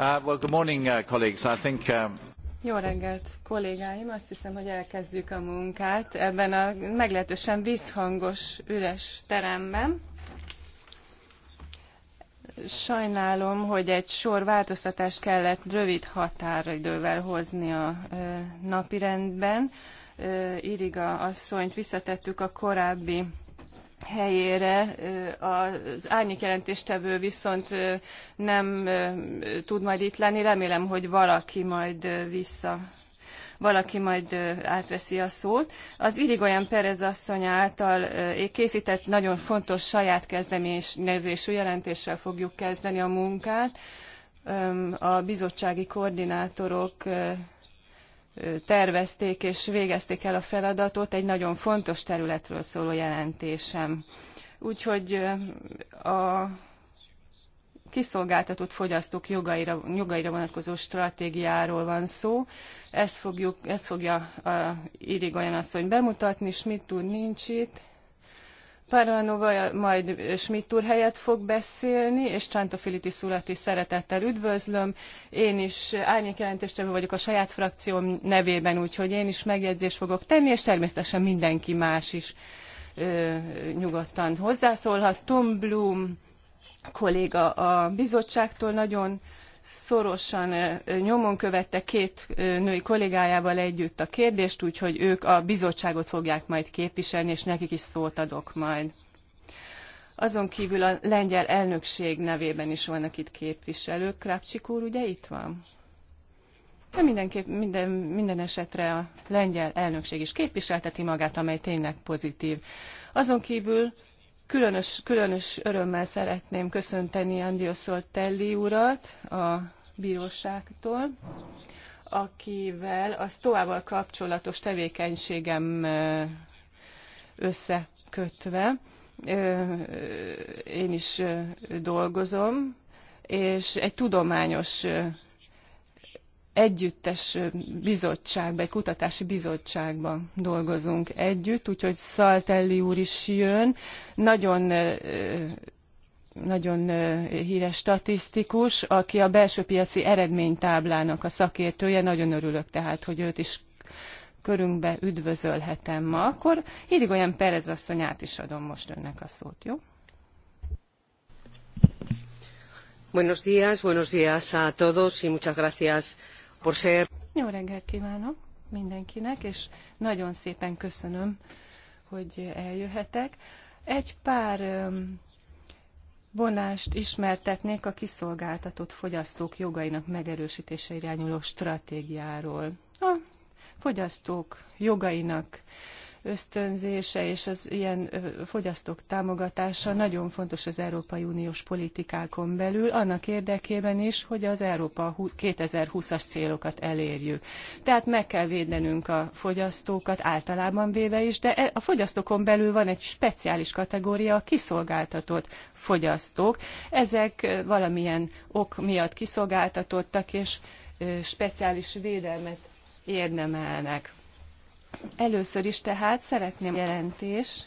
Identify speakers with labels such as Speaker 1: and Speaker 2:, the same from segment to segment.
Speaker 1: Uh, uh, um,
Speaker 2: Jó reggelt, kollégáim! Azt hiszem, hogy elkezdjük a munkát ebben a meglehetősen visszhangos, üres teremben. Sajnálom, hogy egy sor változtatást kellett rövid határidővel hozni a napirendben. Iriga asszonyt visszatettük a korábbi helyére az árnyék jelentéstevő viszont nem tud majd itt lenni. Remélem, hogy valaki majd vissza valaki majd átveszi a szót. Az Irigoyen Perez asszony által készített nagyon fontos saját kezdeményezésű jelentéssel fogjuk kezdeni a munkát. A bizottsági koordinátorok tervezték és végezték el a feladatot, egy nagyon fontos területről szóló jelentésem. Úgyhogy a kiszolgáltatott fogyasztók jogaira, jogaira vonatkozó stratégiáról van szó. Ezt, fogjuk, ezt fogja Irigoyen asszony bemutatni, Schmidt úr nincs itt. Paranova majd Schmidt úr helyett fog beszélni, és Csantofilitis urat is szeretettel üdvözlöm. Én is árnyékjelentéstevő vagyok a saját frakcióm nevében, úgyhogy én is megjegyzést fogok tenni, és természetesen mindenki más is ö, nyugodtan hozzászólhat. Tom Bloom kolléga a bizottságtól nagyon szorosan nyomon követte két női kollégájával együtt a kérdést, úgyhogy ők a bizottságot fogják majd képviselni, és nekik is szót adok majd. Azon kívül a lengyel elnökség nevében is vannak itt képviselők. Krápcsik úr ugye itt van? De mindenképp, minden, minden esetre a lengyel elnökség is képviselteti magát, amely tényleg pozitív. Azon kívül Különös, különös örömmel szeretném köszönteni Andio Szoltelli urat a bíróságtól, akivel a STOA-val kapcsolatos tevékenységem összekötve én is dolgozom, és egy tudományos együttes bizottságban, egy kutatási bizottságban dolgozunk együtt, úgyhogy Szaltelli úr is jön. Nagyon nagyon híres statisztikus, aki a belső piaci eredménytáblának a szakértője. Nagyon örülök tehát, hogy őt is körünkbe üdvözölhetem ma. Akkor Irigoyen Perez asszony is adom
Speaker 3: most önnek a szót, jó? Buenos días, buenos días a todos y muchas gracias por ser...
Speaker 2: Jó reggelt kívánok mindenkinek, és nagyon szépen köszönöm, hogy eljöhetek. Egy pár vonást ismertetnék a kiszolgáltatott fogyasztók jogainak megerősítése irányuló stratégiáról. A fogyasztók jogainak ösztönzése és az ilyen fogyasztók támogatása nagyon fontos az Európai Uniós politikákon belül, annak érdekében is, hogy az Európa 2020-as célokat elérjük. Tehát meg kell védenünk a fogyasztókat általában véve is, de e- a fogyasztókon belül van egy speciális kategória, a kiszolgáltatott fogyasztók. Ezek valamilyen ok miatt kiszolgáltatottak, és speciális védelmet érdemelnek. Először is tehát szeretném jelentés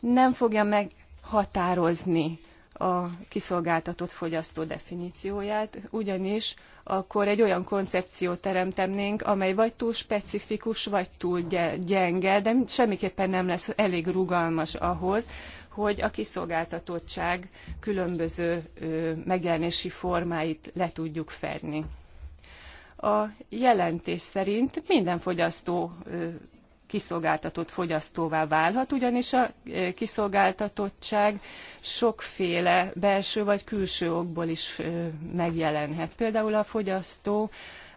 Speaker 2: nem fogja meghatározni a kiszolgáltatott fogyasztó definícióját, ugyanis akkor egy olyan koncepciót teremtenénk, amely vagy túl specifikus, vagy túl gyenge, de semmiképpen nem lesz elég rugalmas ahhoz, hogy a kiszolgáltatottság különböző megjelenési formáit le tudjuk fedni a jelentés szerint minden fogyasztó kiszolgáltatott fogyasztóvá válhat, ugyanis a kiszolgáltatottság sokféle belső vagy külső okból is megjelenhet. Például a fogyasztó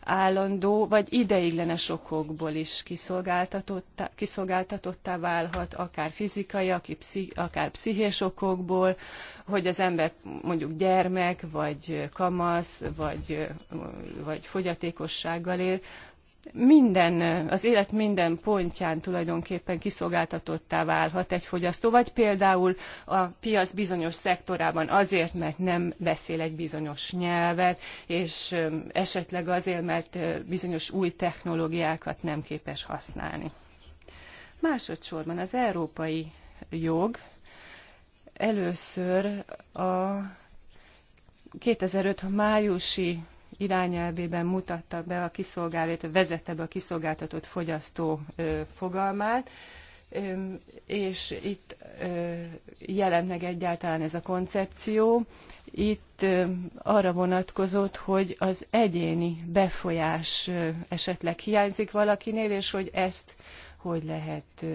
Speaker 2: állandó vagy ideiglenes okokból is kiszolgáltatottá, kiszolgáltatottá válhat, akár fizikai, akár pszichés okokból, hogy az ember mondjuk gyermek, vagy kamasz, vagy, vagy fogyatékossággal él, minden, az élet minden pontján tulajdonképpen kiszolgáltatottá válhat egy fogyasztó, vagy például a piac bizonyos szektorában azért, mert nem beszél egy bizonyos nyelvet, és esetleg azért, mert bizonyos új technológiákat nem képes használni. Másodszorban az európai jog először a 2005 májusi irányelvében mutatta be a kiszolgáltatott, vezette be a kiszolgáltatott fogyasztó fogalmát, és itt jelent meg egyáltalán ez a koncepció. Itt arra vonatkozott, hogy az egyéni befolyás esetleg hiányzik valakinél, és hogy ezt hogy lehet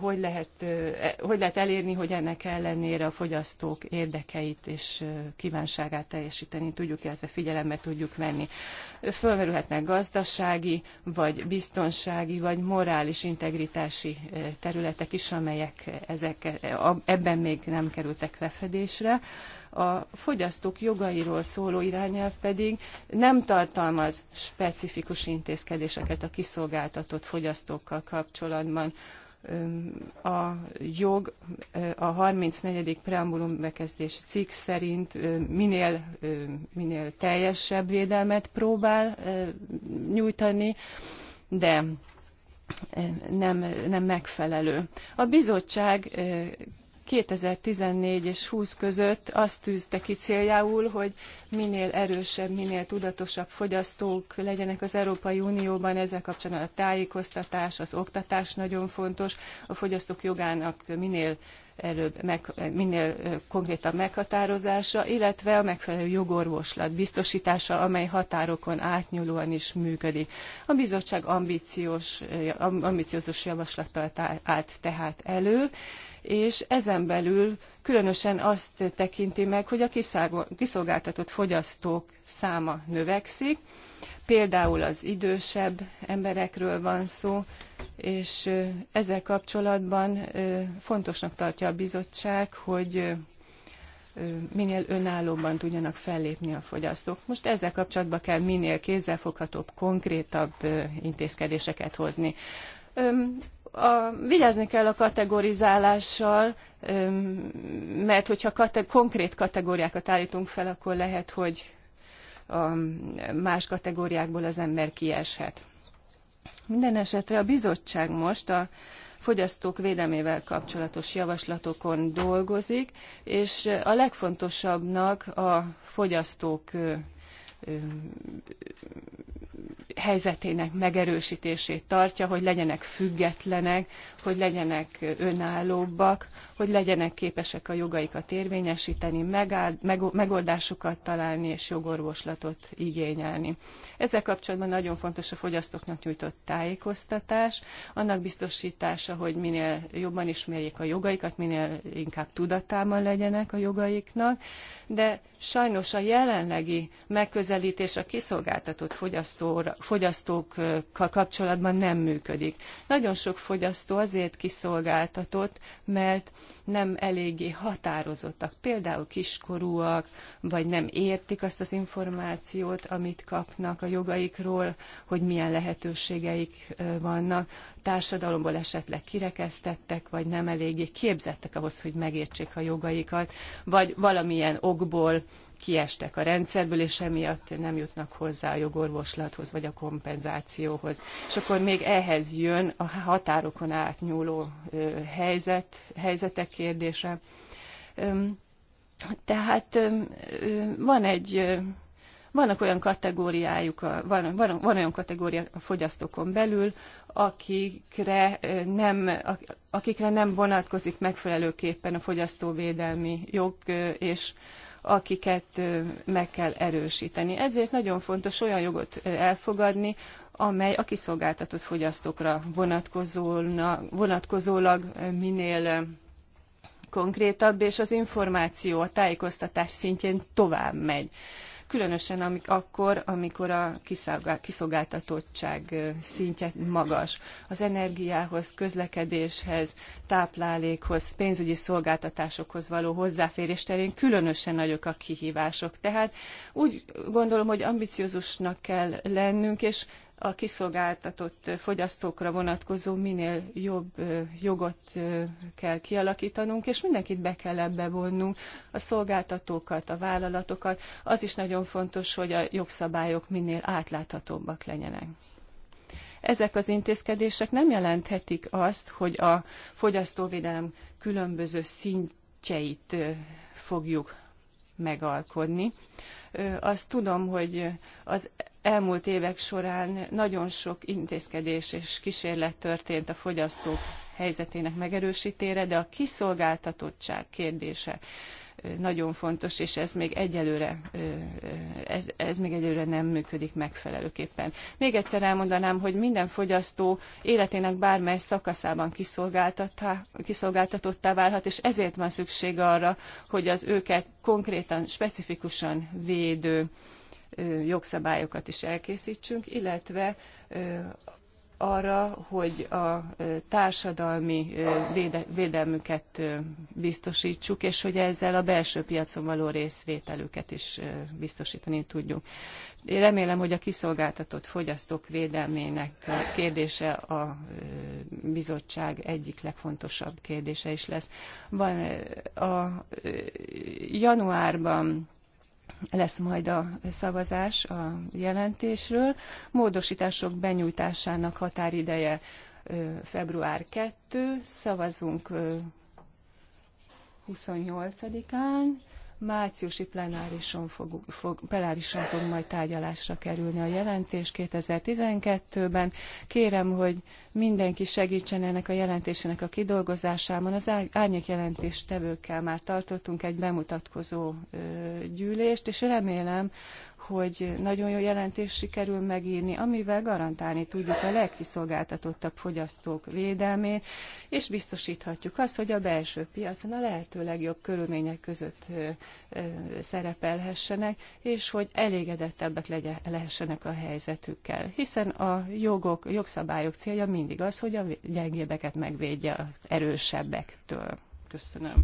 Speaker 2: hogy lehet, e, hogy lehet elérni, hogy ennek ellenére a fogyasztók érdekeit és kívánságát teljesíteni tudjuk, illetve figyelembe tudjuk venni. Fölmerülhetnek gazdasági, vagy biztonsági, vagy morális integritási területek is, amelyek ezek, e, ebben még nem kerültek lefedésre. A fogyasztók jogairól szóló irányelv pedig nem tartalmaz specifikus intézkedéseket a kiszolgáltatott fogyasztókkal kapcsolatban, a jog a 34. preambulum bekezdés cikk szerint minél, minél teljesebb védelmet próbál nyújtani, de nem, nem megfelelő. A bizottság 2014 és 20 között azt tűzte ki céljául, hogy minél erősebb, minél tudatosabb fogyasztók legyenek az Európai Unióban. Ezzel kapcsolatban a tájékoztatás, az oktatás nagyon fontos. A fogyasztók jogának minél előbb, meg, minél konkrétabb meghatározása, illetve a megfelelő jogorvoslat biztosítása, amely határokon átnyúlóan is működik. A bizottság ambíciós, ambiciózus javaslattal állt tehát elő, és ezen belül különösen azt tekinti meg, hogy a kiszolgáltatott fogyasztók száma növekszik, például az idősebb emberekről van szó, és ezzel kapcsolatban fontosnak tartja a bizottság, hogy minél önállóbban tudjanak fellépni a fogyasztók. Most ezzel kapcsolatban kell minél kézzelfoghatóbb, konkrétabb intézkedéseket hozni a, vigyázni kell a kategorizálással, mert hogyha kate, konkrét kategóriákat állítunk fel, akkor lehet, hogy a más kategóriákból az ember kieshet. Minden esetre a bizottság most a fogyasztók védelmével kapcsolatos javaslatokon dolgozik, és a legfontosabbnak a fogyasztók helyzetének megerősítését tartja, hogy legyenek függetlenek, hogy legyenek önállóbbak, hogy legyenek képesek a jogaikat érvényesíteni, megáld, meg, megoldásokat találni és jogorvoslatot igényelni. Ezzel kapcsolatban nagyon fontos a fogyasztóknak nyújtott tájékoztatás, annak biztosítása, hogy minél jobban ismerjék a jogaikat, minél inkább tudatában legyenek a jogaiknak, de sajnos a jelenlegi megközelítés megközeltés a kiszolgáltatott fogyasztókkal kapcsolatban nem működik. Nagyon sok fogyasztó azért kiszolgáltatott, mert nem eléggé határozottak, például kiskorúak, vagy nem értik azt az információt, amit kapnak a jogaikról, hogy milyen lehetőségeik vannak, társadalomból esetleg kirekesztettek, vagy nem eléggé képzettek ahhoz, hogy megértsék a jogaikat, vagy valamilyen okból kiestek a rendszerből, és emiatt nem jutnak hozzá a jogorvoslathoz vagy a kompenzációhoz. És akkor még ehhez jön a határokon átnyúló helyzet, helyzetek kérdése. Tehát van egy vannak olyan kategóriájuk, van, van, van olyan kategória a fogyasztókon belül, akikre nem, akikre nem vonatkozik megfelelőképpen a fogyasztóvédelmi jog, és akiket meg kell erősíteni. Ezért nagyon fontos olyan jogot elfogadni, amely a kiszolgáltatott fogyasztókra vonatkozólag minél konkrétabb, és az információ, a tájékoztatás szintjén tovább megy különösen amik, akkor, amikor a kiszolgáltatottság szintje magas. Az energiához, közlekedéshez, táplálékhoz, pénzügyi szolgáltatásokhoz való hozzáférés terén különösen nagyok a kihívások. Tehát úgy gondolom, hogy ambiciózusnak kell lennünk, és a kiszolgáltatott fogyasztókra vonatkozó minél jobb jogot kell kialakítanunk, és mindenkit be kell ebbe vonnunk, a szolgáltatókat, a vállalatokat. Az is nagyon fontos, hogy a jogszabályok minél átláthatóbbak legyenek ezek az intézkedések nem jelenthetik azt, hogy a fogyasztóvédelem különböző szintjeit fogjuk megalkodni. Azt tudom, hogy az elmúlt évek során nagyon sok intézkedés és kísérlet történt a fogyasztók helyzetének megerősítére, de a kiszolgáltatottság kérdése nagyon fontos, és ez még egyelőre, ez, ez még egyelőre nem működik megfelelőképpen. Még egyszer elmondanám, hogy minden fogyasztó életének bármely szakaszában kiszolgáltatottá válhat, és ezért van szükség arra, hogy az őket konkrétan, specifikusan védő jogszabályokat is elkészítsünk, illetve arra, hogy a társadalmi védelmüket biztosítsuk, és hogy ezzel a belső piacon való részvételüket is biztosítani tudjuk. Én remélem, hogy a kiszolgáltatott fogyasztók védelmének kérdése a bizottság egyik legfontosabb kérdése is lesz. Van a januárban lesz majd a szavazás a jelentésről. Módosítások benyújtásának határideje február 2, szavazunk 28-án, márciusi plenárison fog, fog, plenárison fog majd tárgyalásra kerülni a jelentés 2012-ben. Kérem, hogy mindenki segítsen ennek a jelentésének a kidolgozásában. Az árnyék tevőkkel már tartottunk egy bemutatkozó gyűlést, és remélem, hogy nagyon jó jelentés sikerül megírni, amivel garantálni tudjuk a legkiszolgáltatottabb fogyasztók védelmét, és biztosíthatjuk azt, hogy a belső piacon a lehető legjobb körülmények között szerepelhessenek, és hogy elégedettebbek legyen, lehessenek a helyzetükkel. Hiszen a jogok, jogszabályok célja mindig az, hogy a gyengébeket megvédje az erősebbektől. Köszönöm.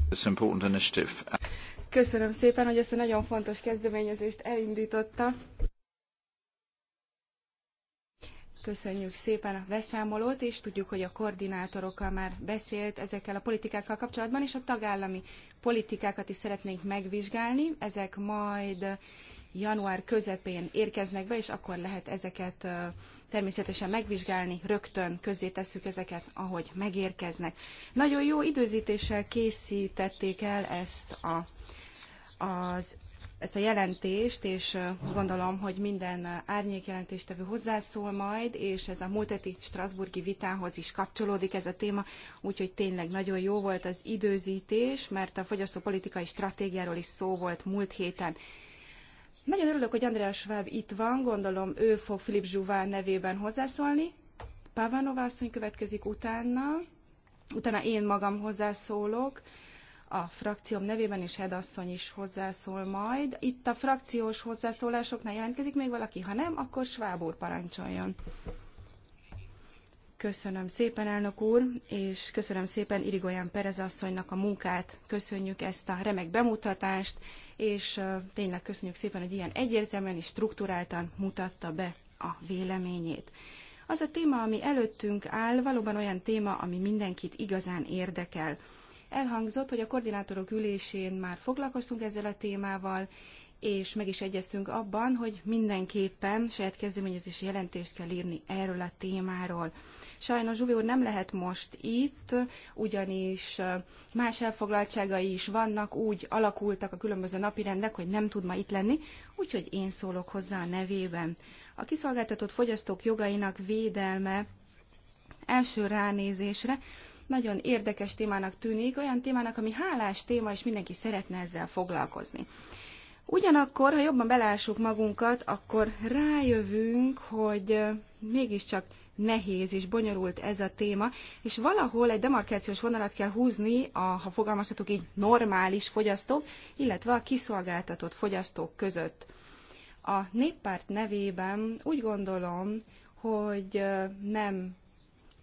Speaker 1: Köszönöm szépen, hogy ezt a nagyon fontos kezdeményezést elindította. Köszönjük szépen a beszámolót, és tudjuk, hogy a koordinátorokkal már beszélt ezekkel a politikákkal kapcsolatban, és a tagállami politikákat is szeretnénk megvizsgálni. Ezek majd január közepén érkeznek be, és akkor lehet ezeket természetesen megvizsgálni, rögtön közzé tesszük ezeket, ahogy megérkeznek. Nagyon jó időzítéssel készítették el ezt a az, ezt a jelentést, és gondolom, hogy minden árnyék jelentéstevő hozzászól majd, és ez a múlt heti Strasburgi vitához is kapcsolódik ez a téma, úgyhogy tényleg nagyon jó volt az időzítés, mert a fogyasztópolitikai stratégiáról is szó volt múlt héten. Nagyon örülök, hogy András Schwab itt van, gondolom ő fog Filip Zsuvá nevében hozzászólni. Pávanova asszony következik utána, utána én magam hozzászólok a frakcióm nevében, és Hedasszony is hozzászól majd. Itt a frakciós hozzászólásoknál jelentkezik még valaki, ha nem, akkor Schwab úr parancsoljon. Köszönöm szépen, elnök úr, és köszönöm szépen Irigoyán Perez asszonynak a munkát, köszönjük ezt a remek bemutatást, és tényleg köszönjük szépen, hogy ilyen egyértelműen és strukturáltan mutatta be a véleményét. Az a téma, ami előttünk áll, valóban olyan téma, ami mindenkit igazán érdekel. Elhangzott, hogy a koordinátorok ülésén már foglalkoztunk ezzel a témával, és meg is egyeztünk abban, hogy mindenképpen saját kezdeményezési jelentést kell írni erről a témáról. Sajnos Zsubi úr nem lehet most itt, ugyanis más elfoglaltságai is vannak, úgy alakultak a különböző napirendek, hogy nem tud ma itt lenni, úgyhogy én szólok hozzá a nevében. A kiszolgáltatott fogyasztók jogainak védelme első ránézésre nagyon érdekes témának tűnik, olyan témának, ami hálás téma, és mindenki szeretne ezzel foglalkozni. Ugyanakkor, ha jobban belássuk magunkat, akkor rájövünk, hogy mégiscsak nehéz és bonyolult ez a téma, és valahol egy demarkációs vonalat kell húzni, a, ha fogalmazhatok így, normális fogyasztók, illetve a kiszolgáltatott fogyasztók között. A néppárt nevében úgy gondolom, hogy nem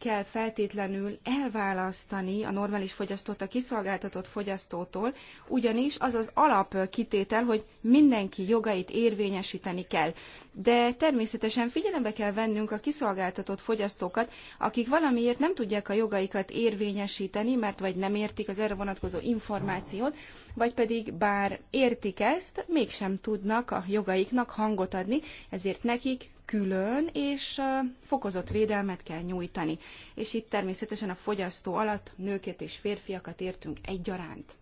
Speaker 1: kell feltétlenül elválasztani a normális fogyasztót a kiszolgáltatott fogyasztótól, ugyanis az az alapkitétel, hogy mindenki jogait érvényesíteni kell. De természetesen figyelembe kell vennünk a kiszolgáltatott fogyasztókat, akik valamiért nem tudják a jogaikat érvényesíteni, mert vagy nem értik az erre vonatkozó információt, vagy pedig bár értik ezt, mégsem tudnak a jogaiknak hangot adni, ezért nekik külön, és fokozott védelmet kell nyújtani. És itt természetesen a fogyasztó alatt nőket és férfiakat értünk egyaránt.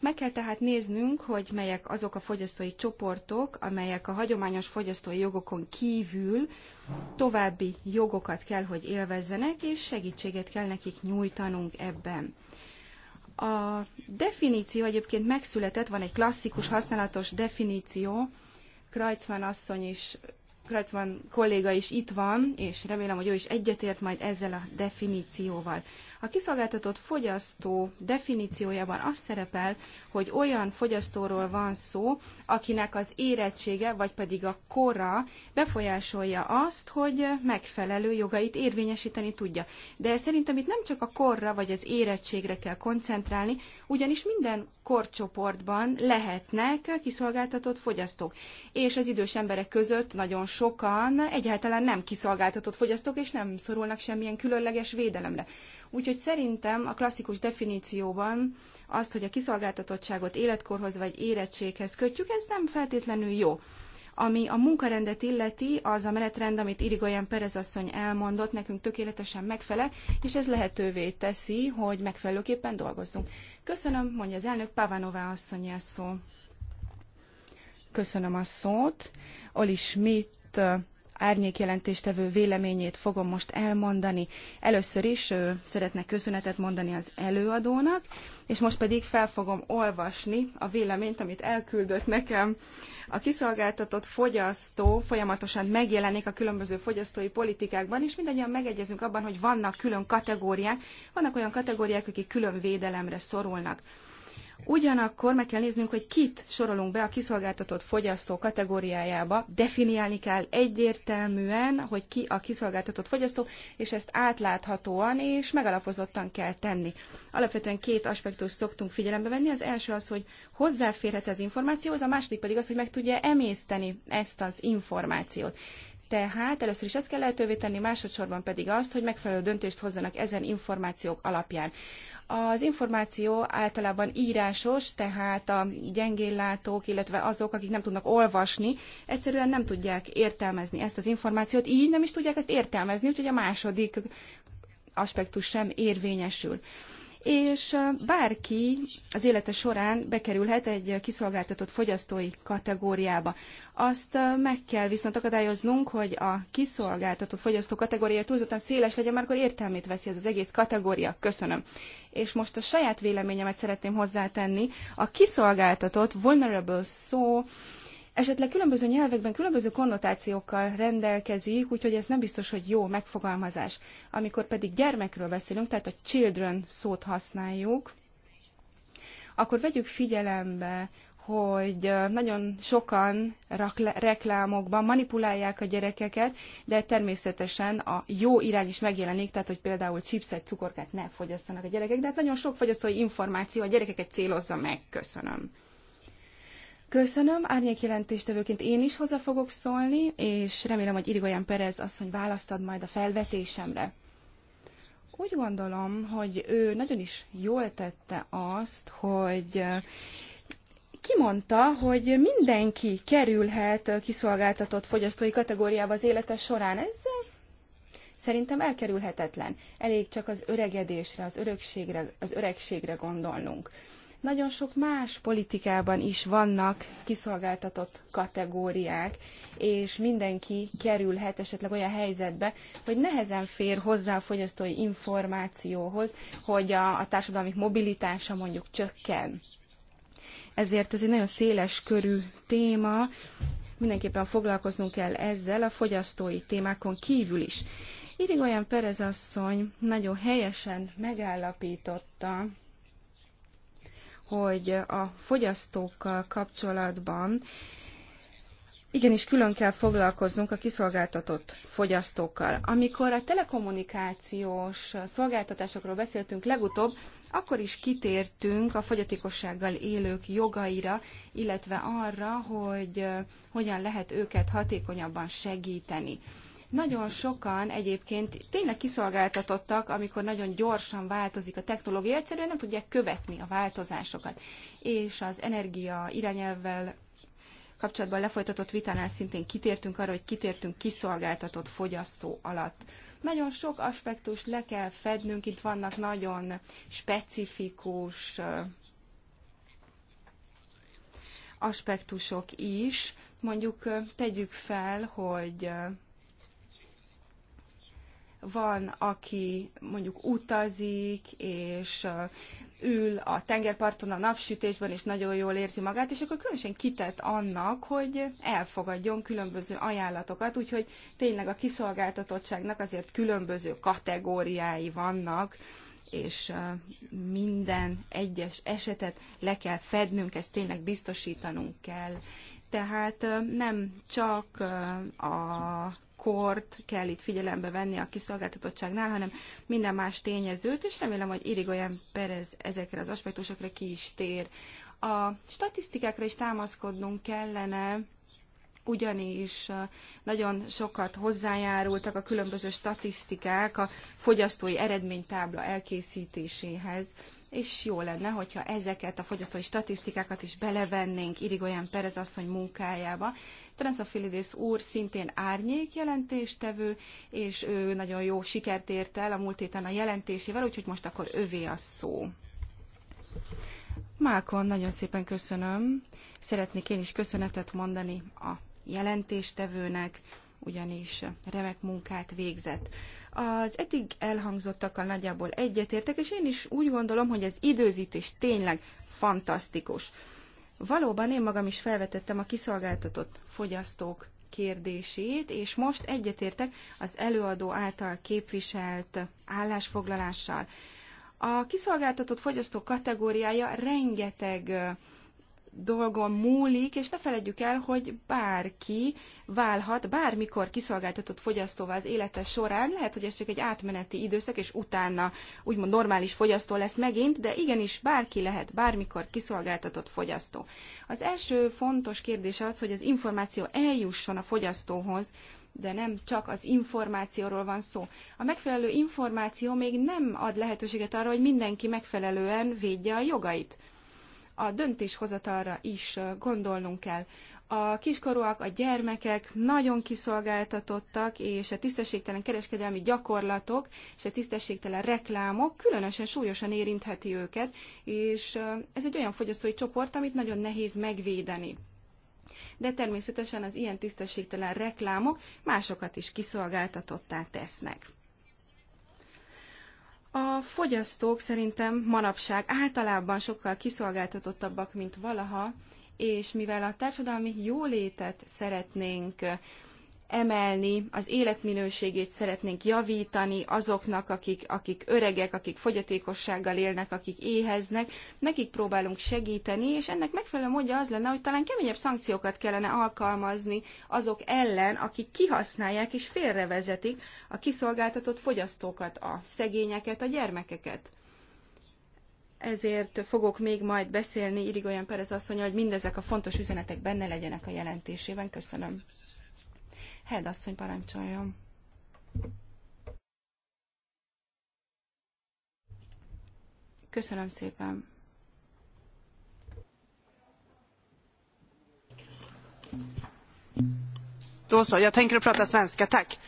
Speaker 1: Meg kell tehát néznünk, hogy melyek azok a fogyasztói csoportok, amelyek a hagyományos fogyasztói jogokon kívül további jogokat kell, hogy élvezzenek, és segítséget kell nekik nyújtanunk ebben. A definíció egyébként megszületett, van egy klasszikus használatos definíció, Krajcman asszony is, Krajcman kolléga is itt van, és remélem, hogy ő is egyetért majd ezzel a definícióval. A kiszolgáltatott fogyasztó definíciójában az szerepel, hogy olyan fogyasztóról van szó, akinek az érettsége vagy pedig a kora befolyásolja azt, hogy megfelelő jogait érvényesíteni tudja. De szerintem itt nem csak a korra vagy az érettségre kell koncentrálni, ugyanis minden korcsoportban lehetnek kiszolgáltatott fogyasztók. És az idős emberek között nagyon sokan egyáltalán nem kiszolgáltatott fogyasztók, és nem szorulnak semmilyen különleges védelemre. Úgyhogy szerintem a klasszikus definícióban azt, hogy a kiszolgáltatottságot életkorhoz vagy érettséghez kötjük, ez nem feltétlenül jó. Ami a munkarendet illeti, az a menetrend, amit Irigoyen Perez asszony elmondott, nekünk tökéletesen megfelel, és ez lehetővé teszi, hogy megfelelőképpen dolgozzunk. Köszönöm, mondja az elnök, Pavanová asszony a szó. Köszönöm a szót. Oli Schmidt árnyék jelentéstevő véleményét fogom most elmondani. Először is szeretnék köszönetet mondani az előadónak, és most pedig fel fogom olvasni a véleményt, amit elküldött nekem. A kiszolgáltatott fogyasztó folyamatosan megjelenik a különböző fogyasztói politikákban, és mindannyian megegyezünk abban, hogy vannak külön kategóriák, vannak olyan kategóriák, akik külön védelemre szorulnak. Ugyanakkor meg kell néznünk, hogy kit sorolunk be a kiszolgáltatott fogyasztó kategóriájába, definiálni kell egyértelműen, hogy ki a kiszolgáltatott fogyasztó, és ezt átláthatóan és megalapozottan kell tenni. Alapvetően két aspektus szoktunk figyelembe venni. Az első az, hogy hozzáférhet az információhoz, a második pedig az, hogy meg tudja emészteni ezt az információt. Tehát először is ezt kell lehetővé tenni, másodszorban pedig azt, hogy megfelelő döntést hozzanak ezen információk alapján. Az információ általában írásos, tehát a gyengéllátók, illetve azok, akik nem tudnak olvasni, egyszerűen nem tudják értelmezni ezt az információt, így nem is tudják ezt értelmezni, úgyhogy a második aspektus sem érvényesül és bárki az élete során bekerülhet egy kiszolgáltatott fogyasztói kategóriába. Azt meg kell viszont akadályoznunk, hogy a kiszolgáltatott fogyasztó kategória túlzottan széles legyen, mert akkor értelmét veszi ez az egész kategória. Köszönöm. És most a saját véleményemet szeretném hozzátenni. A kiszolgáltatott, vulnerable szó esetleg különböző nyelvekben különböző konnotációkkal rendelkezik, úgyhogy ez nem biztos, hogy jó megfogalmazás. Amikor pedig gyermekről beszélünk, tehát a children szót használjuk, akkor vegyük figyelembe, hogy nagyon sokan reklámokban manipulálják a gyerekeket, de természetesen a jó irány is megjelenik, tehát hogy például chipset, cukorkát ne fogyasszanak a gyerekek, de hát nagyon sok fogyasztói információ a gyerekeket célozza meg. Köszönöm. Köszönöm, árnyék jelentéstevőként én is hozzá fogok szólni, és remélem, hogy Irigoyen Perez asszony választad majd a felvetésemre. Úgy gondolom, hogy ő nagyon is jól tette azt, hogy kimondta, hogy mindenki kerülhet kiszolgáltatott fogyasztói kategóriába az élete során. Ez szerintem elkerülhetetlen. Elég csak az öregedésre, az örökségre, az öregségre gondolnunk. Nagyon sok más politikában is vannak kiszolgáltatott kategóriák, és mindenki kerülhet esetleg olyan helyzetbe, hogy nehezen fér hozzá a fogyasztói információhoz, hogy a, a társadalmi mobilitása mondjuk csökken. Ezért ez egy nagyon széles körű téma, mindenképpen foglalkoznunk kell ezzel a fogyasztói témákon kívül is. Irigoyen Perez asszony nagyon helyesen megállapította, hogy a fogyasztókkal kapcsolatban igenis külön kell foglalkoznunk a kiszolgáltatott fogyasztókkal. Amikor a telekommunikációs szolgáltatásokról beszéltünk legutóbb, akkor is kitértünk a fogyatékossággal élők jogaira, illetve arra, hogy hogyan lehet őket hatékonyabban segíteni. Nagyon sokan egyébként tényleg kiszolgáltatottak, amikor nagyon gyorsan változik a technológia, egyszerűen nem tudják követni a változásokat. És az energia irányelvvel kapcsolatban lefolytatott vitánál szintén kitértünk arra, hogy kitértünk kiszolgáltatott fogyasztó alatt. Nagyon sok aspektus le kell fednünk, itt vannak nagyon specifikus aspektusok is. Mondjuk tegyük fel, hogy van, aki mondjuk utazik, és ül a tengerparton a napsütésben, és nagyon jól érzi magát, és akkor különösen kitett annak, hogy elfogadjon különböző ajánlatokat, úgyhogy tényleg a kiszolgáltatottságnak azért különböző kategóriái vannak, és minden egyes esetet le kell fednünk, ezt tényleg biztosítanunk kell. Tehát nem csak a kort kell itt figyelembe venni a kiszolgáltatottságnál, hanem minden más tényezőt, és remélem, hogy Irigoyen Perez ezekre az aspektusokra ki is tér. A statisztikákra is támaszkodnunk kellene, ugyanis nagyon sokat hozzájárultak a különböző statisztikák a fogyasztói eredménytábla elkészítéséhez és jó lenne, hogyha ezeket a fogyasztói statisztikákat is belevennénk Irigoyen Perez asszony munkájába. Transafilidis úr szintén árnyék jelentéstevő, és ő nagyon jó sikert ért el a múlt héten a jelentésével, úgyhogy most akkor övé a szó. Mákon, nagyon szépen köszönöm. Szeretnék én is köszönetet mondani a jelentéstevőnek, ugyanis remek munkát végzett. Az eddig elhangzottakkal nagyjából egyetértek, és én is úgy gondolom, hogy az időzítés tényleg fantasztikus. Valóban én magam is felvetettem a kiszolgáltatott fogyasztók kérdését, és most egyetértek az előadó által képviselt állásfoglalással. A kiszolgáltatott fogyasztók kategóriája rengeteg dolgon múlik, és ne feledjük el, hogy bárki válhat bármikor kiszolgáltatott fogyasztóvá az élete során. Lehet, hogy ez csak egy átmeneti időszak, és utána úgymond normális fogyasztó lesz megint, de igenis bárki lehet bármikor kiszolgáltatott fogyasztó. Az első fontos kérdés az, hogy az információ eljusson a fogyasztóhoz, de nem csak az információról van szó. A megfelelő információ még nem ad lehetőséget arra, hogy mindenki megfelelően védje a jogait a döntéshozatalra is gondolnunk kell. A kiskorúak, a gyermekek nagyon kiszolgáltatottak, és a tisztességtelen kereskedelmi gyakorlatok és a tisztességtelen reklámok különösen súlyosan érintheti őket, és ez egy olyan fogyasztói csoport, amit nagyon nehéz megvédeni de természetesen az ilyen tisztességtelen reklámok másokat is kiszolgáltatottá tesznek. A fogyasztók szerintem manapság általában sokkal kiszolgáltatottabbak, mint valaha, és mivel a társadalmi jólétet szeretnénk emelni, az életminőségét szeretnénk javítani azoknak, akik, akik öregek, akik fogyatékossággal élnek, akik éheznek, nekik próbálunk segíteni, és ennek megfelelő módja az lenne, hogy talán keményebb szankciókat kellene alkalmazni azok ellen, akik kihasználják és félrevezetik a kiszolgáltatott fogyasztókat, a szegényeket, a gyermekeket ezért fogok még majd beszélni Irigoyen Perez asszonya, hogy mindezek a fontos üzenetek benne legyenek a jelentésében. Köszönöm. Held asszony parancsoljon. Köszönöm szépen. Då så, jag tänker prata svenska, tack.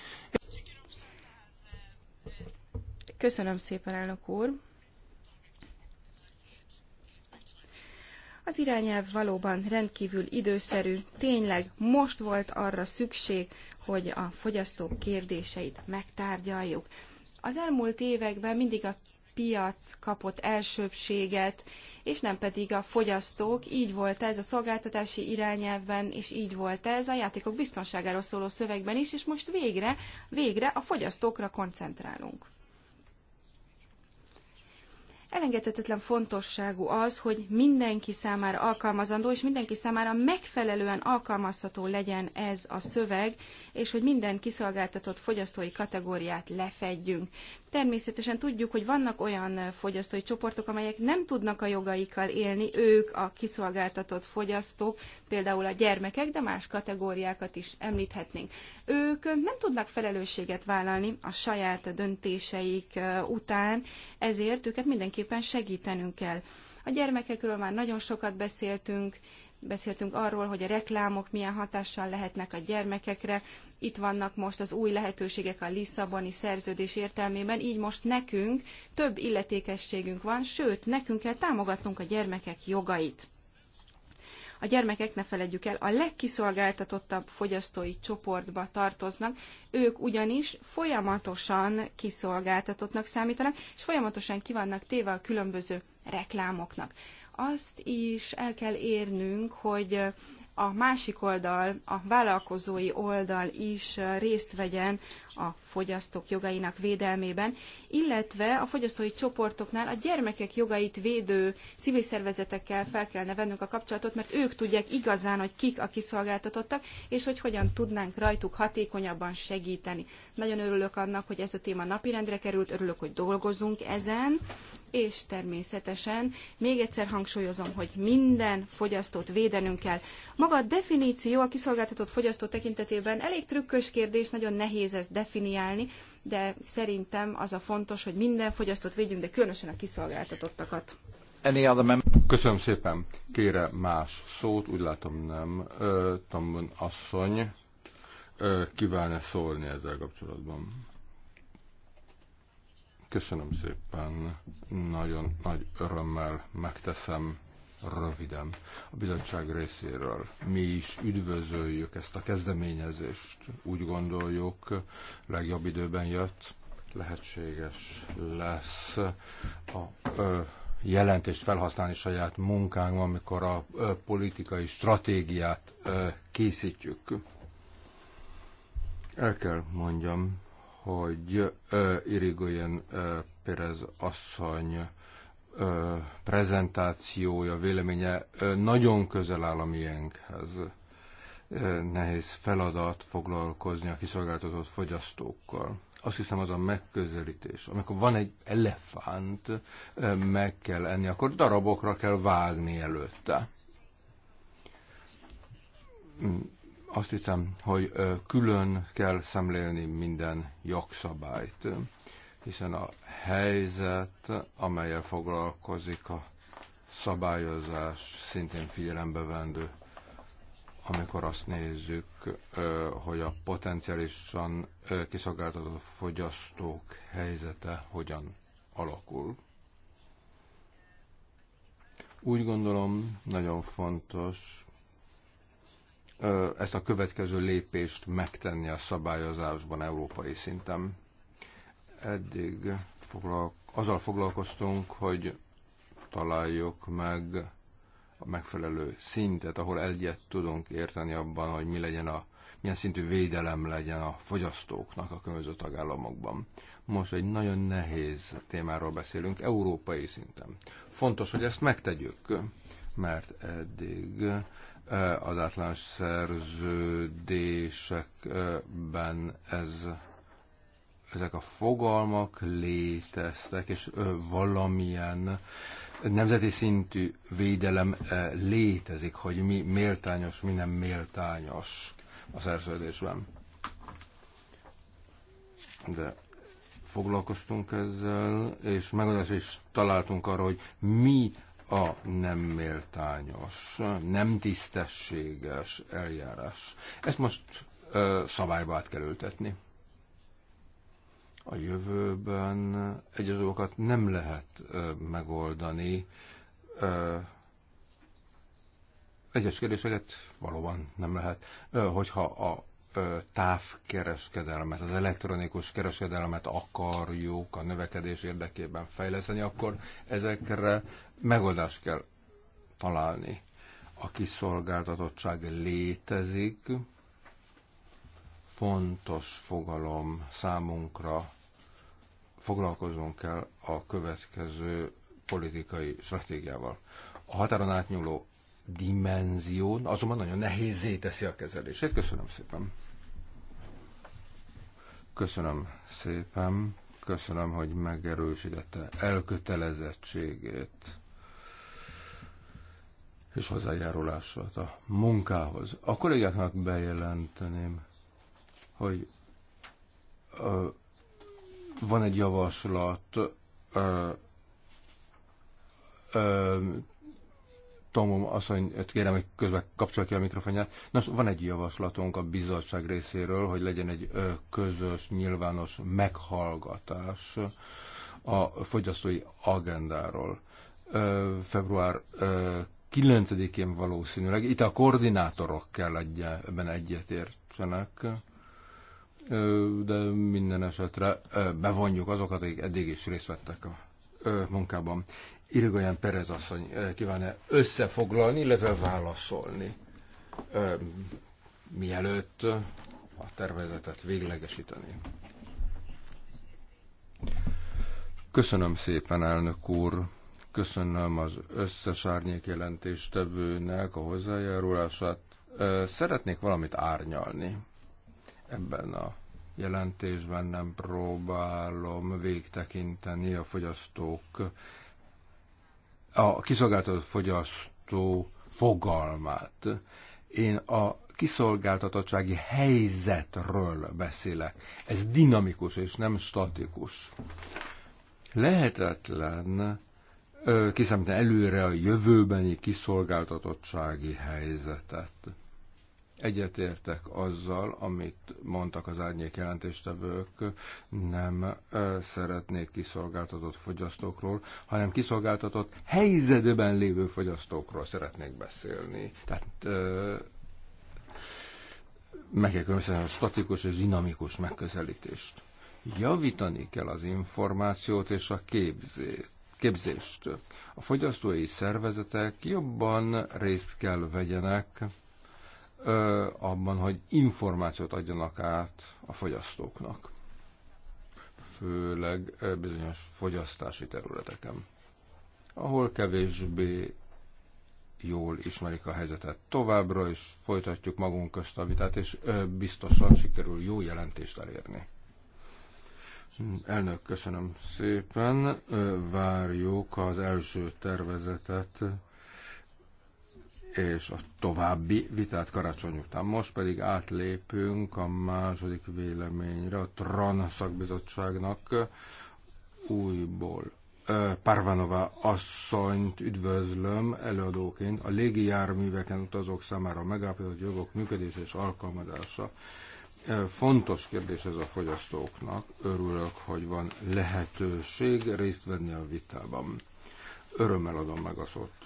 Speaker 1: Köszönöm szépen, elnök úr. Az irányelv valóban rendkívül időszerű, tényleg most volt arra szükség, hogy a fogyasztók kérdéseit megtárgyaljuk. Az elmúlt években mindig a piac kapott elsőbséget, és nem pedig a fogyasztók. Így volt ez a szolgáltatási irányelvben, és így volt ez a játékok biztonságáról szóló szövegben is, és most végre, végre a fogyasztókra koncentrálunk. Elengedhetetlen fontosságú az, hogy mindenki számára alkalmazandó és mindenki számára megfelelően alkalmazható legyen ez a szöveg, és hogy minden kiszolgáltatott fogyasztói kategóriát lefedjünk. Természetesen tudjuk, hogy vannak olyan fogyasztói csoportok, amelyek nem tudnak a jogaikkal élni, ők a kiszolgáltatott fogyasztók, például a gyermekek, de más kategóriákat is említhetnénk. Ők nem tudnak felelősséget vállalni a saját döntéseik után, ezért őket mindenképpen segítenünk kell. A gyermekekről már nagyon sokat beszéltünk, beszéltünk arról, hogy a reklámok milyen hatással lehetnek a gyermekekre. Itt vannak most az új lehetőségek a Lisszaboni szerződés értelmében, így most nekünk több illetékességünk van, sőt, nekünk kell támogatnunk a gyermekek jogait. A gyermekek, ne feledjük el, a legkiszolgáltatottabb fogyasztói csoportba tartoznak, ők ugyanis folyamatosan kiszolgáltatottnak számítanak, és folyamatosan kivannak téve a különböző reklámoknak. Azt is el kell érnünk, hogy a másik oldal, a vállalkozói oldal is részt vegyen a fogyasztók jogainak védelmében, illetve a fogyasztói csoportoknál a gyermekek jogait védő civil szervezetekkel fel kellene vennünk a kapcsolatot, mert ők tudják igazán, hogy kik a kiszolgáltatottak, és hogy hogyan tudnánk rajtuk hatékonyabban segíteni. Nagyon örülök annak, hogy ez a téma napirendre került, örülök, hogy dolgozunk ezen, és természetesen még egyszer hangsúlyozom, hogy minden fogyasztót védenünk kell. Maga a definíció a kiszolgáltatott fogyasztó tekintetében elég trükkös kérdés, nagyon nehéz ezt definiálni, de szerintem az a fontos, hogy minden fogyasztót védjünk, de különösen a kiszolgáltatottakat.
Speaker 4: Köszönöm szépen. Kére más szót, úgy látom nem. Tambon asszony kívánne szólni ezzel kapcsolatban. Köszönöm szépen, nagyon nagy örömmel megteszem röviden a bizottság részéről. Mi is üdvözöljük ezt a kezdeményezést, úgy gondoljuk, legjobb időben jött, lehetséges lesz a ö, jelentést felhasználni saját munkánkban, amikor a ö, politikai stratégiát ö, készítjük. El kell mondjam, hogy Irigoyen Pérez asszony prezentációja, véleménye nagyon közel áll a miénkhez. Nehéz feladat foglalkozni a kiszolgáltatott fogyasztókkal. Azt hiszem az a megközelítés. Amikor van egy elefánt, meg kell enni, akkor darabokra kell vágni előtte azt hiszem, hogy külön kell szemlélni minden jogszabályt, hiszen a helyzet, amelyel foglalkozik a szabályozás szintén figyelembe vendő, amikor azt nézzük, hogy a potenciálisan kiszolgáltatott fogyasztók helyzete hogyan alakul. Úgy gondolom, nagyon fontos, ezt a következő lépést megtenni a szabályozásban európai szinten. Eddig foglalko- azzal foglalkoztunk, hogy találjuk meg a megfelelő szintet, ahol egyet tudunk érteni abban, hogy mi legyen a, milyen szintű védelem legyen a fogyasztóknak a különböző tagállamokban. Most egy nagyon nehéz témáról beszélünk, európai szinten. Fontos, hogy ezt megtegyük, mert eddig E, az általános szerződésekben ez, ezek a fogalmak léteztek, és valamilyen nemzeti szintű védelem e, létezik, hogy mi méltányos, mi nem méltányos a szerződésben. De foglalkoztunk ezzel, és megoldás is találtunk arra, hogy mi a nem méltányos, nem tisztességes eljárás. Ezt most ö, szabályba át kell ültetni. A jövőben azokat nem lehet ö, megoldani. Ö, egyes kérdéseket valóban nem lehet. Ö, hogyha a távkereskedelmet, az elektronikus kereskedelmet akarjuk a növekedés érdekében fejleszteni, akkor ezekre Megoldást kell találni. A kiszolgáltatottság létezik, fontos fogalom számunkra, foglalkozunk kell a következő politikai stratégiával. A határon átnyúló dimenzión azonban nagyon nehézé teszi a kezelését. Köszönöm szépen. Köszönöm szépen. Köszönöm, hogy megerősítette elkötelezettségét és hozzájárulását a munkához. A kollégáknak bejelenteném, hogy ö, van egy javaslat ö, ö, Tomom asszonyt kérem, hogy közben kapcsolja ki a mikrofonját. Nos, van egy javaslatunk a bizottság részéről, hogy legyen egy közös, nyilvános meghallgatás a fogyasztói agendáról. Február 9-én valószínűleg. Itt a koordinátorok kell ebben egyetértsenek, de minden esetre bevonjuk azokat, akik eddig is részt vettek a munkában. Irigoyen Perez asszony kívánja e összefoglalni, illetve válaszolni, mielőtt a tervezetet véglegesíteni. Köszönöm szépen, elnök úr! Köszönöm az összes árnyék tevőnek a hozzájárulását. Szeretnék valamit árnyalni ebben a jelentésben, nem próbálom végtekinteni a fogyasztók, a kiszolgáltatott fogyasztó fogalmát. Én a kiszolgáltatottsági helyzetről beszélek. Ez dinamikus és nem statikus. Lehetetlen kiszámítani előre a jövőbeni kiszolgáltatottsági helyzetet. Egyetértek azzal, amit mondtak az árnyék jelentéstevők, nem szeretnék kiszolgáltatott fogyasztókról, hanem kiszolgáltatott helyzetben lévő fogyasztókról szeretnék beszélni. Tehát meg kell különböztetni a statikus és dinamikus megközelítést. Javítani kell az információt és a képzést képzést. A fogyasztói szervezetek jobban részt kell vegyenek ö, abban, hogy információt adjanak át a fogyasztóknak, főleg bizonyos fogyasztási területeken, ahol kevésbé jól ismerik a helyzetet. Továbbra is folytatjuk magunk közt a vitát, és biztosan sikerül jó jelentést elérni. Elnök, köszönöm szépen. Várjuk az első tervezetet és a további vitát karácsony után. Most pedig átlépünk a második véleményre, a TRAN szakbizottságnak újból. Parvanova asszonyt üdvözlöm előadóként a légi járműveken utazók számára megállapított jogok működése és alkalmazása Fontos kérdés ez a fogyasztóknak. Örülök, hogy van lehetőség részt venni a vitában. Örömmel adom meg a szót.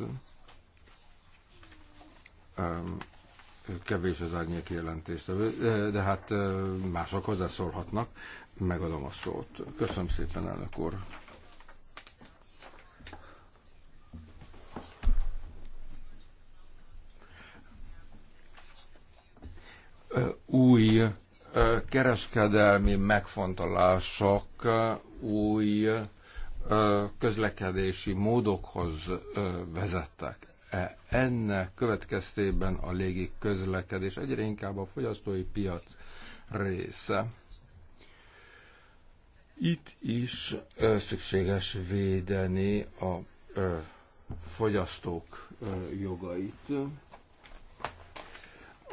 Speaker 4: Kevés az árnyék jelentést, de hát mások hozzászólhatnak. Megadom a szót. Köszönöm szépen, elnök úr. új kereskedelmi megfontolások új közlekedési módokhoz vezettek. E, Ennek következtében a légi közlekedés egyre inkább a fogyasztói piac része. Itt is szükséges védeni a fogyasztók jogait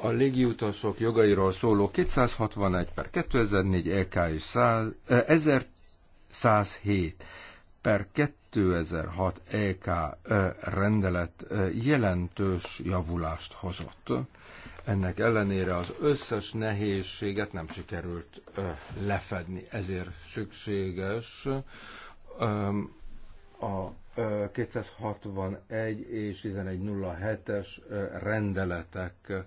Speaker 4: a légiutasok jogairól szóló 261 per 2004 EK és 100, eh, 1107 per 2006 EK rendelet jelentős javulást hozott. Ennek ellenére az összes nehézséget nem sikerült lefedni, ezért szükséges a 261 és 1107-es rendeletek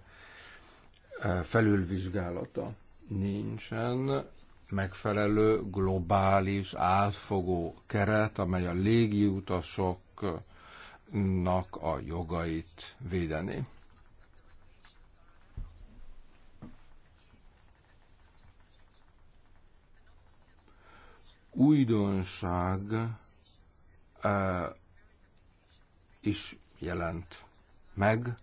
Speaker 4: felülvizsgálata nincsen, megfelelő globális átfogó keret, amely a légiutasoknak a jogait védeni. Újdonság eh, is jelent meg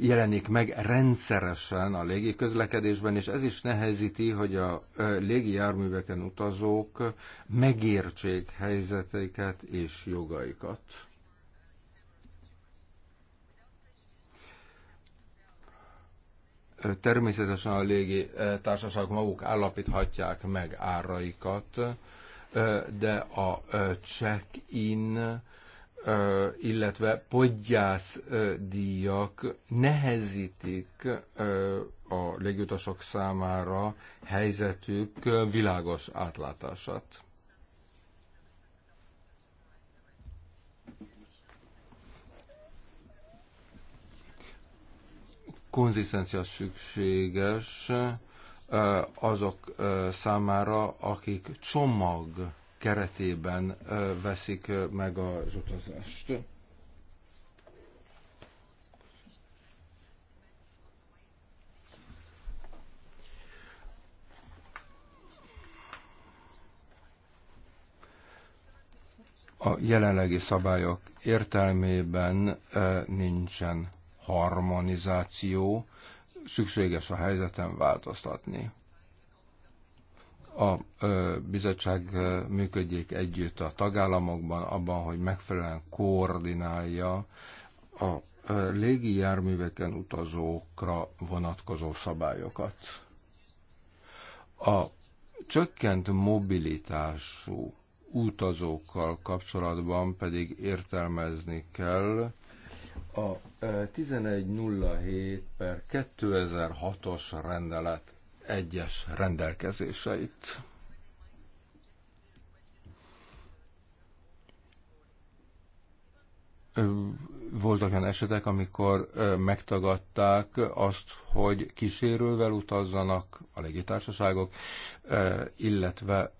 Speaker 4: jelenik meg rendszeresen a légi közlekedésben, és ez is nehezíti, hogy a légi járműveken utazók megértsék helyzeteiket és jogaikat. Természetesen a légi társaság maguk állapíthatják meg áraikat, de a check-in illetve podgyász díjak nehezítik a légutasok számára helyzetük világos átlátását. Konzisztencia szükséges azok számára, akik csomag keretében veszik meg az utazást. a jelenlegi szabályok értelmében nincsen harmonizáció, szükséges a helyzeten változtatni a bizottság működjék együtt a tagállamokban, abban, hogy megfelelően koordinálja a légi járműveken utazókra vonatkozó szabályokat. A csökkent mobilitású utazókkal kapcsolatban pedig értelmezni kell a 1107 per 2006-os rendelet egyes rendelkezéseit. Voltak olyan esetek, amikor megtagadták azt, hogy kísérővel utazzanak a légitársaságok, illetve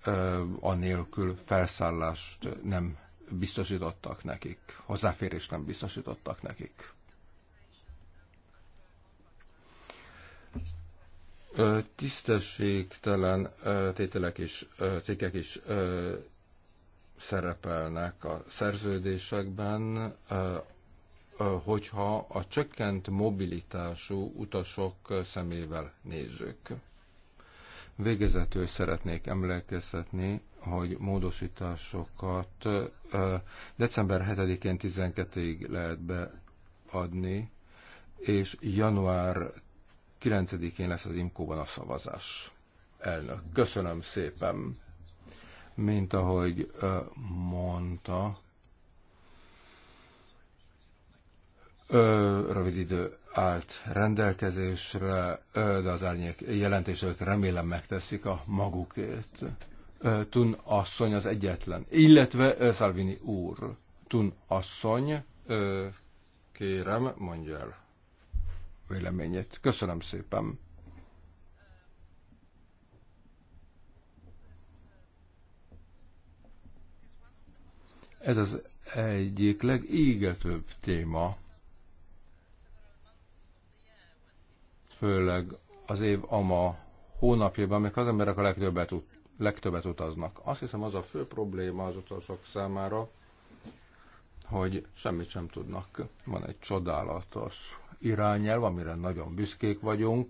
Speaker 4: anélkül felszállást nem biztosítottak nekik, hozzáférést nem biztosítottak nekik. tisztességtelen tételek és cikkek is szerepelnek a szerződésekben, hogyha a csökkent mobilitású utasok szemével nézzük. Végezetül szeretnék emlékeztetni, hogy módosításokat december 7-én 12-ig lehet beadni, és január 9-én lesz az Imkóban a szavazás. Elnök, köszönöm szépen. Mint ahogy mondta, rövid idő állt rendelkezésre, de az árnyék jelentések remélem megteszik a magukét. Tun asszony az egyetlen, illetve Salvini úr. Tun asszony, kérem, mondja el véleményét. Köszönöm szépen! Ez az egyik legégetőbb téma, főleg az év ama hónapjában, amikor az emberek a legtöbbet, legtöbbet utaznak. Azt hiszem az a fő probléma az utasok számára, hogy semmit sem tudnak. Van egy csodálatos irányelv, amire nagyon büszkék vagyunk.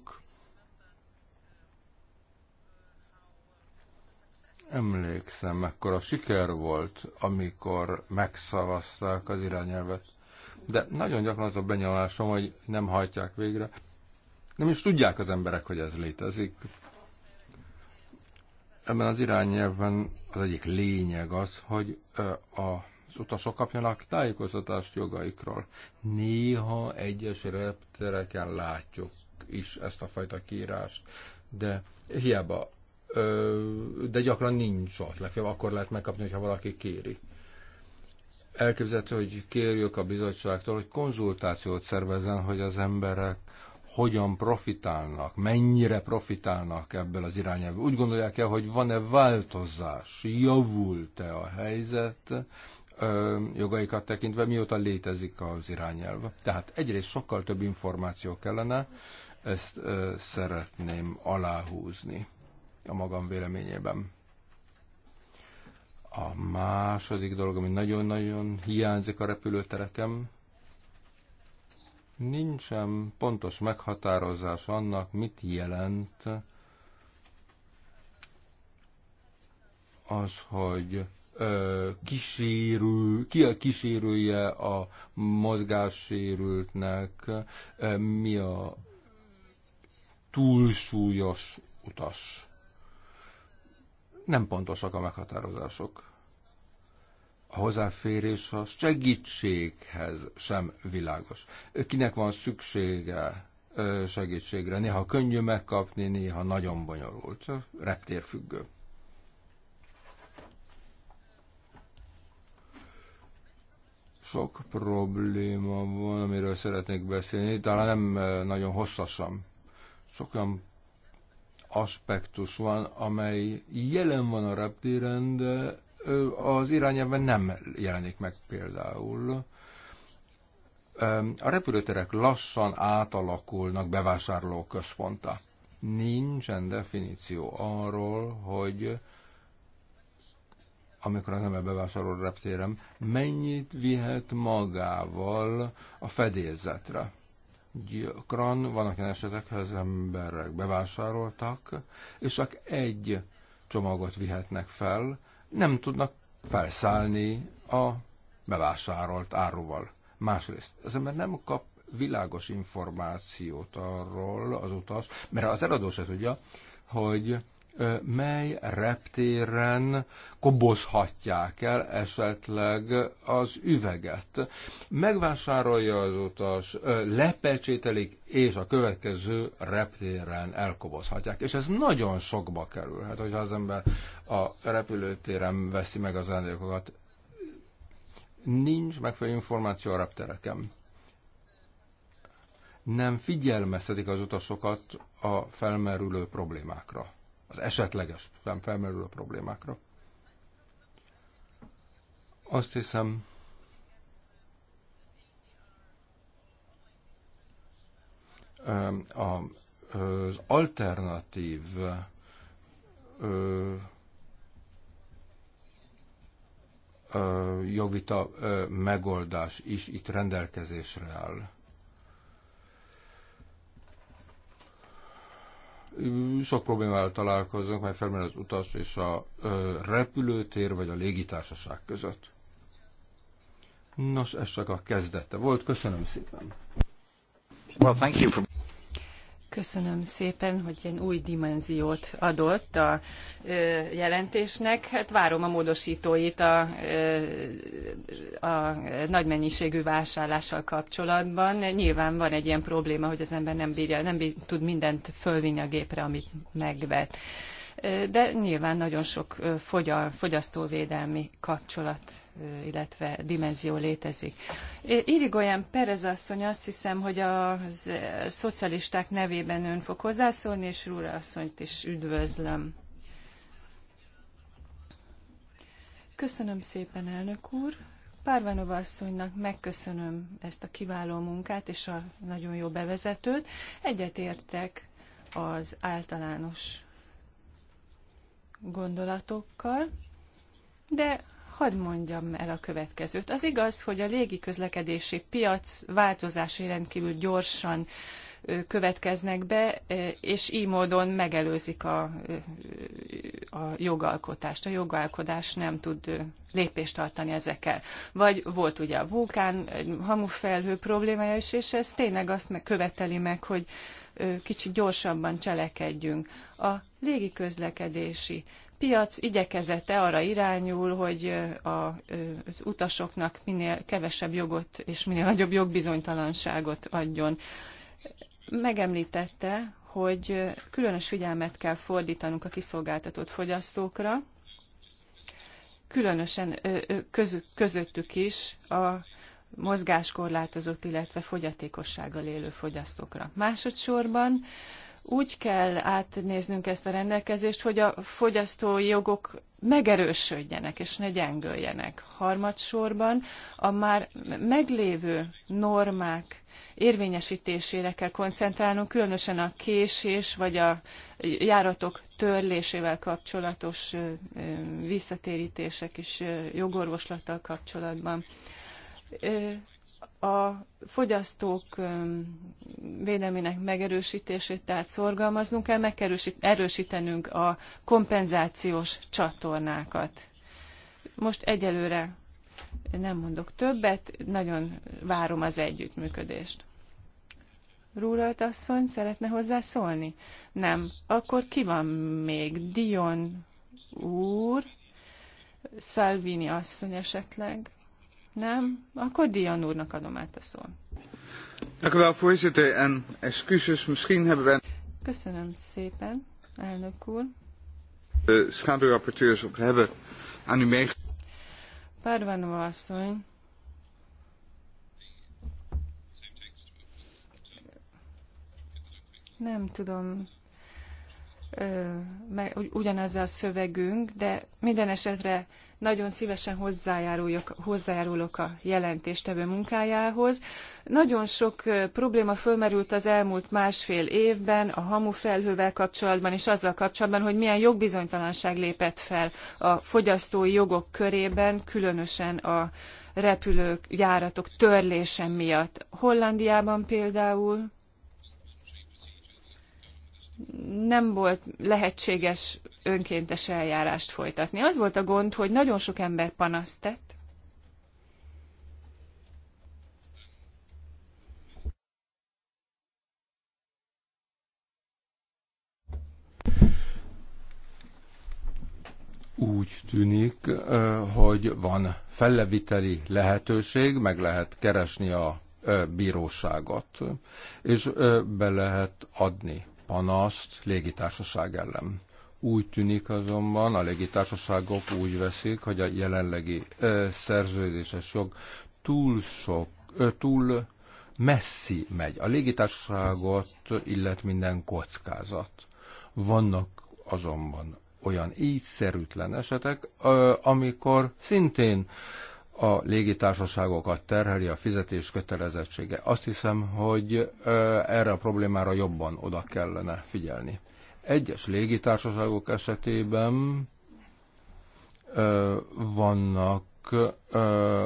Speaker 4: Emlékszem, mekkora siker volt, amikor megszavazták az irányelvet. De nagyon gyakran az a benyomásom, hogy nem hajtják végre. Nem is tudják az emberek, hogy ez létezik. Ebben az irányelvben az egyik lényeg az, hogy a az utasok kapjanak tájékoztatást jogaikról. Néha egyes reptereken látjuk is ezt a fajta kiírást, de hiába, de gyakran nincs ott, legfeljebb akkor lehet megkapni, hogyha valaki kéri. Elképzelhető, hogy kérjük a bizottságtól, hogy konzultációt szervezzen, hogy az emberek hogyan profitálnak, mennyire profitálnak ebből az irányából. Úgy gondolják el, hogy van-e változás, javult-e a helyzet jogaikat tekintve, mióta létezik az irányelv. Tehát egyrészt sokkal több információ kellene, ezt szeretném aláhúzni a magam véleményében. A második dolog, ami nagyon-nagyon hiányzik a repülőterekem, nincsen pontos meghatározás annak, mit jelent az, hogy kísérő, ki a kísérője a mozgássérültnek, mi a túlsúlyos utas. Nem pontosak a meghatározások. A hozzáférés a segítséghez sem világos. Kinek van szüksége segítségre? Néha könnyű megkapni, néha nagyon bonyolult. Reptérfüggő Sok probléma van, amiről szeretnék beszélni, talán nem eh, nagyon hosszasan. Sok olyan aspektus van, amely jelen van a reptéren, de az irányában nem jelenik meg például. A repülőterek lassan átalakulnak bevásárló központa. Nincsen definíció arról, hogy amikor az ember bevásárol reptérem, mennyit vihet magával a fedélzetre. Gyakran vannak olyan esetek, hogy az emberek bevásároltak, és csak egy csomagot vihetnek fel, nem tudnak felszállni a bevásárolt áruval. Másrészt, az ember nem kap világos információt arról az utas, mert az eladó se tudja, hogy mely reptéren kobozhatják el esetleg az üveget. Megvásárolja az utas, lepecsételik, és a következő reptéren elkobozhatják. És ez nagyon sokba kerül. Hát, hogyha az ember a repülőtéren veszi meg az ajándékokat, nincs megfelelő információ a reptereken. Nem figyelmeztetik az utasokat a felmerülő problémákra az esetleges felmerülő problémákra. Azt hiszem, az alternatív jogvita megoldás is itt rendelkezésre áll. sok problémával találkozunk, mert felmerül az utas és a repülőtér vagy a légitársaság között. Nos, ez csak a kezdete volt. Köszönöm szépen. Well, thank you for...
Speaker 2: Köszönöm szépen, hogy ilyen új dimenziót adott a jelentésnek. Hát várom a módosítóit a, a nagy mennyiségű vásárlással kapcsolatban. Nyilván van egy ilyen probléma, hogy az ember nem, bírja, nem bír, tud mindent fölvinni a gépre, amit megvet. De nyilván nagyon sok fogyasztóvédelmi kapcsolat illetve dimenzió létezik. Irigoyen Perez asszony azt hiszem, hogy a szocialisták nevében ön fog hozzászólni, és Rúra asszonyt is üdvözlöm. Köszönöm szépen, elnök úr. Párvanova asszonynak megköszönöm ezt a kiváló munkát és a nagyon jó bevezetőt. Egyetértek az általános gondolatokkal, de hadd mondjam el a következőt. Az igaz, hogy a légiközlekedési piac változási rendkívül gyorsan következnek be, és így módon megelőzik a, a jogalkotást. A jogalkodás nem tud lépést tartani ezekkel. Vagy volt ugye a vulkán hamufelhő problémája is, és ez tényleg azt meg követeli meg, hogy kicsit gyorsabban cselekedjünk. A légiközlekedési piac igyekezete arra irányul, hogy az utasoknak minél kevesebb jogot és minél nagyobb jogbizonytalanságot adjon. Megemlítette, hogy különös figyelmet kell fordítanunk a kiszolgáltatott fogyasztókra, különösen közöttük is a mozgáskorlátozott, illetve fogyatékossággal élő fogyasztókra. Másodszorban úgy kell átnéznünk ezt a rendelkezést, hogy a fogyasztói jogok megerősödjenek és ne gyengüljenek. Harmadsorban a már meglévő normák érvényesítésére kell koncentrálnunk, különösen a késés vagy a járatok törlésével kapcsolatos visszatérítések és jogorvoslattal kapcsolatban a fogyasztók védelmének megerősítését, tehát szorgalmaznunk kell, meg kell erősítenünk a kompenzációs csatornákat. Most egyelőre nem mondok többet, nagyon várom az együttműködést. Rúralt asszony szeretne hozzászólni? Nem. Akkor ki van még? Dion úr, Salvini asszony esetleg? Nem? Akkor Dian úrnak adom át a szót. Köszönöm szépen, elnök úr.
Speaker 4: De schaduwrapporteurs ook hebben aan u
Speaker 2: meegegeven. asszony, nem tudom, ö, ugyanaz a szövegünk, de minden esetre nagyon szívesen hozzájárulok, hozzájárulok a jelentéstevő munkájához. Nagyon sok probléma fölmerült az elmúlt másfél évben a hamufelhővel kapcsolatban és azzal kapcsolatban, hogy milyen jogbizonytalanság lépett fel a fogyasztói jogok körében, különösen a repülők, járatok törlése miatt. Hollandiában például nem volt lehetséges önkéntes eljárást folytatni. Az volt a gond, hogy nagyon sok ember panaszt tett,
Speaker 4: úgy tűnik, hogy van felleviteli lehetőség, meg lehet keresni a bíróságot, és be lehet adni panaszt légitársaság ellen. Úgy tűnik azonban a légitársaságok úgy veszik, hogy a jelenlegi ö, szerződéses jog túl sok, ö, túl messzi megy. A légitársaságot illet minden kockázat. Vannak azonban olyan ígyszerűtlen esetek, ö, amikor szintén a légitársaságokat terheli a fizetés kötelezettsége. Azt hiszem, hogy erre a problémára jobban oda kellene figyelni. Egyes légitársaságok esetében ö, vannak ö,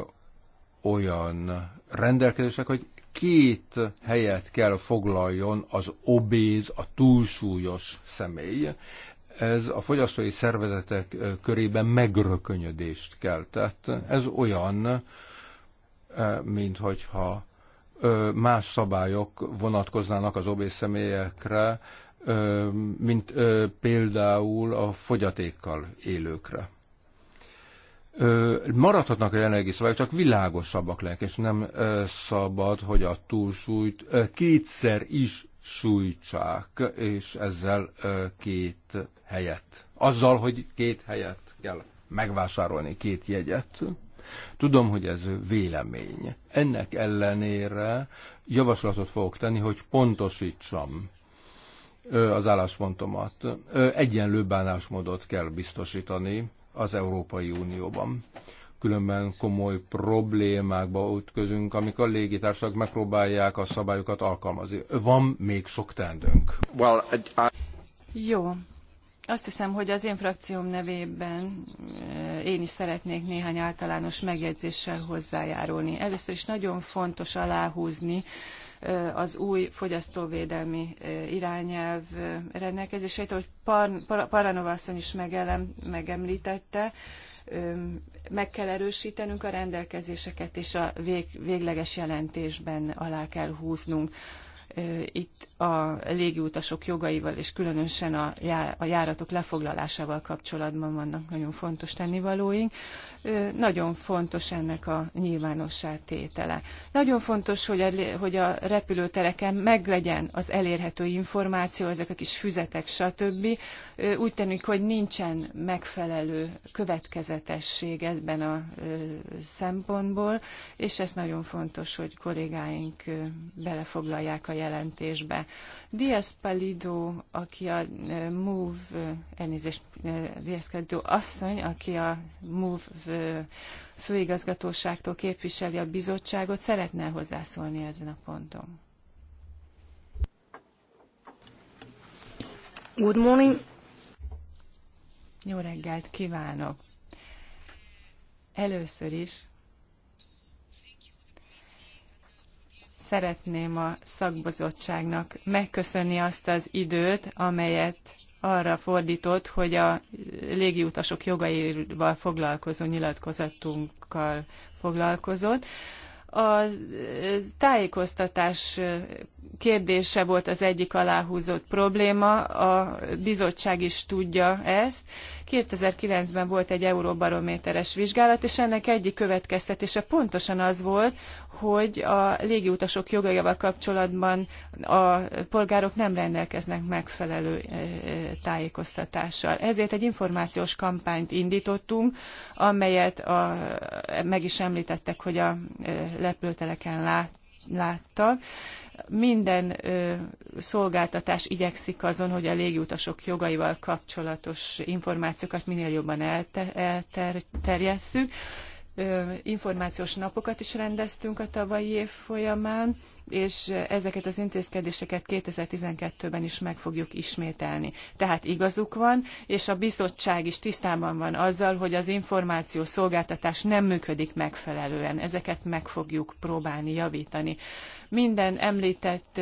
Speaker 4: olyan rendelkezések, hogy két helyet kell foglaljon az obéz, a túlsúlyos személy. Ez a fogyasztói szervezetek körében megrökönyödést keltett. Ez olyan, mint más szabályok vonatkoznának az obéz személyekre, mint például a fogyatékkal élőkre. Maradhatnak a jelenlegi szabályok, csak világosabbak lehet, és nem szabad, hogy a túlsúlyt kétszer is sújtsák, és ezzel két helyet. Azzal, hogy két helyet kell megvásárolni, két jegyet. Tudom, hogy ez vélemény. Ennek ellenére javaslatot fogok tenni, hogy pontosítsam az álláspontomat. Egyenlő bánásmódot kell biztosítani az Európai Unióban. Különben komoly problémákba ütközünk, amikor a légitársak megpróbálják a szabályokat alkalmazni. Van még sok teendőnk. Well, I...
Speaker 2: Jó, azt hiszem, hogy az én frakcióm nevében eh, én is szeretnék néhány általános megjegyzéssel hozzájárulni. Először is nagyon fontos aláhúzni eh, az új fogyasztóvédelmi eh, irányelv rendelkezéseit, ahogy Par- asszony is megelem, megemlítette, meg kell erősítenünk a rendelkezéseket, és a vég, végleges jelentésben alá kell húznunk itt a légiutasok jogaival és különösen a, a járatok lefoglalásával kapcsolatban vannak nagyon fontos tennivalóink. Nagyon fontos ennek a nyilvánossá tétele. Nagyon fontos, hogy a, hogy a repülőtereken meglegyen az elérhető információ, ezek a kis füzetek, stb. Úgy tűnik, hogy nincsen megfelelő következetesség ebben a szempontból, és ez nagyon fontos, hogy kollégáink belefoglalják a jelentésbe. Díaz Palido, aki a MOVE, elnézést, Díaz Palido asszony, aki a MOVE főigazgatóságtól képviseli a bizottságot, szeretne hozzászólni ezen a ponton. Good morning. Jó reggelt kívánok! Először is szeretném a szakbizottságnak megköszönni azt az időt, amelyet arra fordított, hogy a légiutasok jogaival foglalkozó nyilatkozatunkkal foglalkozott. A tájékoztatás kérdése volt az egyik aláhúzott probléma, a bizottság is tudja ezt. 2009-ben volt egy euróbarométeres vizsgálat, és ennek egyik következtetése pontosan az volt, hogy a légiutasok jogaival kapcsolatban a polgárok nem rendelkeznek megfelelő tájékoztatással. Ezért egy információs kampányt indítottunk, amelyet a, meg is említettek, hogy a repülőtereken lát, láttak. Minden ö, szolgáltatás igyekszik azon, hogy a légiutasok jogaival kapcsolatos információkat minél jobban elterjesszük. Elter, információs napokat is rendeztünk a tavalyi év folyamán, és ezeket az intézkedéseket 2012-ben is meg fogjuk ismételni. Tehát igazuk van, és a bizottság is tisztában van azzal, hogy az információ szolgáltatás nem működik megfelelően. Ezeket meg fogjuk próbálni javítani. Minden említett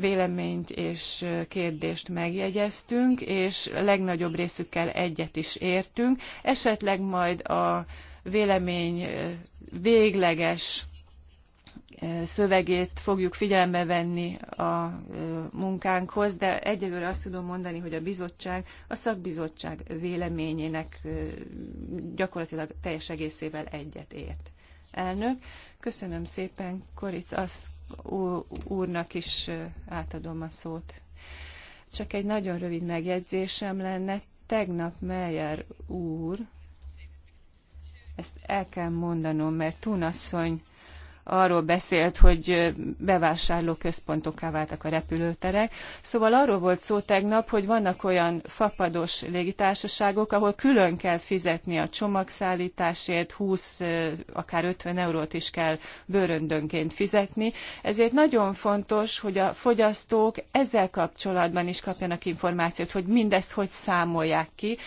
Speaker 2: véleményt és kérdést megjegyeztünk, és legnagyobb részükkel egyet is értünk. Esetleg majd a vélemény végleges szövegét fogjuk figyelembe venni a munkánkhoz, de egyelőre azt tudom mondani, hogy a bizottság, a szakbizottság véleményének gyakorlatilag teljes egészével egyet ért. Elnök, köszönöm szépen, Koric, azt úrnak is átadom a szót. Csak egy nagyon rövid megjegyzésem lenne. Tegnap Meyer úr, ezt el kell mondanom, mert Tunasszony arról beszélt, hogy bevásárló központokká váltak a repülőterek. Szóval arról volt szó tegnap, hogy vannak olyan fapados légitársaságok, ahol külön kell fizetni a csomagszállításért, 20, akár 50 eurót is kell bőröndönként fizetni. Ezért nagyon fontos, hogy a fogyasztók ezzel kapcsolatban is kapjanak információt, hogy mindezt hogy számolják ki.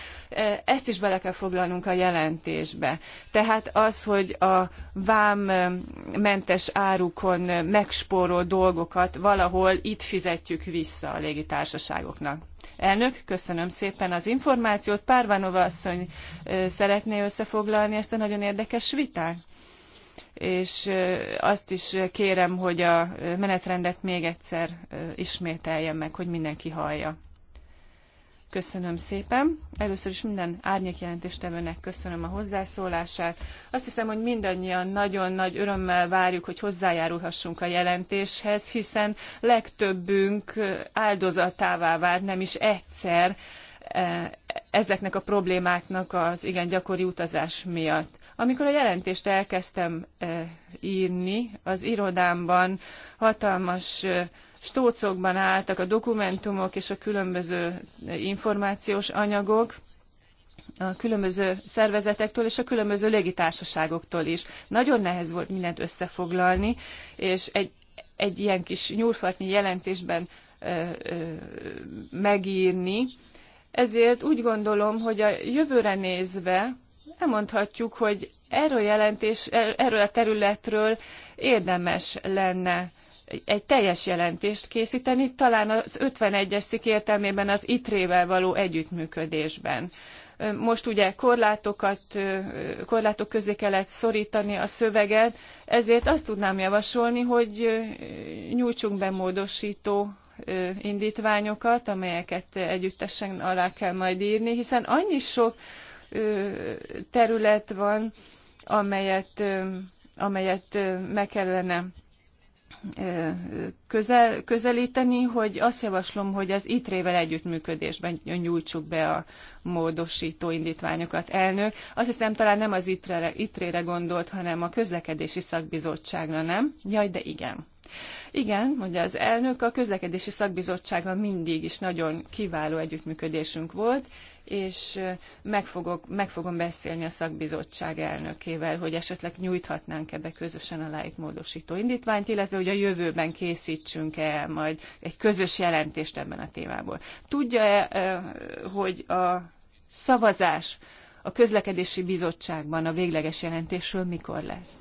Speaker 2: Ezt is bele kell foglalnunk a jelentésbe. Tehát az, hogy a vám mentes árukon megspórolt dolgokat valahol itt fizetjük vissza a légitársaságoknak. Elnök, köszönöm szépen az információt. Párvánova asszony szeretné összefoglalni ezt a nagyon érdekes vitát? és azt is kérem, hogy a menetrendet még egyszer ismételjem meg, hogy mindenki hallja. Köszönöm szépen. Először is minden árnyékjelentéstevőnek köszönöm a hozzászólását. Azt hiszem, hogy mindannyian nagyon nagy örömmel várjuk, hogy hozzájárulhassunk a jelentéshez, hiszen legtöbbünk áldozatává vált nem is egyszer e, ezeknek a problémáknak az igen gyakori utazás miatt. Amikor a jelentést elkezdtem e, írni, az irodámban hatalmas e, stócokban álltak a dokumentumok és a különböző információs anyagok, a különböző szervezetektől és a különböző légitársaságoktól is. Nagyon nehéz volt mindent összefoglalni, és egy, egy ilyen kis nyúlfatnyi jelentésben ö, ö, megírni. Ezért úgy gondolom, hogy a jövőre nézve elmondhatjuk, hogy erről, jelentés, er, erről a területről érdemes lenne egy teljes jelentést készíteni, talán az 51-es cikk értelmében az ITRÉ-vel való együttműködésben. Most ugye korlátokat, korlátok közé kellett szorítani a szöveget, ezért azt tudnám javasolni, hogy nyújtsunk be módosító indítványokat, amelyeket együttesen alá kell majd írni, hiszen annyi sok terület van, amelyet, amelyet meg kellene közel, közelíteni, hogy azt javaslom, hogy az ITRE-vel együttműködésben nyújtsuk be a módosító indítványokat. Elnök, azt hiszem talán nem az ITRE-re, ITRE-re gondolt, hanem a közlekedési szakbizottságra, nem? Jaj, de igen. Igen, mondja az elnök, a közlekedési szakbizottsága mindig is nagyon kiváló együttműködésünk volt, és meg, fogok, meg fogom beszélni a szakbizottság elnökével, hogy esetleg nyújthatnánk ebbe közösen a módosító indítványt, illetve hogy a jövőben készítsünk-e majd egy közös jelentést ebben a témából. Tudja-e, hogy a szavazás a közlekedési bizottságban a végleges jelentésről mikor lesz?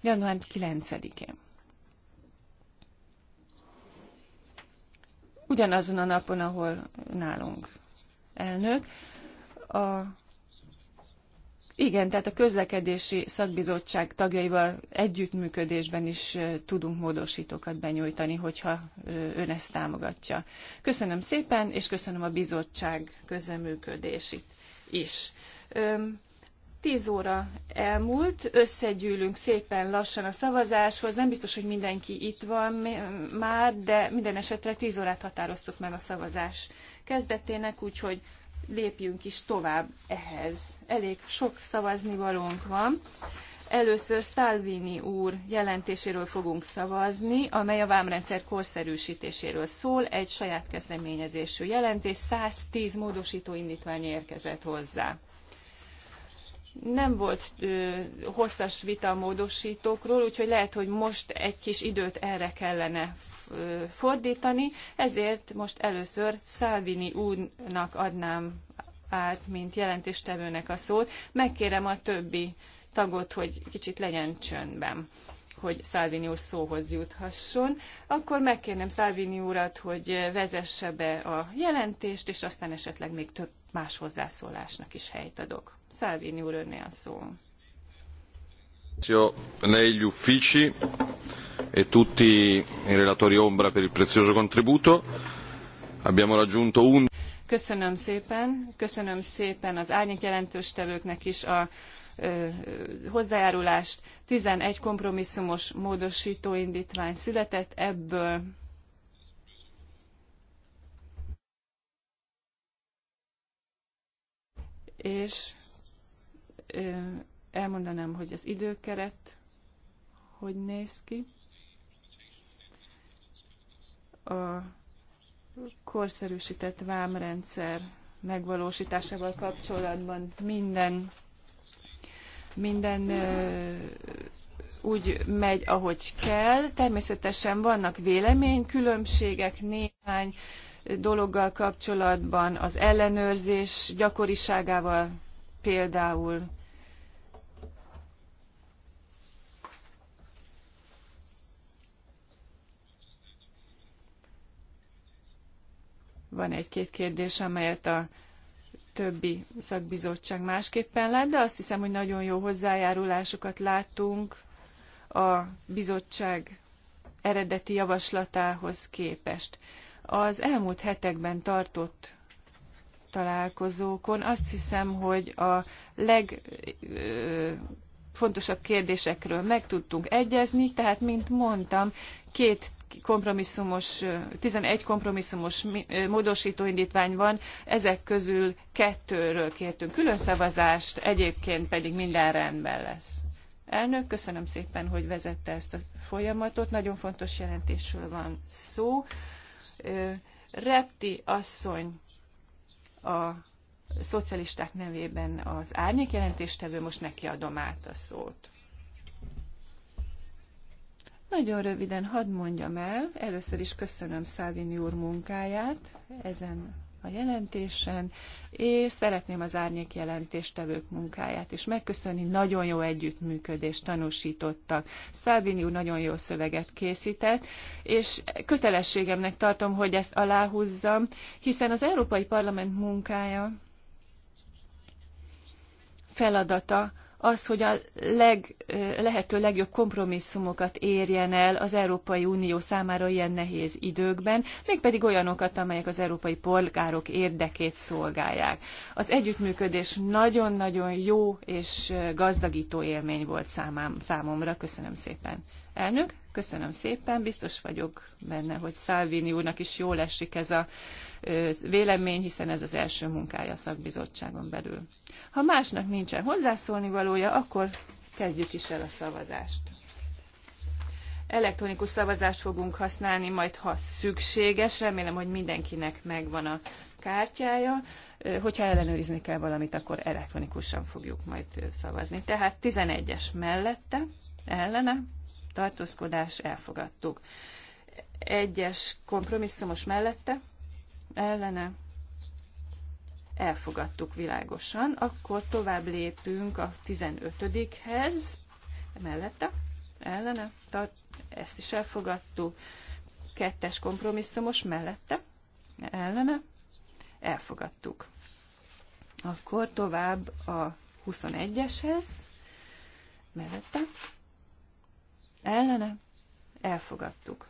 Speaker 2: Január 9-én. ugyanazon a napon, ahol nálunk elnök. A, igen, tehát a közlekedési szakbizottság tagjaival együttműködésben is tudunk módosítókat benyújtani, hogyha ön ezt támogatja. Köszönöm szépen, és köszönöm a bizottság közleműködését is. Öm, 10 óra elmúlt, összegyűlünk szépen lassan a szavazáshoz. Nem biztos, hogy mindenki itt van már, de minden esetre 10 órát határoztuk meg a szavazás kezdetének, úgyhogy lépjünk is tovább ehhez. Elég sok szavaznivalónk van. Először Salvini úr jelentéséről fogunk szavazni, amely a vámrendszer korszerűsítéséről szól, egy saját kezdeményezésű jelentés, 110 módosító indítvány érkezett hozzá nem volt ö, hosszas vita a módosítókról, úgyhogy lehet, hogy most egy kis időt erre kellene fordítani, ezért most először Szálvini úrnak adnám át, mint jelentéstevőnek a szót. Megkérem a többi tagot, hogy kicsit legyen csöndben hogy Szálvini úr szóhoz juthasson. Akkor megkérném Szálvini úrat, hogy vezesse be a jelentést, és aztán esetleg még több más hozzászólásnak is helyt adok. Salvini úr, önnél a szó.
Speaker 4: Negli uffici e tutti i relatori ombra per il prezioso contributo. Abbiamo raggiunto un...
Speaker 2: Köszönöm szépen, köszönöm szépen az árnyék jelentőstevőknek is a hozzájárulást. 11 kompromisszumos módosító indítvány született, ebből és elmondanám, hogy az időkeret hogy néz ki. A korszerűsített vámrendszer megvalósításával kapcsolatban minden, minden úgy megy, ahogy kell. Természetesen vannak véleménykülönbségek, néhány dologgal kapcsolatban, az ellenőrzés gyakoriságával például. Van egy-két kérdés, amelyet a többi szakbizottság másképpen lát, de azt hiszem, hogy nagyon jó hozzájárulásokat láttunk a bizottság eredeti javaslatához képest. Az elmúlt hetekben tartott találkozókon azt hiszem, hogy a legfontosabb kérdésekről meg tudtunk egyezni, tehát, mint mondtam, két kompromisszumos, 11 kompromisszumos módosítóindítvány indítvány van, ezek közül kettőről kértünk külön szavazást, egyébként pedig minden rendben lesz. Elnök, köszönöm szépen, hogy vezette ezt a folyamatot. Nagyon fontos jelentésről van szó. Repti asszony a szocialisták nevében az árnyék jelentéstevő, most neki adom át a szót. Nagyon röviden hadd mondjam el, először is köszönöm Szávini úr munkáját ezen a jelentésen, és szeretném az árnyék jelentéstevők munkáját is megköszönni. Nagyon jó együttműködést tanúsítottak. Szálvini úr nagyon jó szöveget készített, és kötelességemnek tartom, hogy ezt aláhúzzam, hiszen az Európai Parlament munkája feladata, az, hogy a leg, lehető legjobb kompromisszumokat érjen el az Európai Unió számára ilyen nehéz időkben, mégpedig olyanokat, amelyek az európai polgárok érdekét szolgálják. Az együttműködés nagyon-nagyon jó és gazdagító élmény volt számám, számomra. Köszönöm szépen. Elnök, köszönöm szépen, biztos vagyok benne, hogy Szálvini úrnak is jól esik ez a vélemény, hiszen ez az első munkája a szakbizottságon belül. Ha másnak nincsen hozzászólni valója, akkor kezdjük is el a szavazást. Elektronikus szavazást fogunk használni, majd ha szükséges, remélem, hogy mindenkinek megvan a kártyája. Hogyha ellenőrizni kell valamit, akkor elektronikusan fogjuk majd szavazni. Tehát 11-es mellette, ellene, tartózkodás elfogadtuk. Egyes kompromisszumos mellette ellene elfogadtuk világosan, akkor tovább lépünk a 15-hez, mellette, ellene, tart, ezt is elfogadtuk, kettes kompromisszumos mellette, ellene, elfogadtuk. Akkor tovább a 21-eshez, mellette, ellene elfogadtuk.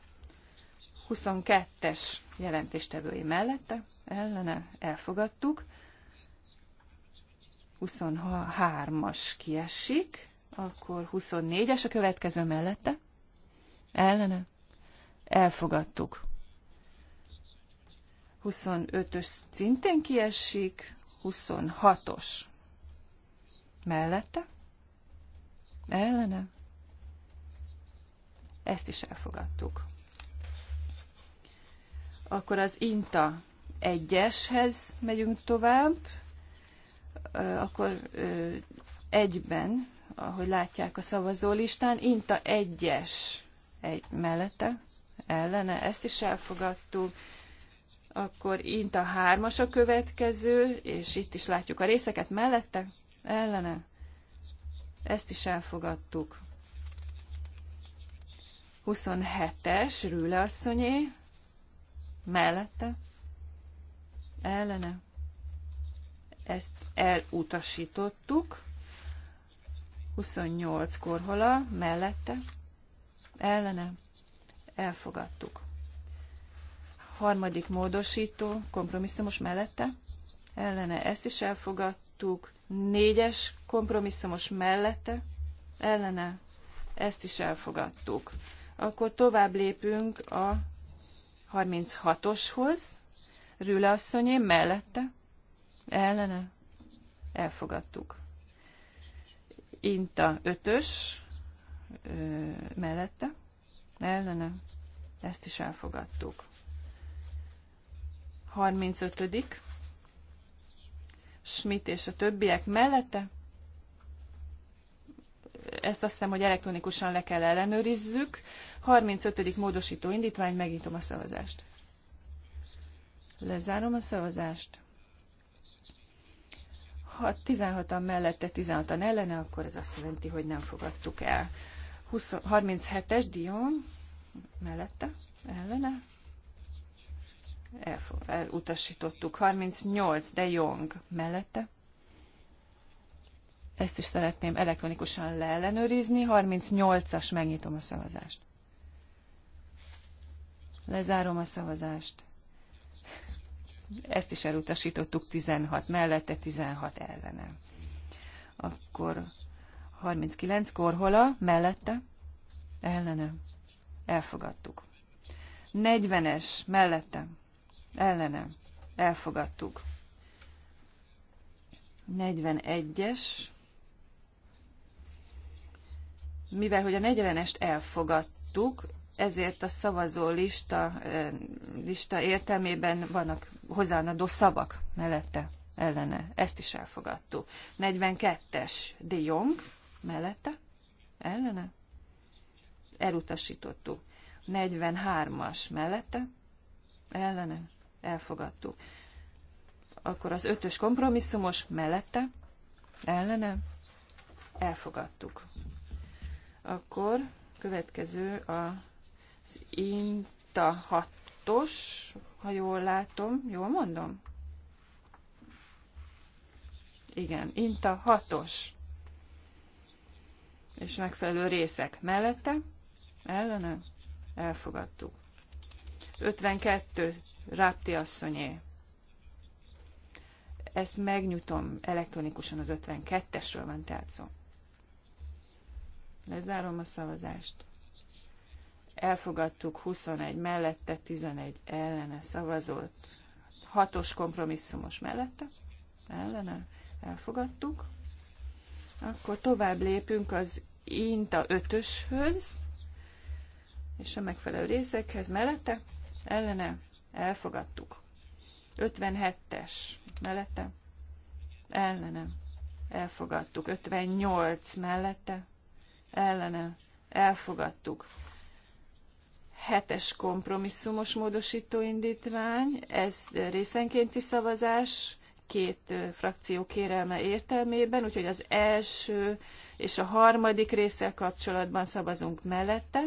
Speaker 2: 22-es jelentéstevői mellette ellene elfogadtuk. 23-as kiesik, akkor 24-es a következő mellette ellene elfogadtuk. 25-ös szintén kiesik, 26-os mellette ellene ezt is elfogadtuk. Akkor az INTA egyeshez megyünk tovább, akkor egyben, ahogy látják a szavazólistán, INTA egyes egy mellette, ellene, ezt is elfogadtuk, akkor INTA hármas a következő, és itt is látjuk a részeket mellette, ellene, ezt is elfogadtuk. 27-es Rüle asszonyé, mellette, ellene, ezt elutasítottuk. 28 korhola, mellette, ellene, elfogadtuk. Harmadik módosító, kompromisszumos mellette, ellene, ezt is elfogadtuk. Négyes kompromisszumos mellette, ellene, ezt is elfogadtuk. Akkor tovább lépünk a 36-oshoz. Rüle asszonyé mellette. Ellene. Elfogadtuk. Inta 5-ös mellette. Ellene. Ezt is elfogadtuk. 35. Schmidt és a többiek mellette ezt azt hiszem, hogy elektronikusan le kell ellenőrizzük. 35. módosító indítvány, megnyitom a szavazást. Lezárom a szavazást. Ha 16-an mellette, 16-an ellene, akkor ez azt jelenti, hogy nem fogadtuk el. 37-es Dion mellette, ellene, elutasítottuk. 38 de Jong mellette, ezt is szeretném elektronikusan leellenőrizni. 38-as, megnyitom a szavazást. Lezárom a szavazást. Ezt is elutasítottuk 16 mellette, 16 ellene. Akkor 39 korhola mellette, ellene. Elfogadtuk. 40-es mellette, ellene. Elfogadtuk. 41-es mivel hogy a 40-est elfogadtuk, ezért a szavazó lista, eh, lista értelmében vannak hozzáadó szavak mellette, ellene. Ezt is elfogadtuk. 42-es de Jong mellette, ellene. Elutasítottuk. 43-as mellette, ellene. Elfogadtuk. Akkor az ötös kompromisszumos mellette, ellene. Elfogadtuk. Akkor következő az INTA 6-os, ha jól látom, jól mondom? Igen, INTA 6-os. És megfelelő részek mellette, ellene, elfogadtuk. 52 Rápti asszonyé. Ezt megnyitom elektronikusan az 52-esről van tehát szó. Lezárom a szavazást. Elfogadtuk 21 mellette, 11 ellene szavazott. Hatos kompromisszumos mellette, ellene elfogadtuk. Akkor tovább lépünk az INTA 5-öshöz, és a megfelelő részekhez mellette, ellene elfogadtuk. 57-es mellette, ellene elfogadtuk. 58 mellette, ellene elfogadtuk. Hetes kompromisszumos módosító indítvány, ez részenkénti szavazás, két frakció kérelme értelmében, úgyhogy az első és a harmadik résszel kapcsolatban szavazunk mellette,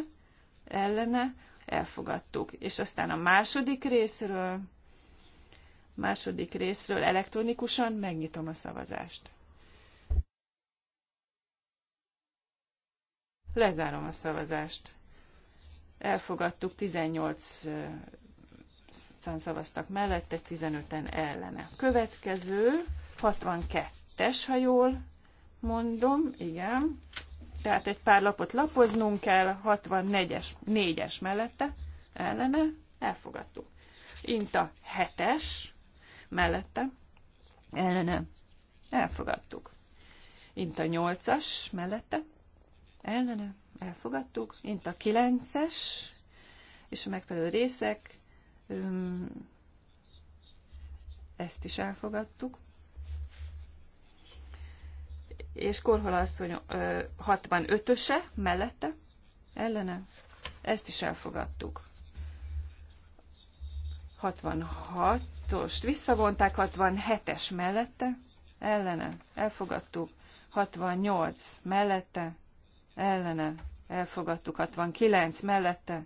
Speaker 2: ellene, elfogadtuk. És aztán a második részről, második részről elektronikusan megnyitom a szavazást. Lezárom a szavazást. Elfogadtuk, 18 szavaztak mellette, 15-en ellene. Következő, 62-es, ha jól mondom, igen. Tehát egy pár lapot lapoznunk kell, 64-es, 4-es mellette, ellene, elfogadtuk. Inta 7-es, mellette, ellene, elfogadtuk. Inta 8-as, mellette, ellene, elfogadtuk. mint a kilences, és a megfelelő részek, ezt is elfogadtuk. És Korhola asszony 65-öse mellette, ellene, ezt is elfogadtuk. 66-ost visszavonták, 67-es mellette, ellene, elfogadtuk, 68 mellette, ellene elfogadtuk, 69 mellette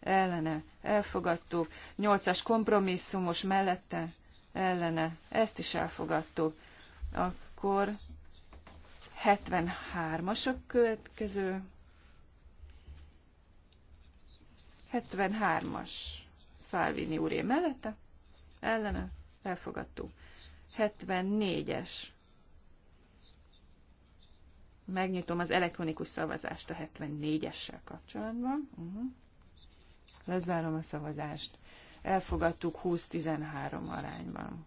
Speaker 2: ellene elfogadtuk, 8-as kompromisszumos mellette ellene, ezt is elfogadtuk. Akkor 73-as a következő. 73-as Salvini úré mellette, ellene elfogadtuk. 74-es Megnyitom az elektronikus szavazást a 74-essel kapcsolatban. Uh-huh. Lezárom a szavazást. Elfogadtuk 20-13 arányban.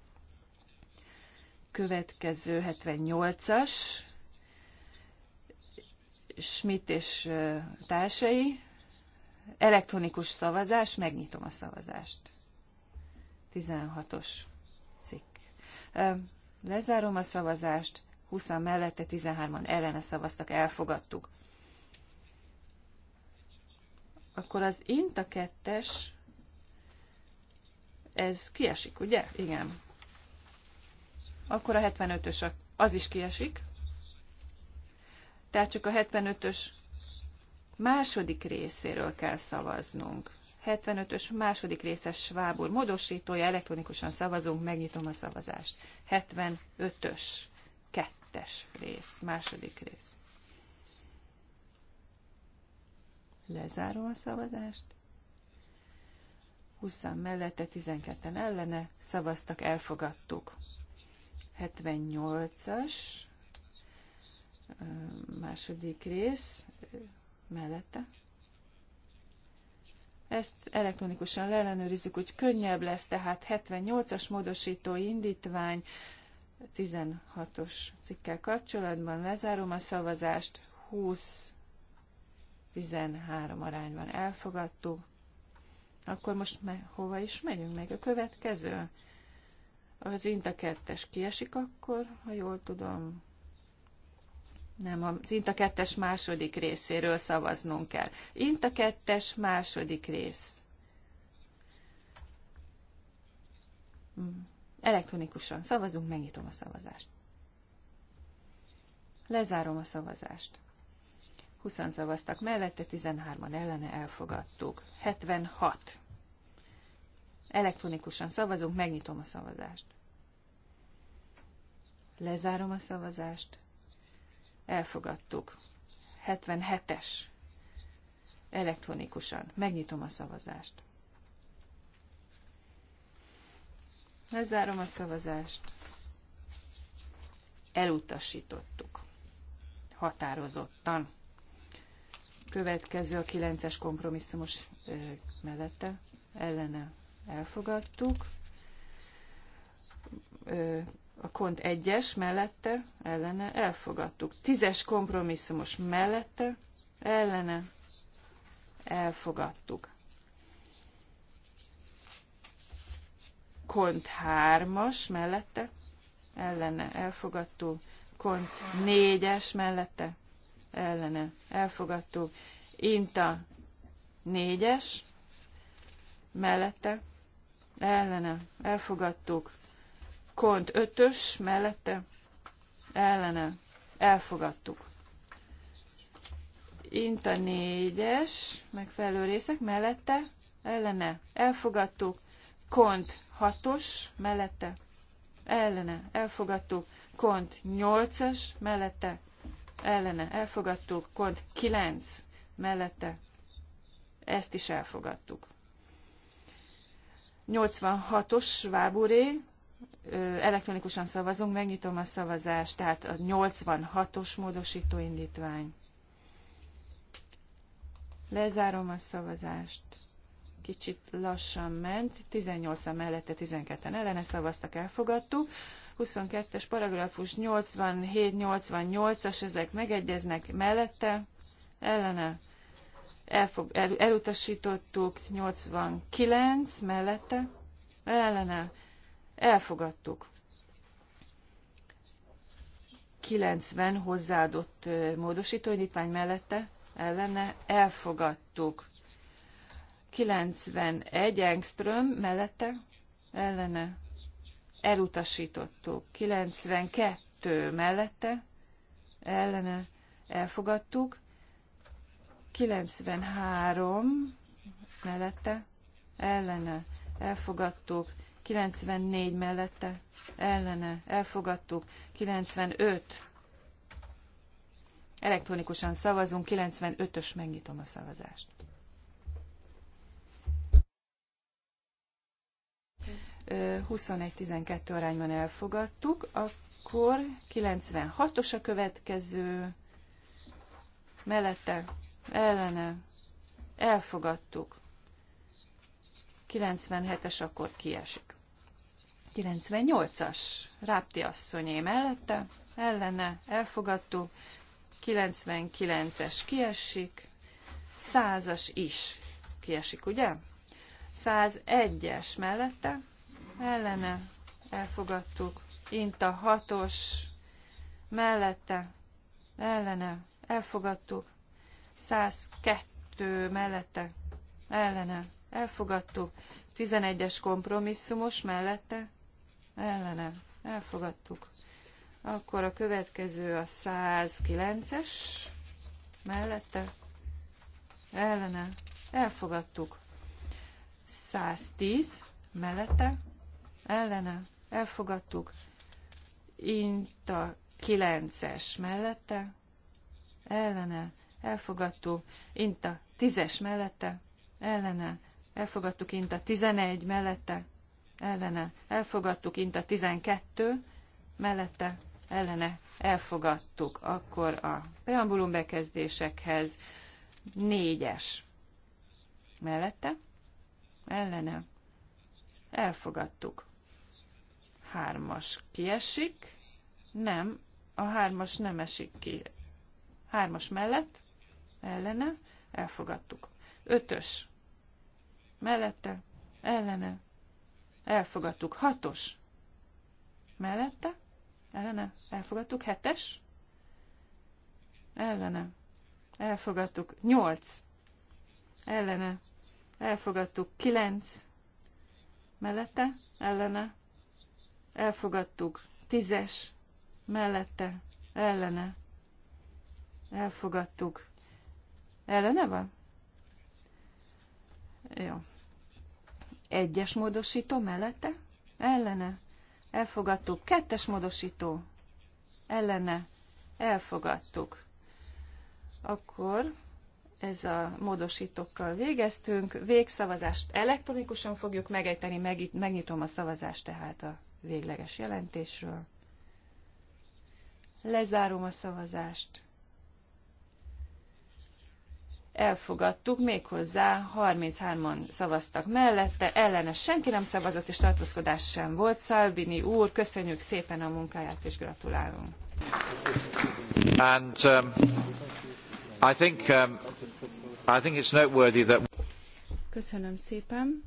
Speaker 2: Következő 78-as. Schmidt és társai. Elektronikus szavazás. Megnyitom a szavazást. 16-os cikk. Lezárom a szavazást. 20 mellette, 13-an ellene szavaztak, elfogadtuk. Akkor az INTA 2 ez kiesik, ugye? Igen. Akkor a 75-ös az is kiesik. Tehát csak a 75-ös második részéről kell szavaznunk. 75-ös második részes Schwab modosítója módosítója, elektronikusan szavazunk, megnyitom a szavazást. 75-ös kettes rész, második rész. Lezárom a szavazást. 20 mellette, 12-en ellene szavaztak, elfogadtuk. 78-as második rész mellette. Ezt elektronikusan leellenőrizzük, hogy könnyebb lesz, tehát 78-as módosító indítvány, 16-os cikkel kapcsolatban. Lezárom a szavazást. 20-13 arányban elfogadtó. Akkor most me- hova is megyünk? Meg a következő? Az Inta 2 kiesik akkor, ha jól tudom. Nem, az Inta 2 második részéről szavaznunk kell. Inta 2 második rész. Hmm. Elektronikusan szavazunk, megnyitom a szavazást. Lezárom a szavazást. 20 szavaztak mellette, 13-an ellene elfogadtuk. 76. Elektronikusan szavazunk, megnyitom a szavazást. Lezárom a szavazást. Elfogadtuk. 77-es. Elektronikusan. Megnyitom a szavazást. Lezárom a szavazást. Elutasítottuk. Határozottan. Következő a 9-es kompromisszumos ö, mellette. Ellene elfogadtuk. Ö, a kont 1-es mellette, ellene elfogadtuk. 10-es kompromisszumos mellette, ellene elfogadtuk. kont 3-as mellette, ellene elfogadtó, kont 4-es mellette, ellene elfogadtó, inta 4-es mellette, ellene elfogadtuk, kont 5-ös mellette, ellene elfogadtuk. Inta 4-es, megfelelő részek mellette, ellene elfogadtuk, kont 6-os mellette ellene elfogadtuk, kont 8-as mellette ellene elfogadtuk, kont 9 mellette ezt is elfogadtuk. 86-os Svábúré, elektronikusan szavazunk, megnyitom a szavazást, tehát a 86-os módosítóindítvány. indítvány. Lezárom a szavazást kicsit lassan ment, 18-an mellette 12-en ellene szavaztak, elfogadtuk. 22-es paragrafus 87-88-as, ezek megegyeznek mellette, ellene, elfog, el, elutasítottuk, 89 mellette, ellene, elfogadtuk. 90 hozzáadott módosítóindítvány mellette, ellene, elfogadtuk. 91 Engström mellette ellene elutasítottuk. 92 mellette ellene elfogadtuk. 93 mellette ellene elfogadtuk. 94 mellette ellene elfogadtuk. 95 elektronikusan szavazunk. 95-ös megnyitom a szavazást. 21-12 arányban elfogadtuk, akkor 96-os a következő, mellette, ellene, elfogadtuk. 97-es akkor kiesik. 98-as, Rápti asszonyé mellette, ellene, elfogadtuk. 99-es kiesik, 100-as is kiesik, ugye? 101-es mellette, ellene elfogadtuk. Inta hatos mellette ellene elfogadtuk. 102 mellette ellene elfogadtuk. 11-es kompromisszumos mellette ellene elfogadtuk. Akkor a következő a 109-es mellette ellene elfogadtuk. 110 mellette ellene, elfogadtuk. Inta 9-es mellette, ellene, elfogadtuk. Inta 10-es mellette, ellene, elfogadtuk. Inta 11 mellette, ellene, elfogadtuk. Inta 12 mellette, ellene, elfogadtuk. Akkor a preambulum bekezdésekhez 4-es mellette, ellene, elfogadtuk. Hármas kiesik. Nem, a hármas nem esik ki. Hármas mellett, ellene, elfogadtuk. Ötös, mellette, ellene, elfogadtuk. Hatos, mellette, ellene, elfogadtuk. Hetes, ellene, elfogadtuk. Nyolc, ellene, elfogadtuk. Kilenc, mellette, ellene, elfogadtuk. Tízes mellette, ellene, elfogadtuk. Ellene van? Jó. Egyes módosító mellette, ellene, elfogadtuk. Kettes módosító, ellene, elfogadtuk. Akkor ez a módosítókkal végeztünk. Végszavazást elektronikusan fogjuk megejteni, megnyitom a szavazást tehát a végleges jelentésről. Lezárom a szavazást. Elfogadtuk, méghozzá 33-an szavaztak mellette, ellene senki nem szavazott, és tartózkodás sem volt. szalvini úr, köszönjük szépen a munkáját, és gratulálunk.
Speaker 4: And, um, I think, um, I think it's noteworthy that...
Speaker 1: Köszönöm szépen.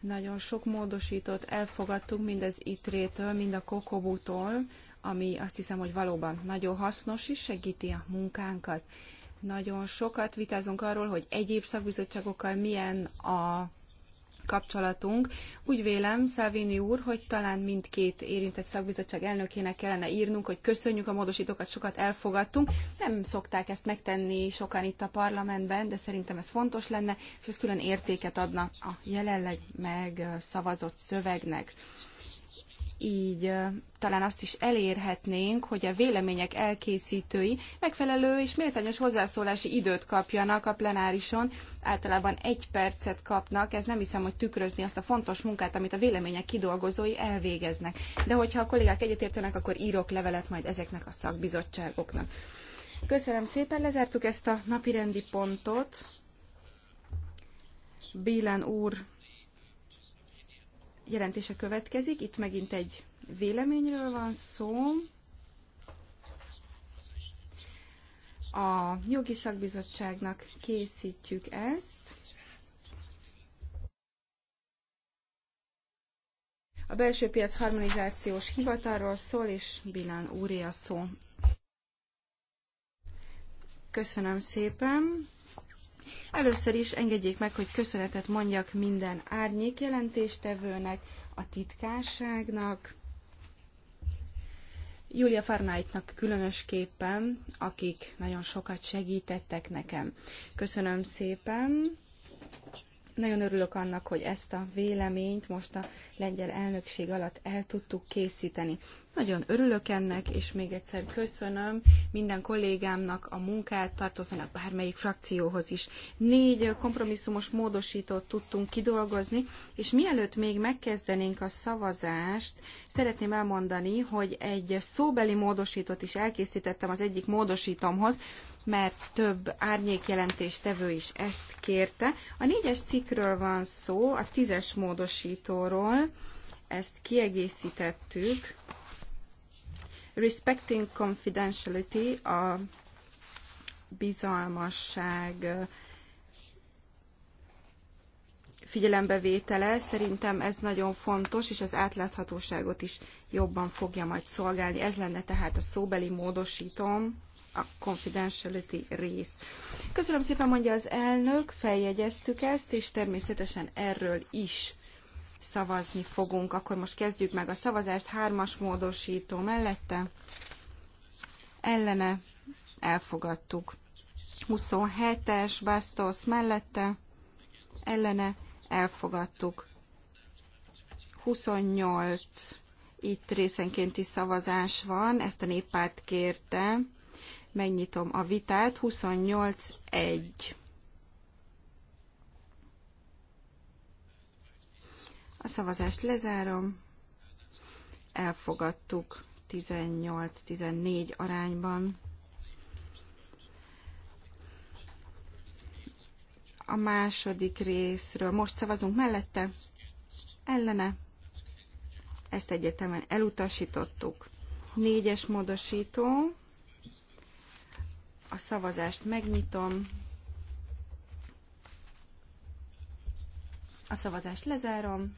Speaker 1: Nagyon sok módosítót elfogadtunk, mind az ITRÉ-től, mind a Kokobútól, ami azt hiszem, hogy valóban nagyon hasznos és segíti a munkánkat. Nagyon sokat vitázunk arról, hogy egyéb szakbizottságokkal milyen a kapcsolatunk. Úgy vélem, Szávini úr, hogy talán mindkét érintett szakbizottság elnökének kellene írnunk, hogy köszönjük a módosítókat, sokat elfogadtunk. Nem szokták ezt megtenni sokan itt a parlamentben, de szerintem ez fontos lenne, és ez külön értéket adna a jelenleg megszavazott szövegnek így talán azt is elérhetnénk, hogy a vélemények elkészítői megfelelő és méltányos hozzászólási időt kapjanak a plenárison, általában egy percet kapnak, ez nem hiszem, hogy tükrözni azt a fontos munkát, amit a vélemények kidolgozói elvégeznek. De hogyha a kollégák egyetértenek, akkor írok levelet majd ezeknek a szakbizottságoknak. Köszönöm szépen, lezártuk ezt a napirendi pontot. Bélen úr jelentése következik. Itt megint egy véleményről van szó. A jogi szakbizottságnak készítjük ezt. A belső piac harmonizációs hivatalról szól, és Bilán úré a szó. Köszönöm szépen. Először is engedjék meg, hogy köszönetet mondjak minden árnyékjelentéstevőnek, a titkárságnak, Julia Farnájtnak különösképpen, akik nagyon sokat segítettek nekem. Köszönöm szépen! Nagyon örülök annak, hogy ezt a véleményt most a lengyel elnökség alatt el tudtuk készíteni. Nagyon örülök ennek, és még egyszer köszönöm minden kollégámnak a munkát, tartozanak bármelyik frakcióhoz is. Négy kompromisszumos módosítót tudtunk kidolgozni, és mielőtt még megkezdenénk a szavazást, szeretném elmondani, hogy egy szóbeli módosítót is elkészítettem az egyik módosítomhoz, mert több árnyékjelentéstevő is ezt kérte. A négyes cikkről van szó, a tízes módosítóról, ezt kiegészítettük. Respecting confidentiality, a bizalmasság figyelembevétele, szerintem ez nagyon fontos, és az átláthatóságot is jobban fogja majd szolgálni. Ez lenne tehát a szóbeli módosítom a confidentiality rész. Köszönöm szépen, mondja az elnök, feljegyeztük ezt, és természetesen erről is szavazni fogunk. Akkor most kezdjük meg a szavazást. Hármas módosító mellette. Ellene elfogadtuk. 27-es Bastos mellette. Ellene elfogadtuk. 28 itt részenkénti szavazás van, ezt a néppárt kérte. Megnyitom a vitát. 28-1. A szavazást lezárom. Elfogadtuk 18-14 arányban. A második részről most szavazunk mellette, ellene. Ezt egyetemen elutasítottuk. Négyes módosító a szavazást megnyitom. A szavazást lezárom.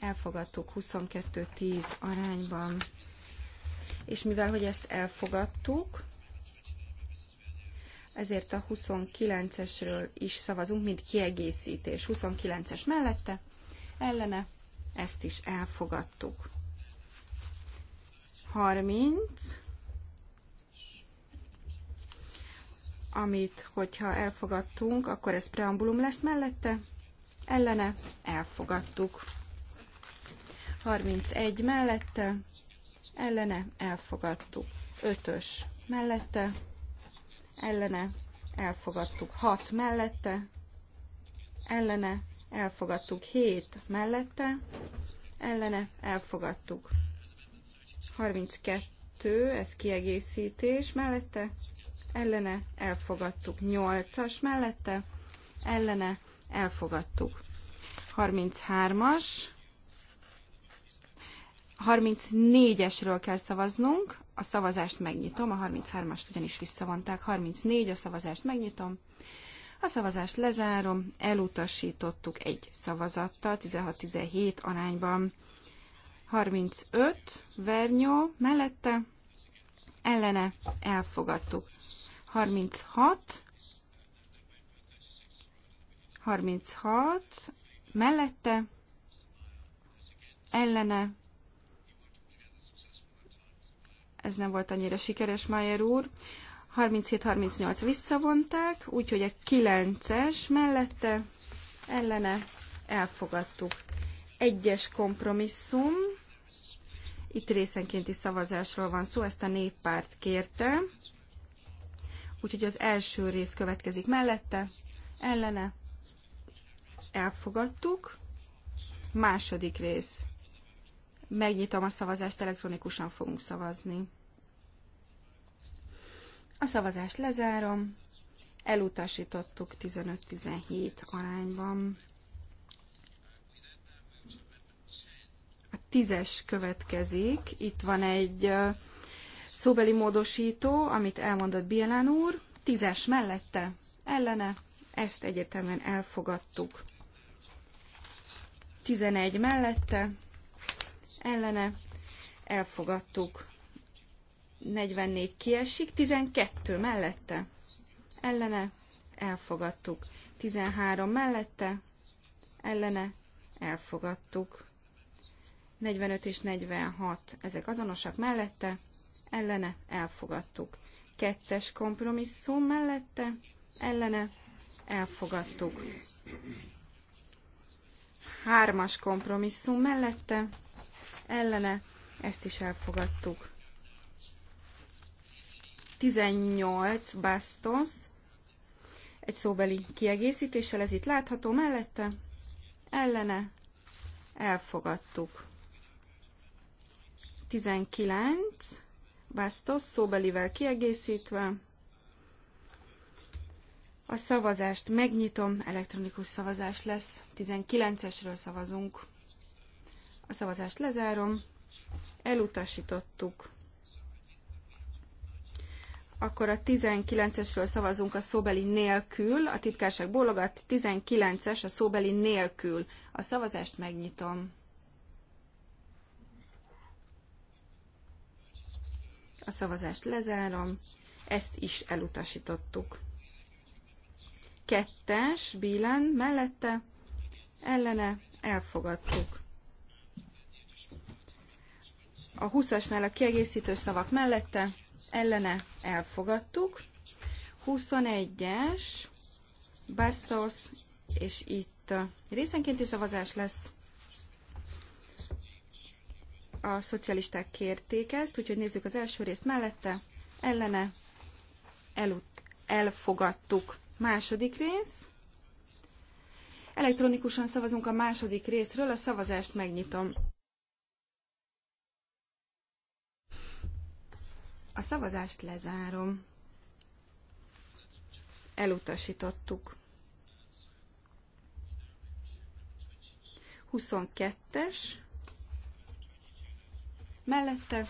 Speaker 1: Elfogadtuk 22-10 arányban. És mivel, hogy ezt elfogadtuk, ezért a 29-esről is szavazunk, mint kiegészítés. 29-es mellette, ellene, ezt is elfogadtuk. 30, amit, hogyha elfogadtunk, akkor ez preambulum lesz mellette, ellene elfogadtuk. 31 mellette, ellene elfogadtuk. 5-ös mellette, ellene elfogadtuk. 6 mellette, ellene elfogadtuk. 7 mellette, ellene elfogadtuk. 32, ez kiegészítés mellette, ellene elfogadtuk. 8-as mellette ellene elfogadtuk. 33-as, 34-esről kell szavaznunk, a szavazást megnyitom, a 33-ast ugyanis visszavonták, 34, a szavazást megnyitom, a szavazást lezárom, elutasítottuk egy szavazattal, 16-17 arányban. 35, Vernyó, mellette, ellene, elfogadtuk. 36, 36, mellette, ellene, ez nem volt annyira sikeres, Mayer úr, 37-38 visszavonták, úgyhogy a 9-es mellette, ellene, elfogadtuk. Egyes kompromisszum, itt részenkénti szavazásról van szó, ezt a néppárt kérte, Úgyhogy az első rész következik mellette, ellene, elfogadtuk. Második rész. Megnyitom a szavazást, elektronikusan fogunk szavazni. A szavazást lezárom. Elutasítottuk 15-17 arányban. A tízes következik. Itt van egy Szóbeli módosító, amit elmondott Bielán úr, tízes mellette, ellene, ezt egyértelműen elfogadtuk. 11 mellette, ellene, elfogadtuk. 44 kiesik, 12 mellette, ellene, elfogadtuk. 13 mellette, ellene, elfogadtuk. 45 és 46, ezek azonosak mellette, ellene elfogadtuk. Kettes kompromisszum mellette ellene elfogadtuk. Hármas kompromisszum mellette ellene ezt is elfogadtuk. 18 bastos, egy szóbeli kiegészítéssel, ez itt látható mellette, ellene elfogadtuk. 19 Bastos szóbelivel kiegészítve. A szavazást megnyitom, elektronikus szavazás lesz. 19-esről szavazunk. A szavazást lezárom. Elutasítottuk. Akkor a 19-esről szavazunk a szóbeli nélkül. A titkárság bólogat 19-es a szóbeli nélkül. A szavazást megnyitom. A szavazást lezárom. Ezt is elutasítottuk. Kettes, Bílán mellette, ellene elfogadtuk. A 20-asnál a kiegészítő szavak mellette, ellene elfogadtuk. 21-es, Bastos, és itt részenkénti szavazás lesz a szocialisták kérték ezt, úgyhogy nézzük az első részt mellette, ellene, elut, elfogadtuk. Második rész. Elektronikusan szavazunk a második részről, a szavazást megnyitom. A szavazást lezárom. Elutasítottuk. 22-es mellette,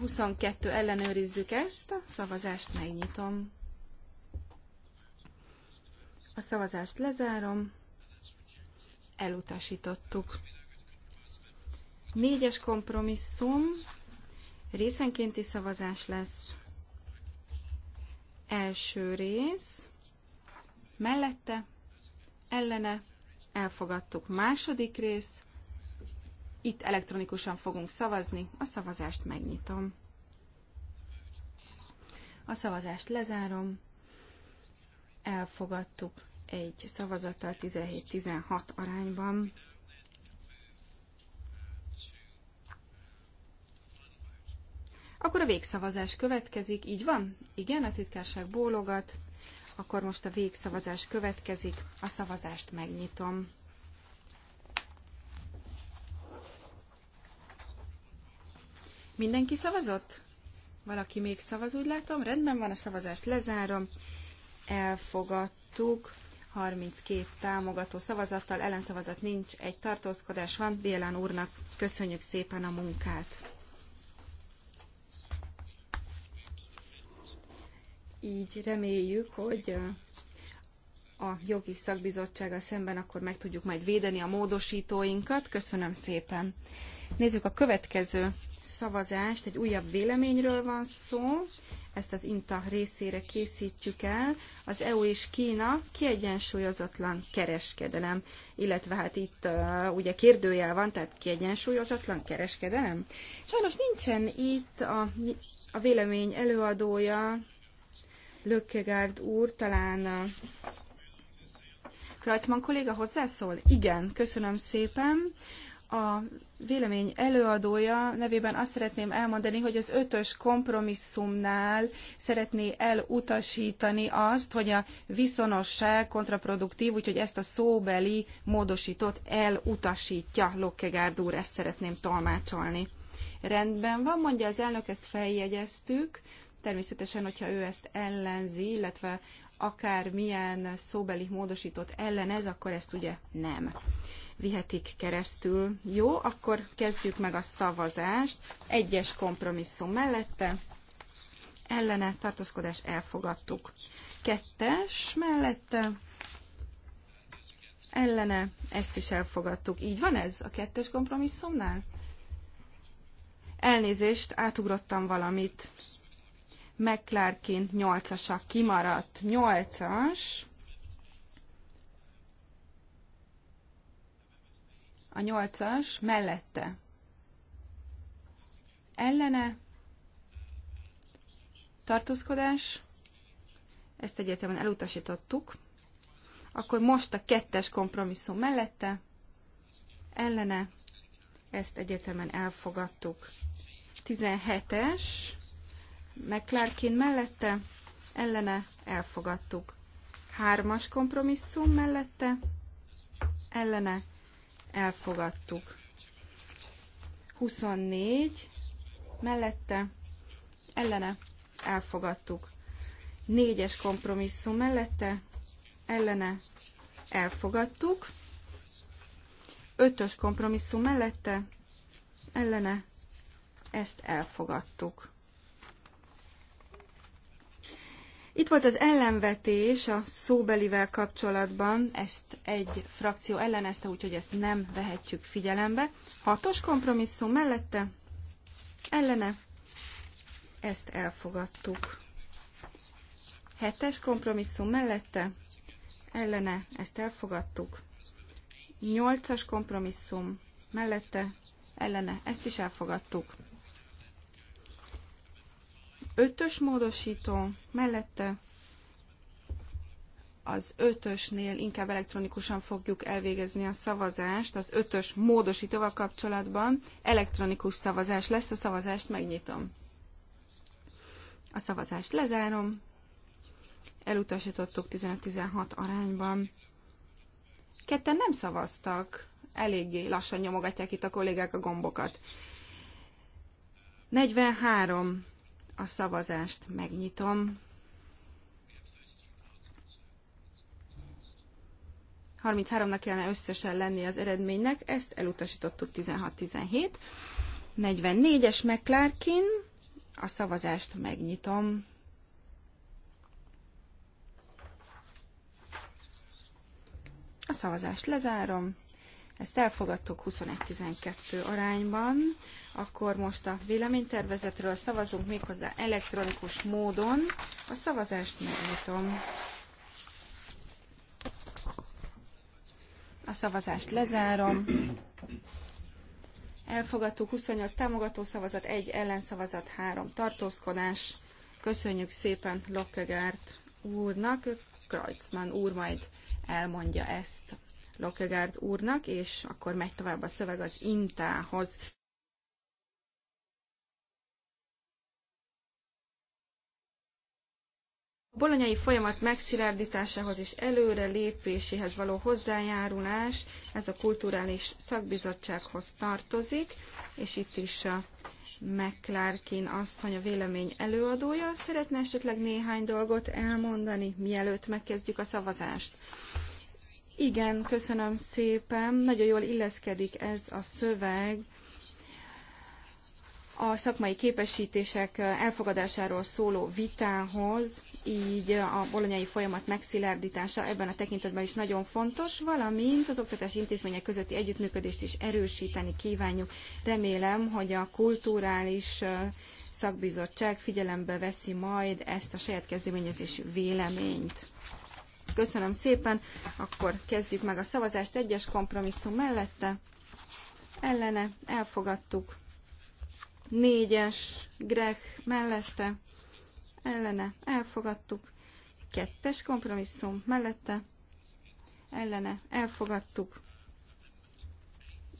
Speaker 1: 22 ellenőrizzük ezt, a szavazást megnyitom. A szavazást lezárom, elutasítottuk. Négyes kompromisszum, részenkénti szavazás lesz. Első rész, mellette, ellene, Elfogadtuk második rész. Itt elektronikusan fogunk szavazni. A szavazást megnyitom. A szavazást lezárom. Elfogadtuk egy szavazattal 17-16 arányban. Akkor a végszavazás következik, így van? Igen, a titkárság bólogat. Akkor most a végszavazás következik. A szavazást megnyitom. Mindenki szavazott? Valaki még szavaz, úgy látom. Rendben van, a szavazást lezárom. Elfogadtuk. 32 támogató szavazattal, ellenszavazat nincs, egy tartózkodás van. Bélán úrnak köszönjük szépen a munkát. így reméljük, hogy a jogi szakbizottsággal szemben akkor meg tudjuk majd védeni a módosítóinkat. Köszönöm szépen. Nézzük a következő szavazást. Egy újabb véleményről van szó. Ezt az INTA részére készítjük el. Az EU és Kína kiegyensúlyozatlan kereskedelem, illetve hát itt uh, ugye kérdőjel van, tehát kiegyensúlyozatlan kereskedelem. Sajnos nincsen itt a, a vélemény előadója, Lökkegárd úr, talán Krajcman kolléga hozzászól? Igen, köszönöm szépen. A vélemény előadója nevében azt szeretném elmondani, hogy az ötös kompromisszumnál szeretné elutasítani azt, hogy a viszonosság kontraproduktív, úgyhogy ezt a szóbeli módosítót elutasítja. Lokkegárd úr, ezt szeretném tolmácsolni. Rendben van, mondja az elnök, ezt feljegyeztük. Természetesen, hogyha ő ezt ellenzi, illetve akár milyen szóbeli módosított ellen ez, akkor ezt ugye nem vihetik keresztül. Jó, akkor kezdjük meg a szavazást. Egyes kompromisszum mellette, ellene tartózkodás elfogadtuk. Kettes mellette, ellene, ezt is elfogadtuk. Így van ez a kettes kompromisszumnál? Elnézést, átugrottam valamit. McClarkin 8-asa kimaradt. 8-as. A 8-as mellette. Ellene. Tartózkodás. Ezt egyértelműen elutasítottuk. Akkor most a kettes kompromisszum mellette. Ellene. Ezt egyértelműen elfogadtuk. 17-es McClarkin mellette, ellene elfogadtuk. Hármas kompromisszum mellette, ellene elfogadtuk. 24 mellette, ellene elfogadtuk. Négyes kompromisszum mellette, ellene elfogadtuk. Ötös kompromisszum mellette, ellene ezt elfogadtuk. Itt volt az ellenvetés a szóbelivel kapcsolatban, ezt egy frakció ellenezte, úgyhogy ezt nem vehetjük figyelembe. Hatos kompromisszum mellette, ellene, ezt elfogadtuk. Hetes kompromisszum mellette, ellene, ezt elfogadtuk. Nyolcas kompromisszum mellette, ellene, ezt is elfogadtuk. Ötös módosító mellette az ötösnél inkább elektronikusan fogjuk elvégezni a szavazást, az ötös módosítóval kapcsolatban elektronikus szavazás lesz, a szavazást megnyitom. A szavazást lezárom, elutasítottuk 15-16 arányban. Ketten nem szavaztak, eléggé lassan nyomogatják itt a kollégák a gombokat. 43 a szavazást megnyitom. Harminc nak kellene összesen lenni az eredménynek, ezt elutasítottuk 16-17. 44-es McClarkin, a szavazást megnyitom. A szavazást lezárom. Ezt elfogadtuk 21-12 arányban. Akkor most a véleménytervezetről szavazunk méghozzá elektronikus módon. A szavazást megnyitom. A szavazást lezárom. Elfogadtuk 28 támogató szavazat, 1 ellenszavazat, 3 tartózkodás. Köszönjük szépen Lokkegárt úrnak, Kreutzmann úr majd elmondja ezt. Lokegárd úrnak, és akkor megy tovább a szöveg az intához. A bolonyai folyamat megszilárdításához és előre lépéséhez való hozzájárulás, ez a kulturális szakbizottsághoz tartozik, és itt is a McClarkin asszony a vélemény előadója. Szeretne esetleg néhány dolgot elmondani, mielőtt megkezdjük a szavazást. Igen, köszönöm szépen. Nagyon jól illeszkedik ez a szöveg a szakmai képesítések elfogadásáról szóló vitához, így a bolonyai folyamat megszilárdítása ebben a tekintetben is nagyon fontos, valamint az oktatási intézmények közötti együttműködést is erősíteni kívánjuk. Remélem, hogy a kulturális szakbizottság figyelembe veszi majd ezt a saját kezdeményezésű véleményt. Köszönöm szépen. Akkor kezdjük meg a szavazást. Egyes kompromisszum mellette. Ellene. Elfogadtuk. Négyes. Greg mellette. Ellene. Elfogadtuk. Kettes kompromisszum mellette. Ellene. Elfogadtuk.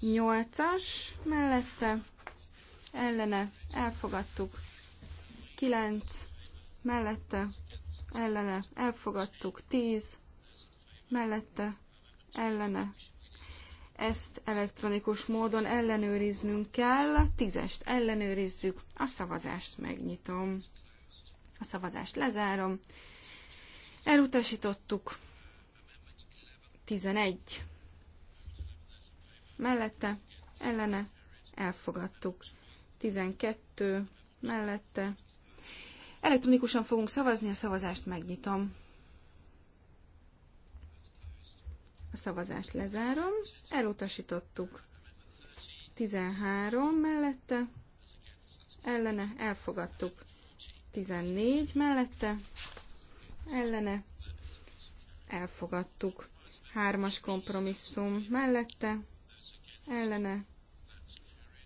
Speaker 1: Nyolcas mellette. Ellene. Elfogadtuk. Kilenc mellette ellene elfogadtuk, 10 mellette ellene. Ezt elektronikus módon ellenőriznünk kell, a tízest ellenőrizzük, a szavazást megnyitom, a szavazást lezárom, elutasítottuk, 11 mellette, ellene, elfogadtuk, 12 mellette, Elektronikusan fogunk szavazni, a szavazást megnyitom. A szavazást lezárom, elutasítottuk. 13 mellette, ellene, elfogadtuk. 14 mellette, ellene, elfogadtuk. Hármas kompromisszum mellette, ellene,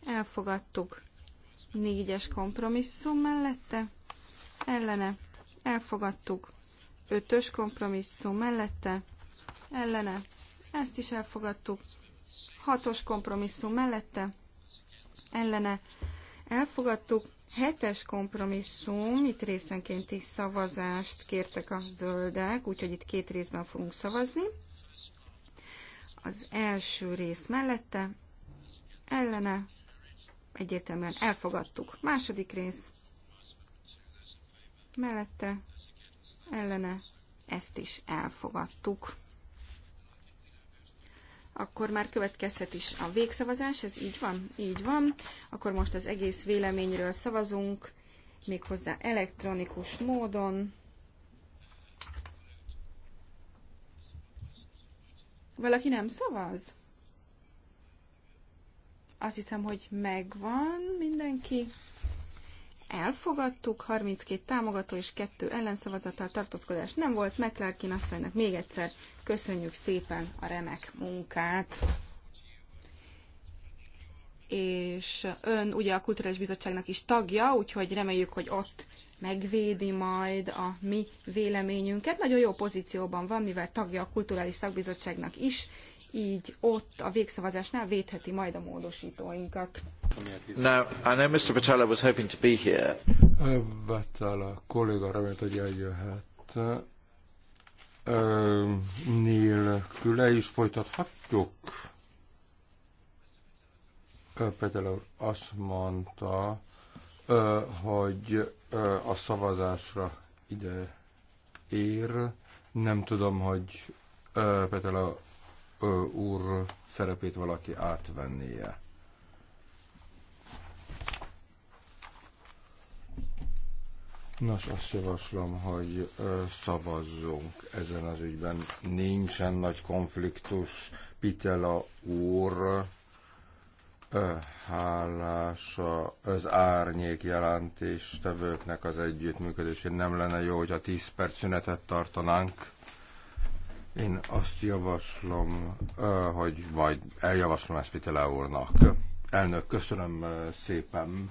Speaker 1: elfogadtuk. Négyes kompromisszum mellette, ellene, elfogadtuk. Ötös kompromisszum mellette, ellene, ezt is elfogadtuk. Hatos kompromisszum mellette, ellene, elfogadtuk. Hetes kompromisszum, itt részenként is szavazást kértek a zöldek, úgyhogy itt két részben fogunk szavazni. Az első rész mellette, ellene, egyértelműen elfogadtuk. Második rész mellette ellene ezt is elfogadtuk. Akkor már következhet is a végszavazás, ez így van? Így van. Akkor most az egész véleményről szavazunk, méghozzá elektronikus módon. Valaki nem szavaz? Azt hiszem, hogy megvan mindenki elfogadtuk, 32 támogató és 2 ellenszavazattal tartózkodás nem volt. McClarkin asszonynak még egyszer köszönjük szépen a remek munkát. És ön ugye a Kulturális Bizottságnak is tagja, úgyhogy reméljük, hogy ott megvédi majd a mi véleményünket. Nagyon jó pozícióban van, mivel tagja a Kulturális Szakbizottságnak is, így ott a végszavazásnál védheti majd a módosítóinkat.
Speaker 4: Now, I know Mr. Vitala was hoping to be here. Vitala kolléga remélt, hogy eljöhet. Ö, nélküle is folytathatjuk. Petele úr azt mondta, hogy a szavazásra ide ér. Nem tudom, hogy Petele úr szerepét valaki átvennie. Nos, azt javaslom, hogy szavazzunk ezen az ügyben. Nincsen nagy konfliktus. Pitela úr hálása az árnyék jelentéstevőknek az együttműködésén. Nem lenne jó, hogyha 10 perc szünetet tartanánk. Én azt javaslom, hogy vagy eljavaslom Pitele úrnak. Elnök, köszönöm szépen.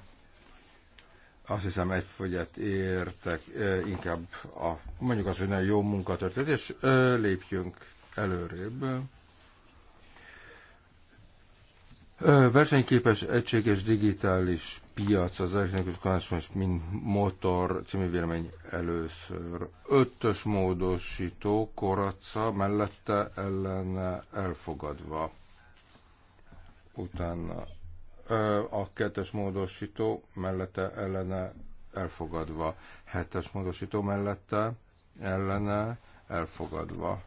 Speaker 4: Azt hiszem egyfogyat értek, inkább a, mondjuk az, hogy nagyon jó munkatörténet, és lépjünk előrébb. Versenyképes, egységes, digitális piac az elektronikus kanácsmás, mint motor című vélemény először. Ötös módosító, koraca, mellette ellene elfogadva. Utána a kettes módosító, mellette ellene elfogadva. Hetes módosító mellette ellene elfogadva.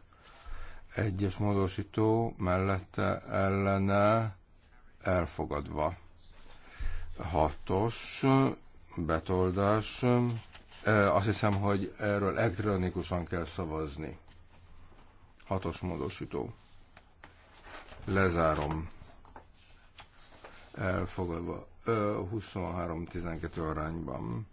Speaker 4: Egyes módosító mellette ellene elfogadva. Hatos betoldás. Azt hiszem, hogy erről elektronikusan kell szavazni. Hatos módosító. Lezárom. Elfogadva. 23-12 arányban.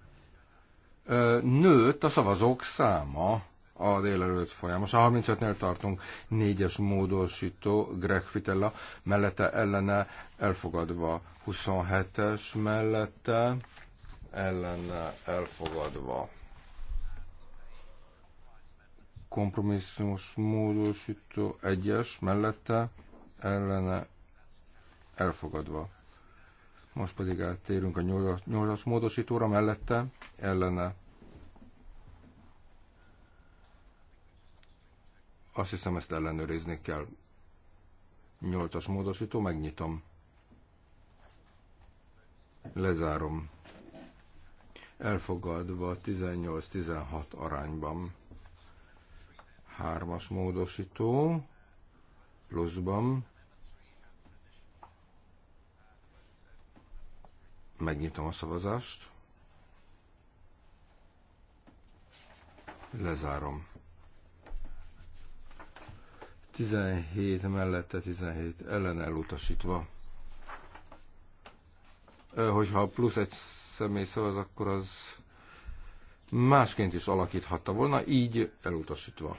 Speaker 4: Nőtt a szavazók száma a délelőtt folyamos. A 35-nél tartunk négyes módosító Greg Fitella mellette ellene elfogadva. 27-es mellette ellene elfogadva. Kompromisszumos módosító egyes mellette ellene elfogadva. Most pedig áttérünk a nyolcas módosítóra mellette ellene Azt hiszem, ezt ellenőrizni kell. Nyolcas módosító, megnyitom. Lezárom. Elfogadva 18-16 arányban. Hármas módosító, pluszban. Megnyitom a szavazást. Lezárom. 17 mellette 17 ellen elutasítva. Hogyha plusz egy személy szavaz, akkor az másként is alakíthatta volna, így elutasítva.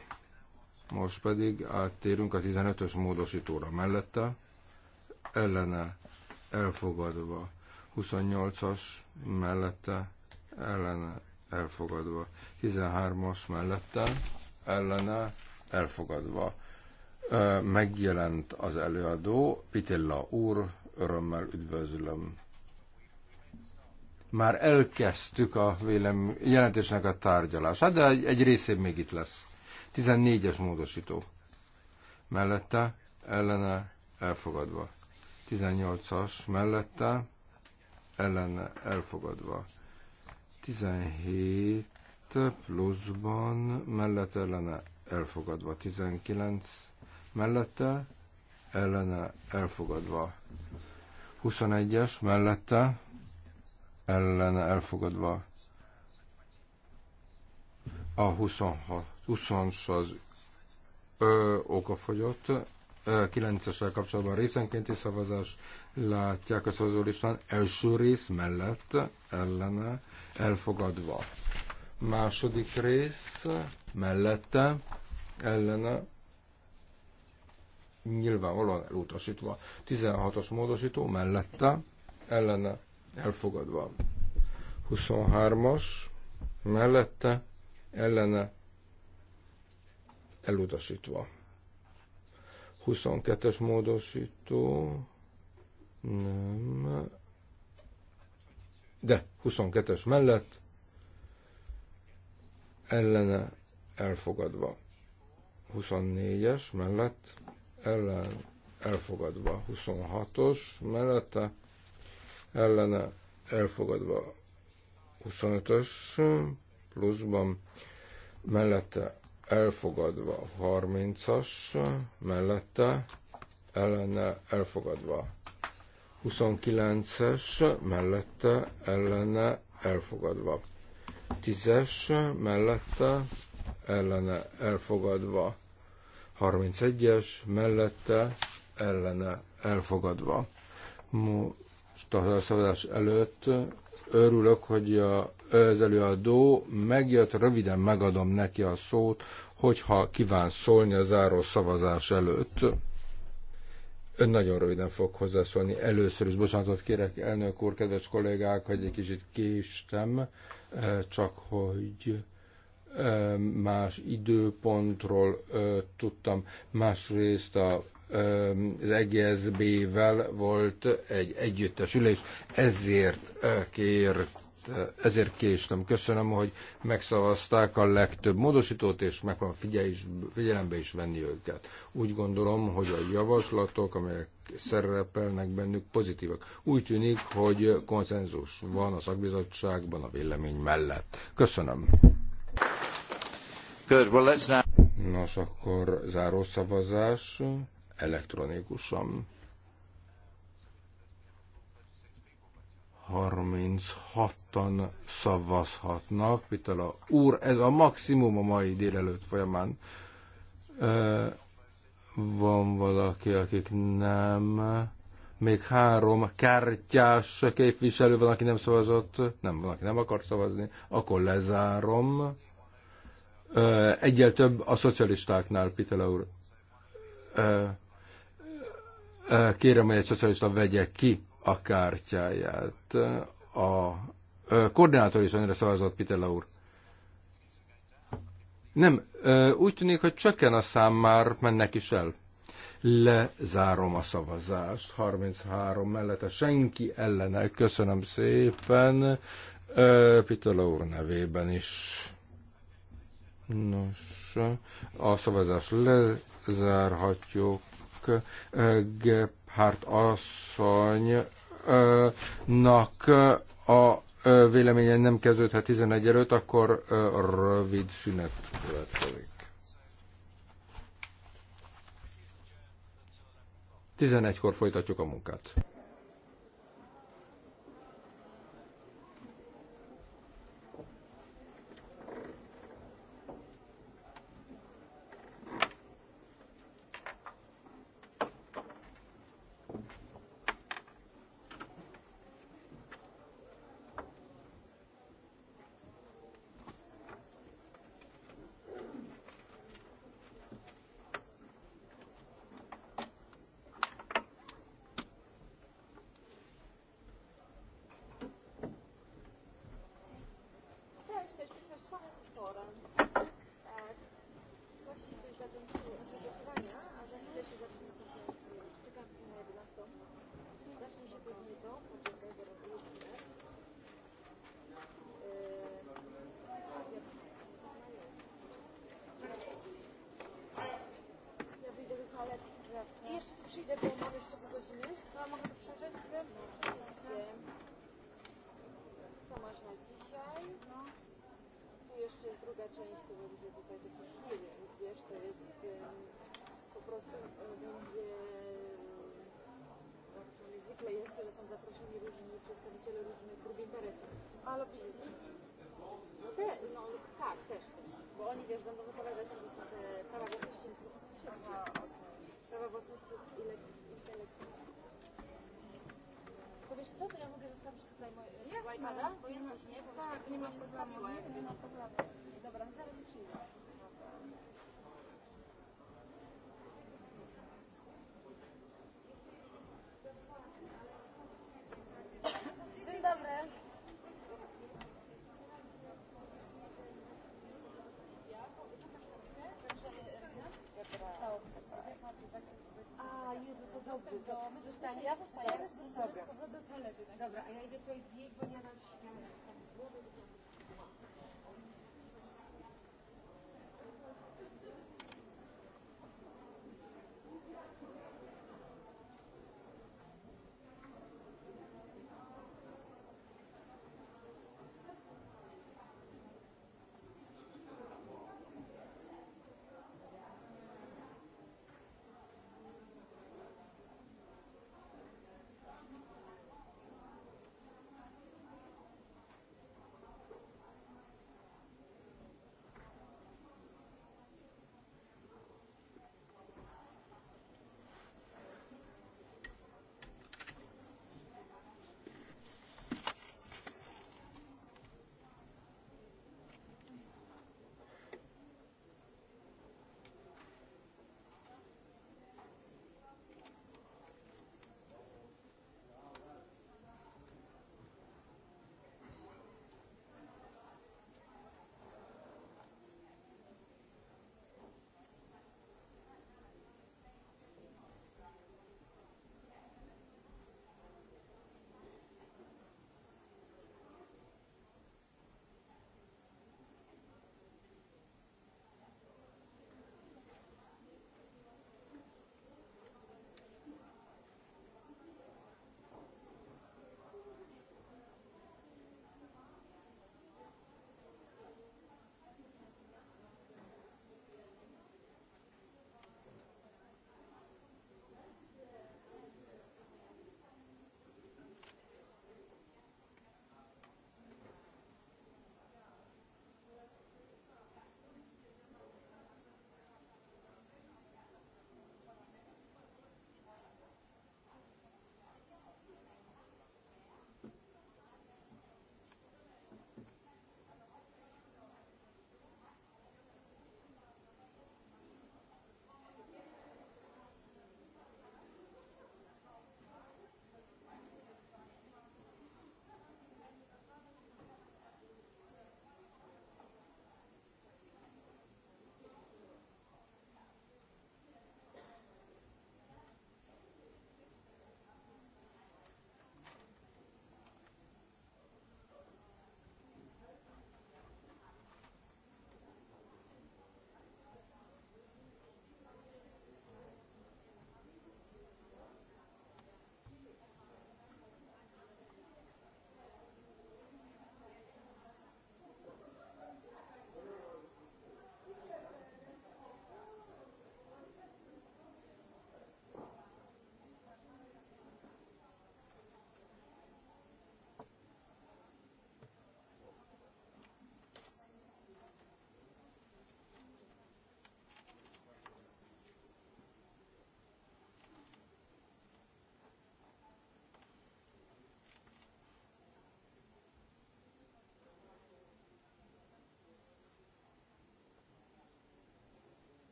Speaker 4: Most pedig áttérünk a 15-ös módosítóra mellette, ellene elfogadva. 28-as mellette, ellene elfogadva. 13-as mellette, ellene elfogadva. Megjelent az előadó, Pitilla úr, örömmel üdvözlöm. Már elkezdtük a vélem jelentésnek a tárgyalását, de egy, egy részén még itt lesz. 14-es módosító. Mellette, ellene, elfogadva. 18-as mellette, ellene, elfogadva. 17 pluszban mellette, ellene elfogadva 19 mellette, ellene elfogadva. 21-es mellette, ellene elfogadva. A 26, as az ö, fogyott. 9-essel kapcsolatban részenkénti szavazás látják a szavazólistán első rész mellett ellene elfogadva. Második rész mellette ellene nyilvánvalóan elutasítva. 16-os módosító mellette ellene elfogadva. 23-as mellette ellene elutasítva. 22-es módosító nem de 22-es mellett ellene elfogadva. 24-es mellett ellen elfogadva, 26-os mellette ellene elfogadva, 25-ös pluszban mellette elfogadva, 30-as mellette ellene elfogadva, 29-es mellette ellene elfogadva. 10-es mellette ellene elfogadva. 31-es mellette ellene elfogadva. Most a szavazás előtt örülök, hogy a az előadó megjött, röviden megadom neki a szót, hogyha kíván szólni a záró szavazás előtt. Ön nagyon röviden fog hozzászólni. Először is bocsánatot kérek, elnök úr, kedves kollégák, hogy egy kicsit késtem, eh, csak hogy más időpontról tudtam, másrészt a az EGSB-vel volt egy együttesülés, ezért kért ezért késtem. Köszönöm, hogy megszavazták a legtöbb módosítót, és van figyelembe is venni őket. Úgy gondolom, hogy a javaslatok, amelyek szerepelnek bennük, pozitívak. Úgy tűnik, hogy konszenzus van a szakbizottságban a vélemény mellett. Köszönöm. Good. Well, let's now... Nos, akkor zárószavazás elektronikusan. 36-an szavazhatnak. Pitala úr, ez a maximum a mai délelőtt folyamán. Van valaki, akik nem még három kártyás képviselő, van, aki nem szavazott, nem, van, aki nem akar szavazni, akkor lezárom. Egyel több a szocialistáknál, Pitele úr. Kérem, hogy egy szocialista vegye ki a kártyáját. A koordinátor is annyira szavazott, Pitele úr. Nem, úgy tűnik, hogy csökken a szám már, mennek is el. Lezárom a szavazást. 33 mellette senki ellene. Köszönöm szépen. Pitala úr nevében is. Nos, a szavazást lezárhatjuk. Gebhardt asszonynak a véleményen nem kezdődhet 11 előtt, akkor rövid szünet következik. 11-kor folytatjuk a munkát.
Speaker 1: przyjdę, bo
Speaker 3: mam jeszcze pół godziny. To mogę to przeżyć sobie? No, masz na dzisiaj. No. Tu jeszcze jest druga część, to będzie tutaj tylko hearing wiesz, to jest po prostu będzie tak przynajmniej zwykle jest, że są zaproszeni różni przedstawiciele różnych grup interesów. A lobbyści? No, te, no tak, też, też. Bo oni wiesz, będą wypowiadać, że są te prawa własności prawa własności intelektualnej.
Speaker 1: To wiesz co, to ja mogę zostawić tutaj mojego iPada,
Speaker 2: bo jesteś, nie? Bo
Speaker 1: tak, nie mam pozwolenia. Dobra, zaraz przyjdę.
Speaker 3: A, Jezu, to dobrze, do, my dostaniemy. Ja zostaję, resztę Dobra. Dobra, a ja idę coś zjeść, bo nie mam śmiania.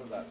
Speaker 3: for that.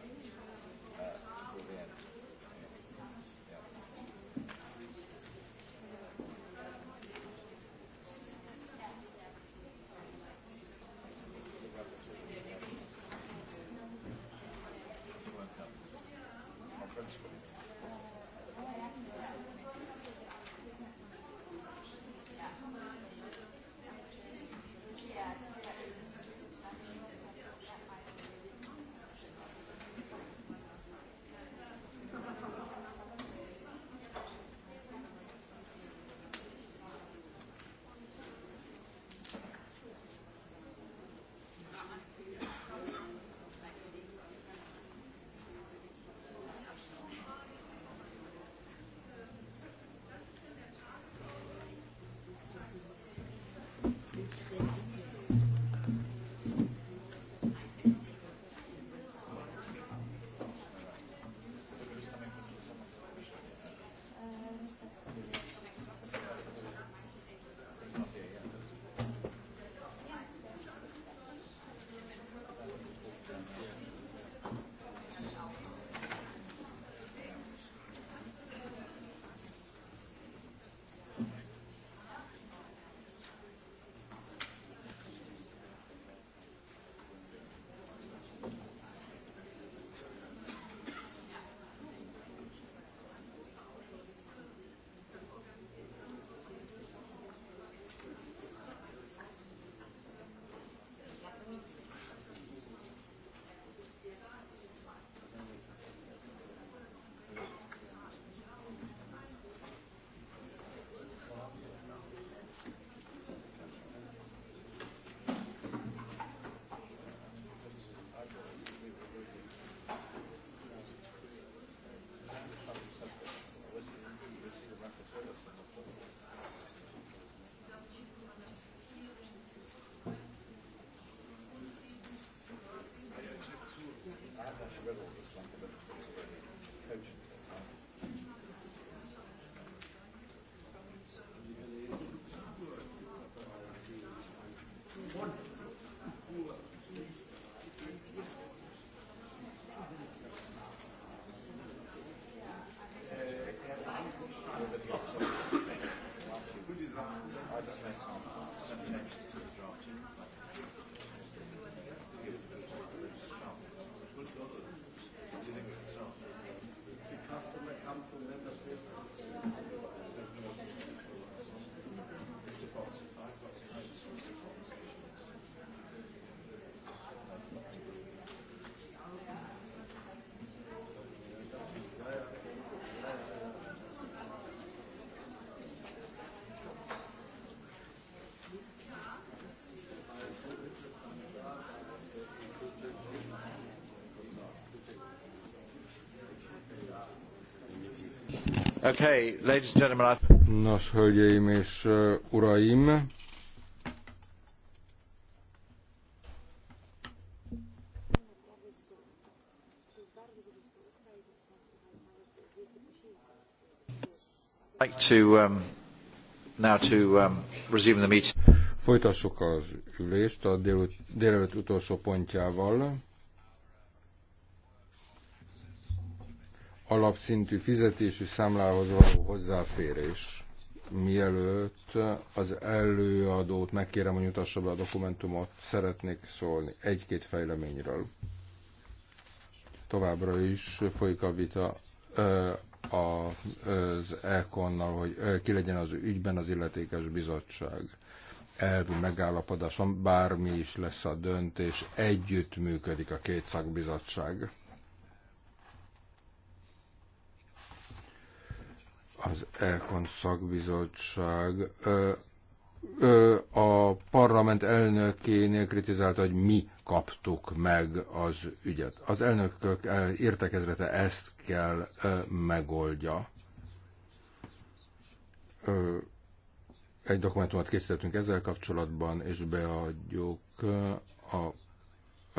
Speaker 4: Okay, ladies and gentlemen, I... Nos, hölgyeim és uraim, like to um, now to um, resume the meeting. Folytassuk az ülést a délelőtt utolsó pontjával. alapszintű fizetésű számlához való hozzáférés. Mielőtt az előadót megkérem, hogy utassa be a dokumentumot, szeretnék szólni egy-két fejleményről. Továbbra is folyik a vita az ECON-nal, hogy ki legyen az ügyben az illetékes bizottság. Elvi megállapodáson, bármi is lesz a döntés, együtt működik a két szakbizottság az Elkon szakbizottság ö, ö, a parlament elnökénél kritizálta, hogy mi kaptuk meg az ügyet. Az elnökök értekezlete ezt kell ö, megoldja. Ö, egy dokumentumot készítettünk ezzel kapcsolatban, és beadjuk a, a,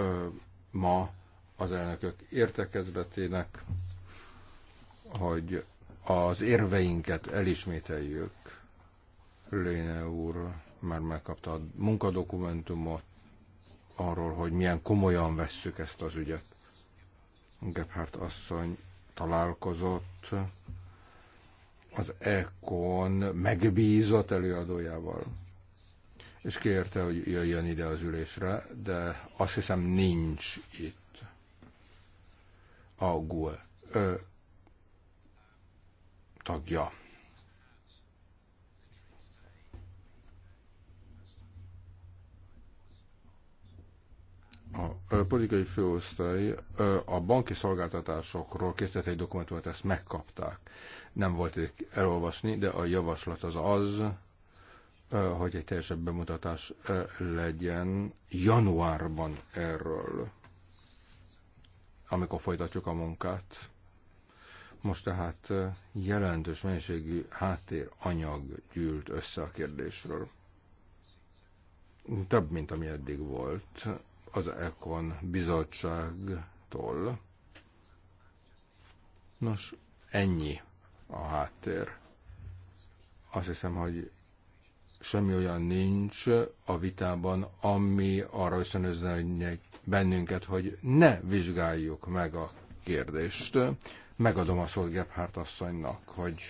Speaker 4: a ma az elnökök értekezletének, hogy az érveinket elismételjük. Léne úr már megkapta a munkadokumentumot arról, hogy milyen komolyan vesszük ezt az ügyet. Gebhardt asszony találkozott az Ekon megbízott előadójával, és kérte, hogy jöjjön ide az ülésre, de azt hiszem nincs itt a GUE tagja. A politikai főosztály a banki szolgáltatásokról készített egy dokumentumot, ezt megkapták. Nem volt elolvasni, de a javaslat az az, hogy egy teljesebb bemutatás legyen januárban erről, amikor folytatjuk a munkát. Most tehát jelentős mennyiségű háttéranyag gyűlt össze a kérdésről. Több, mint ami eddig volt az Econ bizottságtól. Nos, ennyi a háttér. Azt hiszem, hogy semmi olyan nincs a vitában, ami arra összenőzne bennünket, hogy ne vizsgáljuk meg a kérdést. Megadom a szót Gebhardt asszonynak, hogy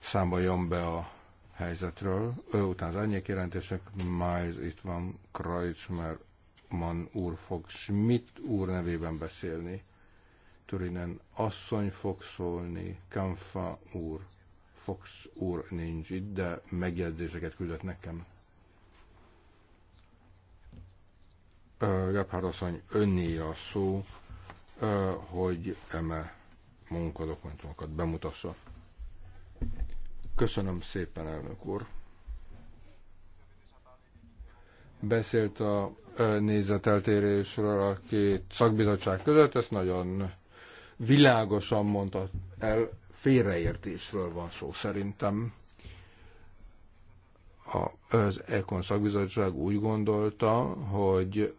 Speaker 4: számoljon be a helyzetről. Ő után az árnyék jelentések, Miles itt van, Kreutzmer, Mann úr fog Schmidt úr nevében beszélni. Turinen asszony fog szólni, Kamfa úr, Fox úr nincs itt, de megjegyzéseket küldött nekem. Gebhard asszony önné a szó, hogy eme munkadokumentumokat bemutassa. Köszönöm szépen, elnök úr! Beszélt a nézeteltérésről a két szakbizottság között, ezt nagyon világosan mondta el, félreértésről van szó szerintem. A, az Ekon szakbizottság úgy gondolta, hogy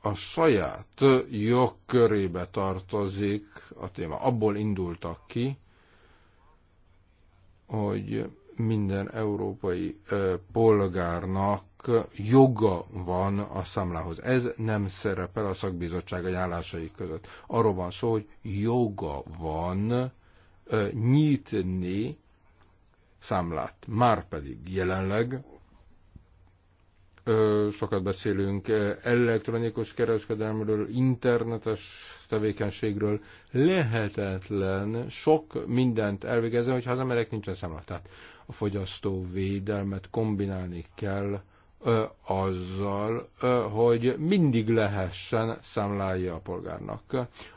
Speaker 4: a saját jogkörébe tartozik a téma. Abból indultak ki, hogy minden európai polgárnak joga van a számlához. Ez nem szerepel a szakbizottság ajánlásai között. Arról van szó, hogy joga van nyitni számlát. Márpedig jelenleg sokat beszélünk elektronikus kereskedelmről, internetes tevékenységről. Lehetetlen sok mindent elvégezni, hogyha az emberek nincsen számlátát. A fogyasztó védelmet kombinálni kell azzal, hogy mindig lehessen számlája a polgárnak.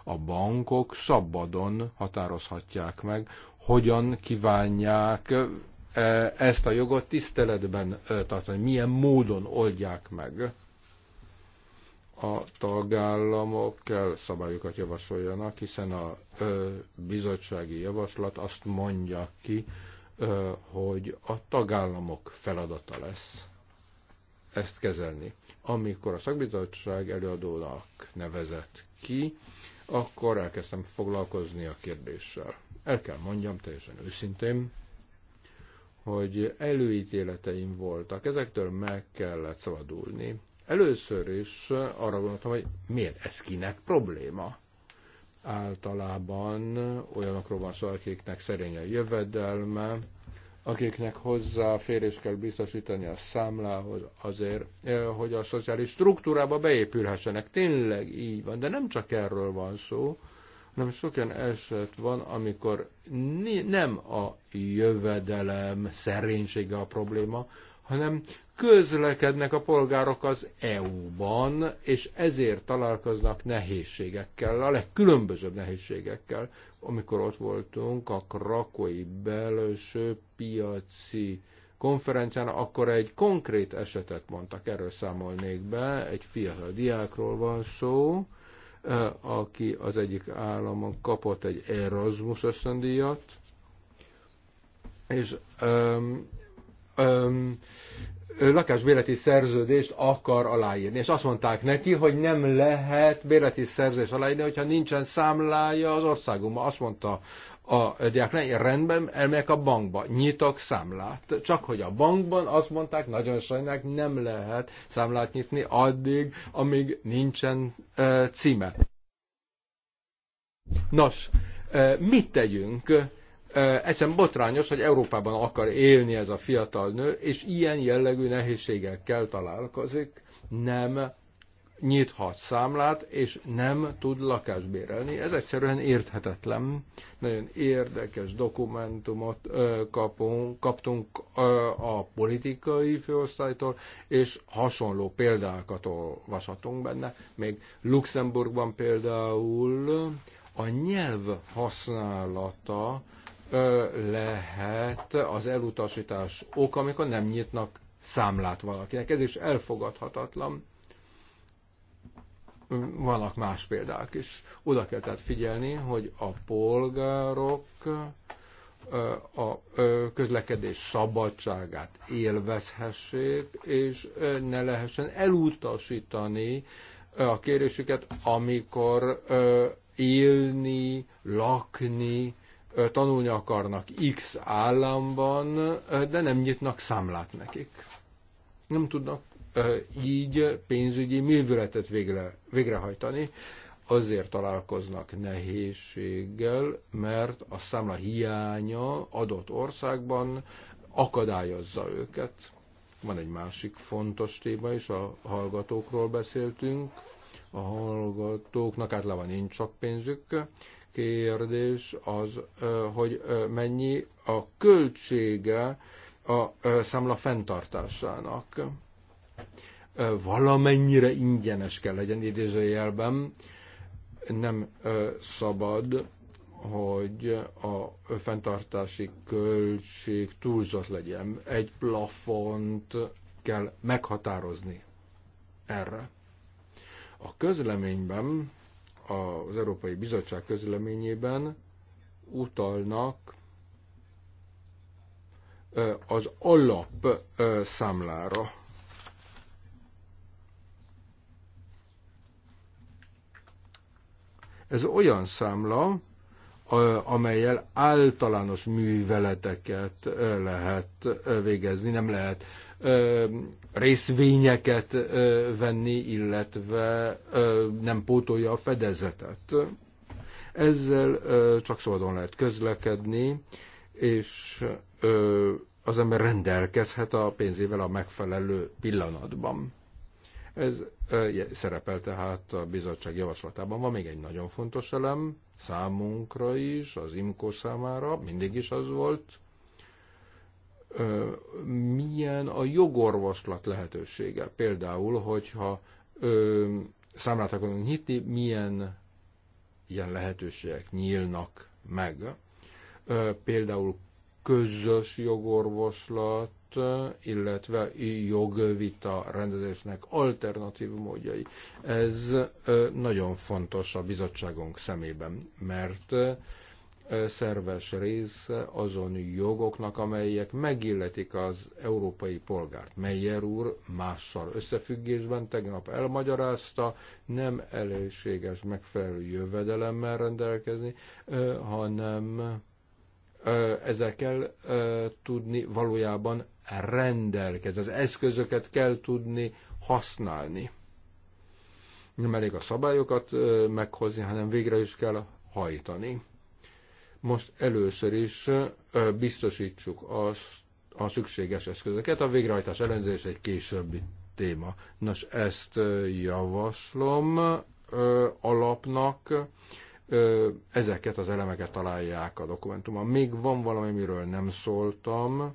Speaker 4: A bankok szabadon határozhatják meg, hogyan kívánják ezt a jogot tiszteletben tartani, milyen módon oldják meg a tagállamok kell szabályokat javasoljanak, hiszen a ö, bizottsági javaslat azt mondja ki, ö, hogy a tagállamok feladata lesz ezt kezelni. Amikor a szakbizottság előadónak nevezett ki, akkor elkezdtem foglalkozni a kérdéssel. El kell mondjam teljesen őszintén, hogy előítéleteim voltak, ezektől meg kellett szabadulni. Először is arra gondoltam, hogy miért ez kinek probléma. Általában olyanokról van szó, akiknek szerény a jövedelme, akiknek hozzáférés kell biztosítani a számlához azért, eh, hogy a szociális struktúrába beépülhessenek. Tényleg így van, de nem csak erről van szó, hanem sok olyan eset van, amikor nem a jövedelem szerénysége a probléma, hanem közlekednek a polgárok az EU-ban, és ezért találkoznak nehézségekkel, a legkülönbözőbb nehézségekkel. Amikor ott voltunk a krakói belső piaci konferencián, akkor egy konkrét esetet mondtak, erről számolnék be, egy fiatal diákról van szó, E, aki az egyik államon kapott egy Erasmus ösztöndíjat, és um, um, lakásbéleti szerződést akar aláírni. És azt mondták neki, hogy nem lehet béleti szerződést aláírni, hogyha nincsen számlája az országunkban. Azt mondta a diáklány rendben elmegyek a bankba, nyitok számlát. Csak hogy a bankban azt mondták, nagyon sajnálják, nem lehet számlát nyitni addig, amíg nincsen e, címe. Nos, e, mit tegyünk? E, egyszerűen botrányos, hogy Európában akar élni ez a fiatal nő, és ilyen jellegű nehézségekkel találkozik. Nem nyithat számlát, és nem tud lakást bérelni. Ez egyszerűen érthetetlen. Nagyon érdekes dokumentumot ö, kapunk, kaptunk ö, a politikai főosztálytól, és hasonló példákat olvashatunk benne. Még Luxemburgban például a nyelv használata ö, lehet az elutasítás oka, amikor nem nyitnak számlát valakinek. Ez is elfogadhatatlan vannak más példák is. Oda kell tehát figyelni, hogy a polgárok a közlekedés szabadságát élvezhessék, és ne lehessen elutasítani a kérésüket, amikor élni, lakni, tanulni akarnak X államban, de nem nyitnak számlát nekik. Nem tudnak így pénzügyi művületet végre, végrehajtani. Azért találkoznak nehézséggel, mert a számla hiánya adott országban akadályozza őket. Van egy másik fontos téma is, a hallgatókról beszéltünk. A hallgatóknak általában nincs csak pénzük, kérdés az, hogy mennyi a költsége a számla fenntartásának valamennyire ingyenes kell legyen idézőjelben, nem szabad, hogy a fenntartási költség túlzott legyen. Egy plafont kell meghatározni erre. A közleményben, az Európai Bizottság közleményében utalnak az alapszámlára. Ez olyan számla, amelyel általános műveleteket lehet végezni, nem lehet részvényeket venni, illetve nem pótolja a fedezetet. Ezzel csak szabadon lehet közlekedni, és az ember rendelkezhet a pénzével a megfelelő pillanatban. Ez szerepel tehát a bizottság javaslatában. Van még egy nagyon fontos elem számunkra is, az IMCO számára, mindig is az volt, milyen a jogorvoslat lehetősége. Például, hogyha számlát akarunk nyitni, milyen ilyen lehetőségek nyílnak meg. Például közös jogorvoslat, illetve jogvita rendezésnek alternatív módjai. Ez nagyon fontos a bizottságunk szemében, mert szerves része azon jogoknak, amelyek megilletik az európai polgárt. Meyer úr mással összefüggésben tegnap elmagyarázta, nem előséges megfelelő jövedelemmel rendelkezni, hanem ezzel kell tudni valójában rendelkezni. Az eszközöket kell tudni használni. Nem elég a szabályokat meghozni, hanem végre is kell hajtani. Most először is biztosítsuk azt, a szükséges eszközöket, a végrehajtás ellenőrzés egy későbbi téma. Nos, ezt javaslom alapnak, ezeket az elemeket találják a dokumentumban. Még van valami, miről nem szóltam.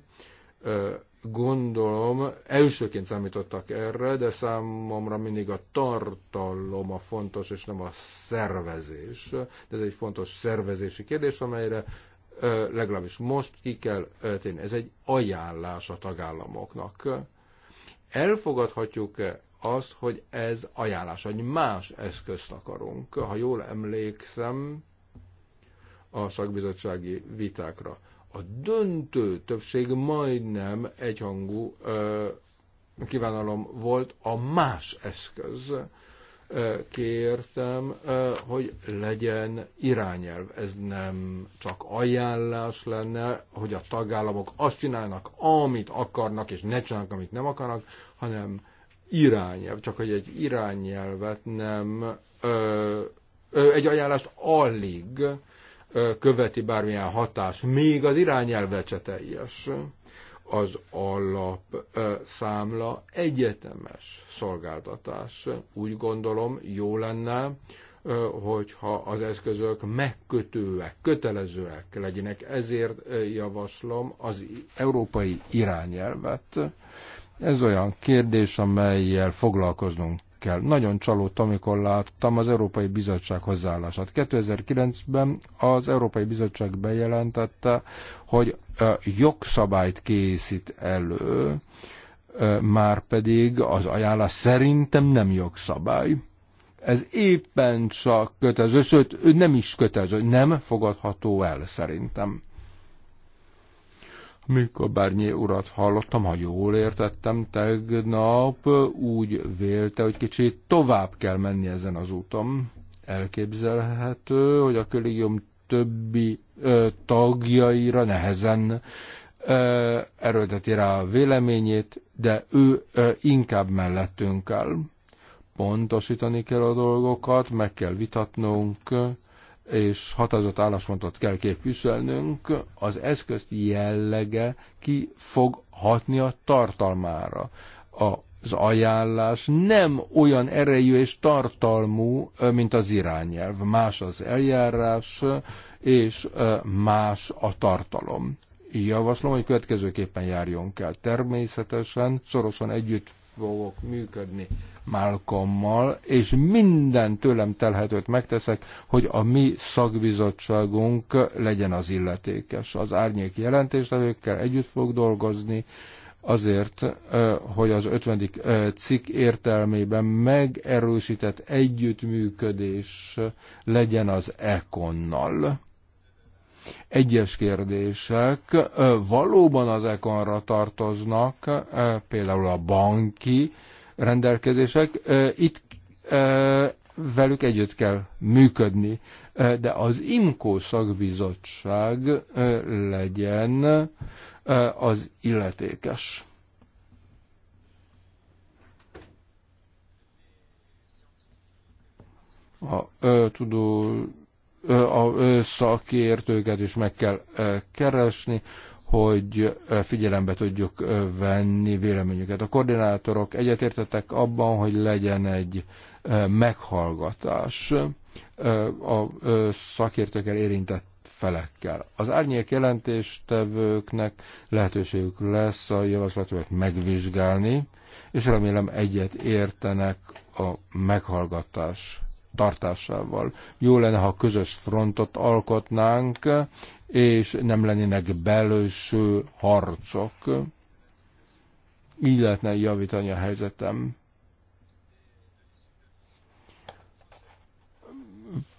Speaker 4: Gondolom, elsőként számítottak erre, de számomra mindig a tartalom a fontos, és nem a szervezés. De ez egy fontos szervezési kérdés, amelyre legalábbis most ki kell tenni. Ez egy ajánlás a tagállamoknak. Elfogadhatjuk-e azt, hogy ez ajánlás, hogy más eszközt akarunk. Ha jól emlékszem a szakbizottsági vitákra, a döntő többség majdnem egyhangú ö, kívánalom volt a más eszköz. Ö, kértem, ö, hogy legyen irányelv. Ez nem csak ajánlás lenne, hogy a tagállamok azt csinálnak, amit akarnak, és ne csinálnak, amit nem akarnak, hanem irányelv, csak hogy egy irányelvet nem, ö, ö, egy ajánlást alig ö, követi bármilyen hatás, még az irányelvet se teljes. Az számla egyetemes szolgáltatás. Úgy gondolom, jó lenne, hogyha az eszközök megkötőek, kötelezőek legyenek. Ezért javaslom az európai irányelvet, ez olyan kérdés, amelyel foglalkoznunk kell. Nagyon csalódtam, amikor láttam az Európai Bizottság hozzáállását. 2009-ben az Európai Bizottság bejelentette, hogy jogszabályt készít elő, már pedig az ajánlás szerintem nem jogszabály. Ez éppen csak kötelező, sőt nem is kötelező, nem fogadható el szerintem. Mikor Bárnyi urat hallottam, ha jól értettem, tegnap úgy vélte, hogy kicsit tovább kell menni ezen az úton. Elképzelhető, hogy a kollégium többi ö, tagjaira nehezen ö, erőlteti rá a véleményét, de ő ö, inkább mellettünk áll. Pontosítani kell a dolgokat, meg kell vitatnunk, és határozott álláspontot kell képviselnünk, az eszközt jellege ki fog hatni a tartalmára. Az ajánlás nem olyan erejű és tartalmú, mint az irányelv. Más az eljárás, és más a tartalom. Javaslom, hogy következőképpen járjon kell. Természetesen szorosan együtt fogok működni Malcolmmal, és minden tőlem telhetőt megteszek, hogy a mi szakbizottságunk legyen az illetékes. Az árnyék jelentéstevőkkel együtt fog dolgozni, azért, hogy az 50. cikk értelmében megerősített együttműködés legyen az ekonnal. Egyes kérdések valóban az ekonra tartoznak, például a banki, rendelkezések. Itt velük együtt kell működni, de az IMKO szakbizottság legyen az illetékes. A ö, tudó, ö, a ö, szakértőket is meg kell ö, keresni, hogy figyelembe tudjuk venni véleményüket. A koordinátorok egyetértettek abban, hogy legyen egy meghallgatás a szakértőkkel érintett felekkel. Az árnyék jelentéstevőknek lehetőségük lesz a javaslatokat megvizsgálni, és remélem egyet értenek a meghallgatás tartásával. Jó lenne, ha közös frontot alkotnánk, és nem lennének belső harcok. Így lehetne javítani a helyzetem.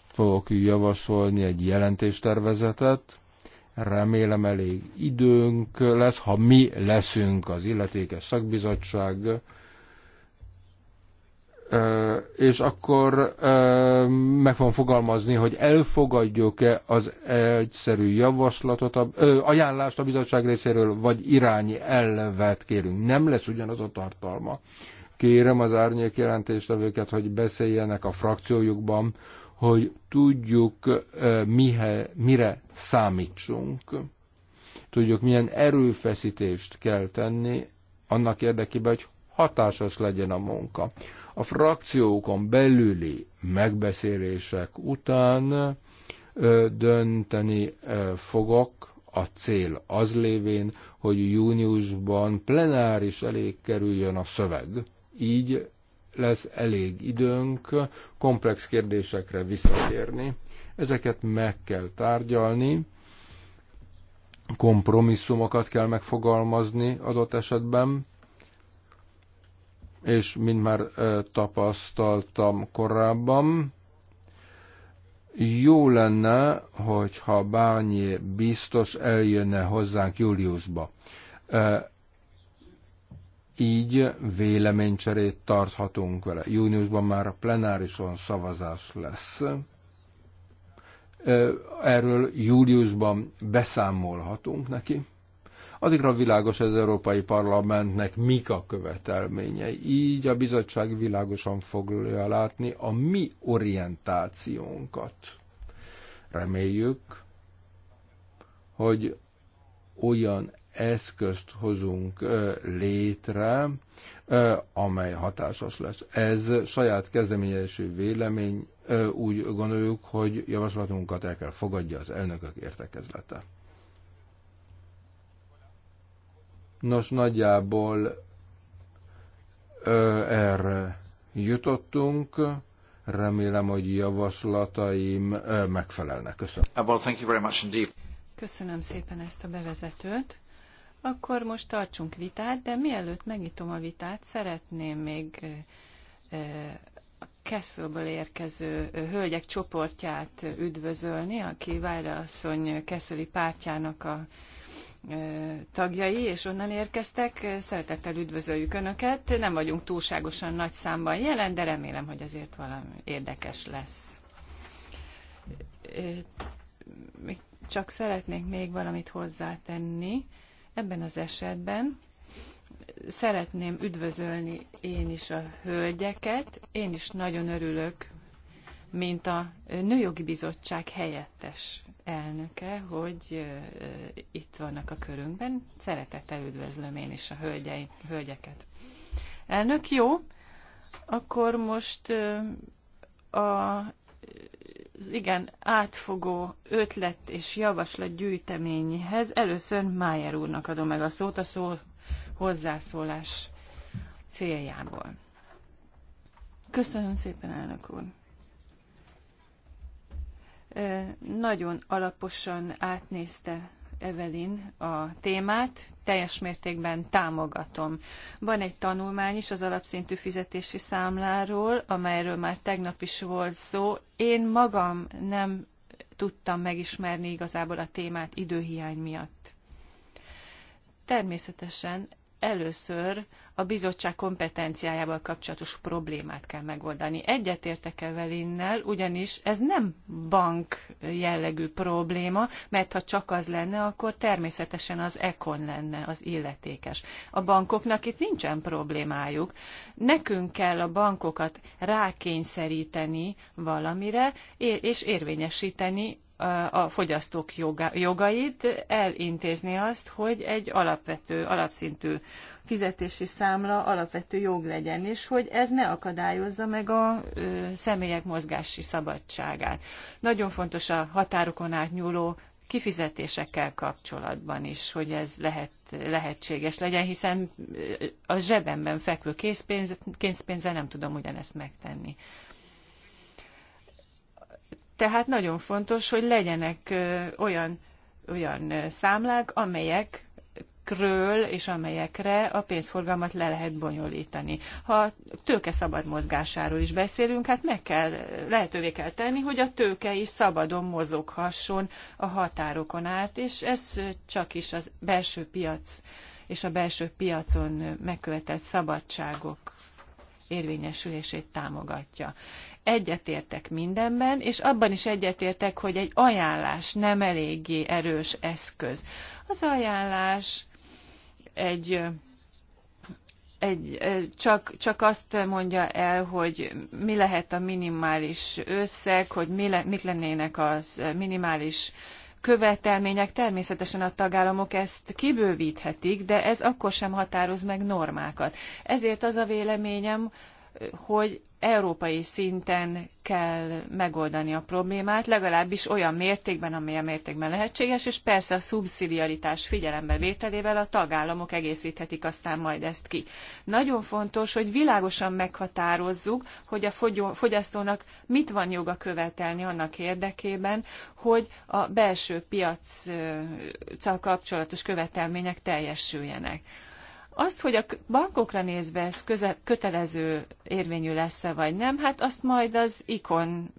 Speaker 4: Fogok javasolni egy jelentéstervezetet. Remélem elég időnk lesz, ha mi leszünk az illetékes szakbizottság, és akkor meg fogom fogalmazni, hogy elfogadjuk-e az egyszerű javaslatot, a, ajánlást a bizottság részéről, vagy irányi elvet kérünk. Nem lesz ugyanaz a tartalma. Kérem az árnyék jelentéstevőket, hogy beszéljenek a frakciójukban, hogy tudjuk, mihe, mire számítsunk. Tudjuk, milyen erőfeszítést kell tenni annak érdekében, hogy hatásos legyen a munka. A frakciókon belüli megbeszélések után dönteni fogok a cél az lévén, hogy júniusban plenáris elé kerüljön a szöveg. Így lesz elég időnk komplex kérdésekre visszatérni. Ezeket meg kell tárgyalni, kompromisszumokat kell megfogalmazni adott esetben, és mint már tapasztaltam korábban, jó lenne, hogyha Bárnyé biztos eljönne hozzánk júliusba. Így véleménycserét tarthatunk vele. Júniusban már a plenárison szavazás lesz. Erről júliusban beszámolhatunk neki addigra világos az Európai Parlamentnek mik a követelményei. Így a bizottság világosan fogja látni a mi orientációnkat. Reméljük, hogy olyan eszközt hozunk létre, amely hatásos lesz. Ez saját kezdeményező vélemény, úgy gondoljuk, hogy javaslatunkat el kell fogadja az elnökök értekezlete. Nos, nagyjából ö, erre jutottunk. Remélem, hogy javaslataim ö, megfelelnek. Köszönöm. Uh, well, thank you very much indeed.
Speaker 2: Köszönöm szépen ezt a bevezetőt. Akkor most tartsunk vitát, de mielőtt megnyitom a vitát, szeretném még a Kesselből érkező hölgyek csoportját üdvözölni, aki Vájra asszony Kesseli pártjának a tagjai, és onnan érkeztek. Szeretettel üdvözöljük Önöket. Nem vagyunk túlságosan nagy számban jelen, de remélem, hogy azért valami érdekes lesz. Csak szeretnék még valamit hozzátenni. Ebben az esetben szeretném üdvözölni én is a hölgyeket. Én is nagyon örülök mint a Nőjogi Bizottság helyettes elnöke, hogy itt vannak a körünkben. Szeretettel üdvözlöm én is a hölgyei, hölgyeket. Elnök, jó. Akkor most a igen, átfogó ötlet és javaslat gyűjteményhez először Májer úrnak adom meg a szót a szó hozzászólás céljából. Köszönöm szépen, elnök úr! Nagyon alaposan átnézte Evelyn a témát, teljes mértékben támogatom. Van egy tanulmány is az alapszintű fizetési számláról, amelyről már tegnap is volt szó. Én magam nem tudtam megismerni igazából a témát időhiány miatt. Természetesen először a bizottság kompetenciájával kapcsolatos problémát kell megoldani. Egyetértek Evelinnel, ugyanis ez nem bank jellegű probléma, mert ha csak az lenne, akkor természetesen az ekon lenne az illetékes. A bankoknak itt nincsen problémájuk. Nekünk kell a bankokat rákényszeríteni valamire, és érvényesíteni a fogyasztók joga, jogait, elintézni azt, hogy egy alapvető, alapszintű fizetési számla alapvető jog legyen, és hogy ez ne akadályozza meg a ö, személyek mozgási szabadságát. Nagyon fontos a határokon átnyúló kifizetésekkel kapcsolatban is, hogy ez lehet, lehetséges legyen, hiszen a zsebemben fekvő készpénz, készpénzzel nem tudom ugyanezt megtenni. Tehát nagyon fontos, hogy legyenek olyan, olyan számlák, amelyek ről és amelyekre a pénzforgalmat le lehet bonyolítani. Ha tőke szabad mozgásáról is beszélünk, hát meg kell, lehetővé kell tenni, hogy a tőke is szabadon mozoghasson a határokon át, és ez csak is az belső piac és a belső piacon megkövetett szabadságok érvényesülését támogatja egyetértek mindenben, és abban is egyetértek, hogy egy ajánlás nem eléggé erős eszköz. Az ajánlás egy egy, csak, csak azt mondja el, hogy mi lehet a minimális összeg, hogy mi le, mit lennének az minimális követelmények. Természetesen a tagállamok ezt kibővíthetik, de ez akkor sem határoz meg normákat. Ezért az a véleményem, hogy európai szinten kell megoldani a problémát, legalábbis olyan mértékben, amilyen mértékben lehetséges, és persze a szubszidiaritás figyelembe vételével a tagállamok egészíthetik aztán majd ezt ki. Nagyon fontos, hogy világosan meghatározzuk, hogy a fogyasztónak mit van joga követelni annak érdekében, hogy a belső piaccal kapcsolatos követelmények teljesüljenek azt, hogy a bankokra nézve ez köze, kötelező érvényű lesz-e vagy nem, hát azt majd az ikon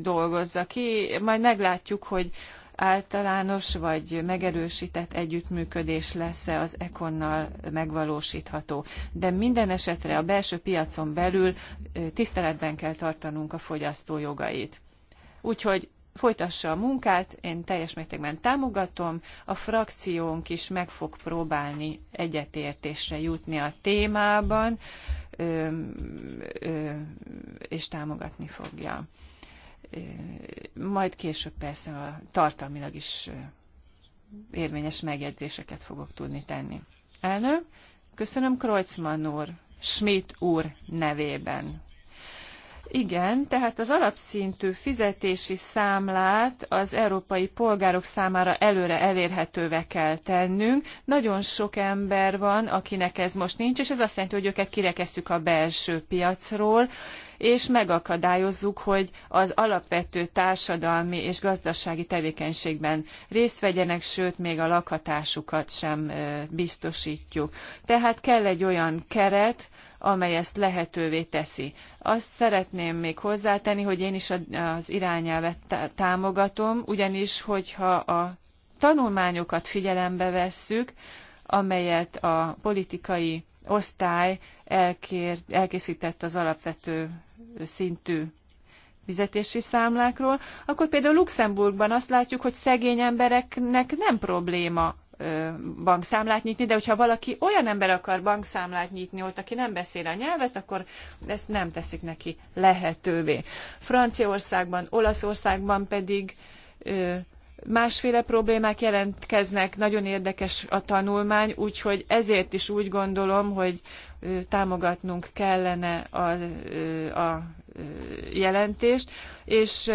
Speaker 2: dolgozza ki, majd meglátjuk, hogy általános vagy megerősített együttműködés lesz-e az ekonnal megvalósítható. De minden esetre a belső piacon belül tiszteletben kell tartanunk a fogyasztó jogait. Úgyhogy folytassa a munkát, én teljes mértékben támogatom, a frakciónk is meg fog próbálni egyetértésre jutni a témában, ö, ö, és támogatni fogja. Majd később persze a tartalmilag is érvényes megjegyzéseket fogok tudni tenni. Elnök, köszönöm Kreuzmann úr, Schmidt úr nevében igen, tehát az alapszintű fizetési számlát az európai polgárok számára előre elérhetővé kell tennünk. Nagyon sok ember van, akinek ez most nincs, és ez azt jelenti, hogy őket kirekesztjük a belső piacról, és megakadályozzuk, hogy az alapvető társadalmi és gazdasági tevékenységben részt vegyenek, sőt, még a lakhatásukat sem biztosítjuk. Tehát kell egy olyan keret, amely ezt lehetővé teszi. Azt szeretném még hozzátenni, hogy én is az irányelvet támogatom, ugyanis hogyha a tanulmányokat figyelembe vesszük, amelyet a politikai osztály elkér, elkészített az alapvető szintű fizetési számlákról, akkor például Luxemburgban azt látjuk, hogy szegény embereknek nem probléma bankszámlát nyitni, de hogyha valaki olyan ember akar bankszámlát nyitni ott, aki nem beszél a nyelvet, akkor ezt nem teszik neki lehetővé. Franciaországban, Olaszországban pedig másféle problémák jelentkeznek, nagyon érdekes a tanulmány, úgyhogy ezért is úgy gondolom, hogy támogatnunk kellene a, a jelentést, és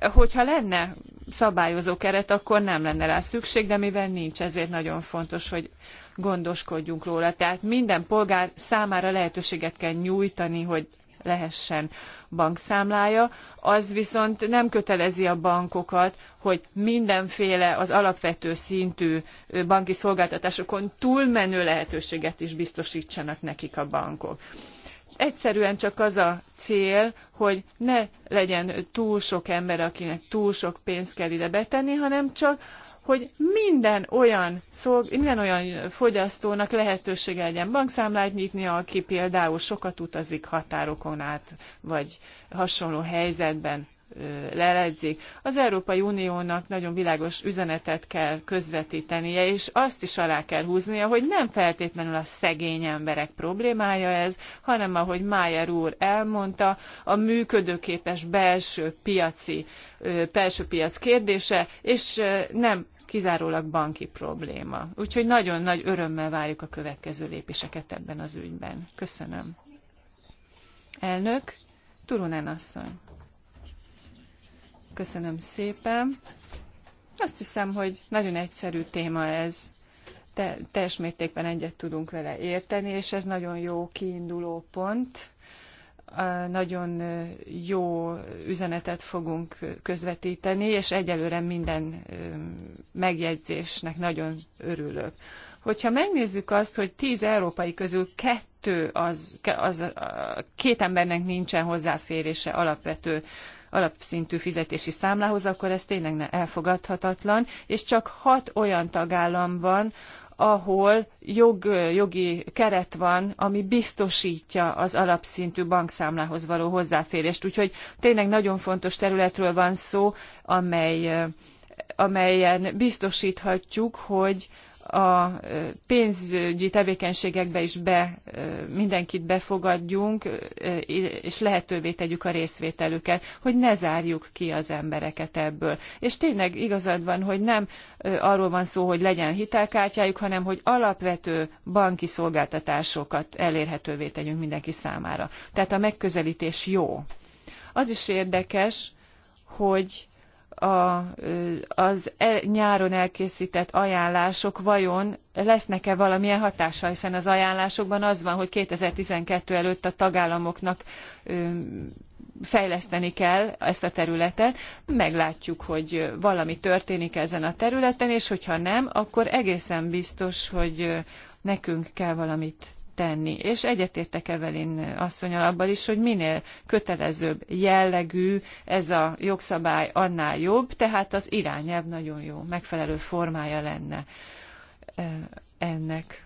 Speaker 2: Hogyha lenne szabályozó keret, akkor nem lenne rá szükség, de mivel nincs, ezért nagyon fontos, hogy gondoskodjunk róla. Tehát minden polgár számára lehetőséget kell nyújtani, hogy lehessen bankszámlája. Az viszont nem kötelezi a bankokat, hogy mindenféle az alapvető szintű banki szolgáltatásokon túlmenő lehetőséget is biztosítsanak nekik a bankok. Egyszerűen csak az a cél, hogy ne legyen túl sok ember, akinek túl sok pénzt kell ide betenni, hanem csak hogy minden olyan, szolg, minden olyan fogyasztónak lehetősége legyen bankszámlát nyitni, aki például sokat utazik határokon át, vagy hasonló helyzetben leledzik. Az Európai Uniónak nagyon világos üzenetet kell közvetítenie, és azt is alá kell húznia, hogy nem feltétlenül a szegény emberek problémája ez, hanem ahogy Májer úr elmondta, a működőképes belső piaci, belső piac kérdése, és nem kizárólag banki probléma. Úgyhogy nagyon nagy örömmel várjuk a következő lépéseket ebben az ügyben. Köszönöm. Elnök, Turunen asszony. Köszönöm szépen. Azt hiszem, hogy nagyon egyszerű téma ez. Te, teljes mértékben egyet tudunk vele érteni, és ez nagyon jó kiinduló pont. Nagyon jó üzenetet fogunk közvetíteni, és egyelőre minden megjegyzésnek nagyon örülök. Hogyha megnézzük azt, hogy tíz európai közül kettő az, az két embernek nincsen hozzáférése alapvető alapszintű fizetési számlához, akkor ez tényleg elfogadhatatlan, és csak hat olyan tagállam van, ahol jog, jogi keret van, ami biztosítja az alapszintű bankszámlához való hozzáférést. Úgyhogy tényleg nagyon fontos területről van szó, amely, amelyen biztosíthatjuk, hogy a pénzügyi tevékenységekbe is be, mindenkit befogadjunk, és lehetővé tegyük a részvételüket, hogy ne zárjuk ki az embereket ebből. És tényleg igazad van, hogy nem arról van szó, hogy legyen hitelkártyájuk, hanem hogy alapvető banki szolgáltatásokat elérhetővé tegyünk mindenki számára. Tehát a megközelítés jó. Az is érdekes, hogy a, az e, nyáron elkészített ajánlások vajon lesznek-e valamilyen hatással, hiszen az ajánlásokban az van, hogy 2012 előtt a tagállamoknak ö, fejleszteni kell ezt a területet. Meglátjuk, hogy valami történik ezen a területen, és hogyha nem, akkor egészen biztos, hogy nekünk kell valamit tenni. És egyetértek Evelyn asszonyal abban is, hogy minél kötelezőbb jellegű ez a jogszabály, annál jobb, tehát az irányelv nagyon jó, megfelelő formája lenne ennek.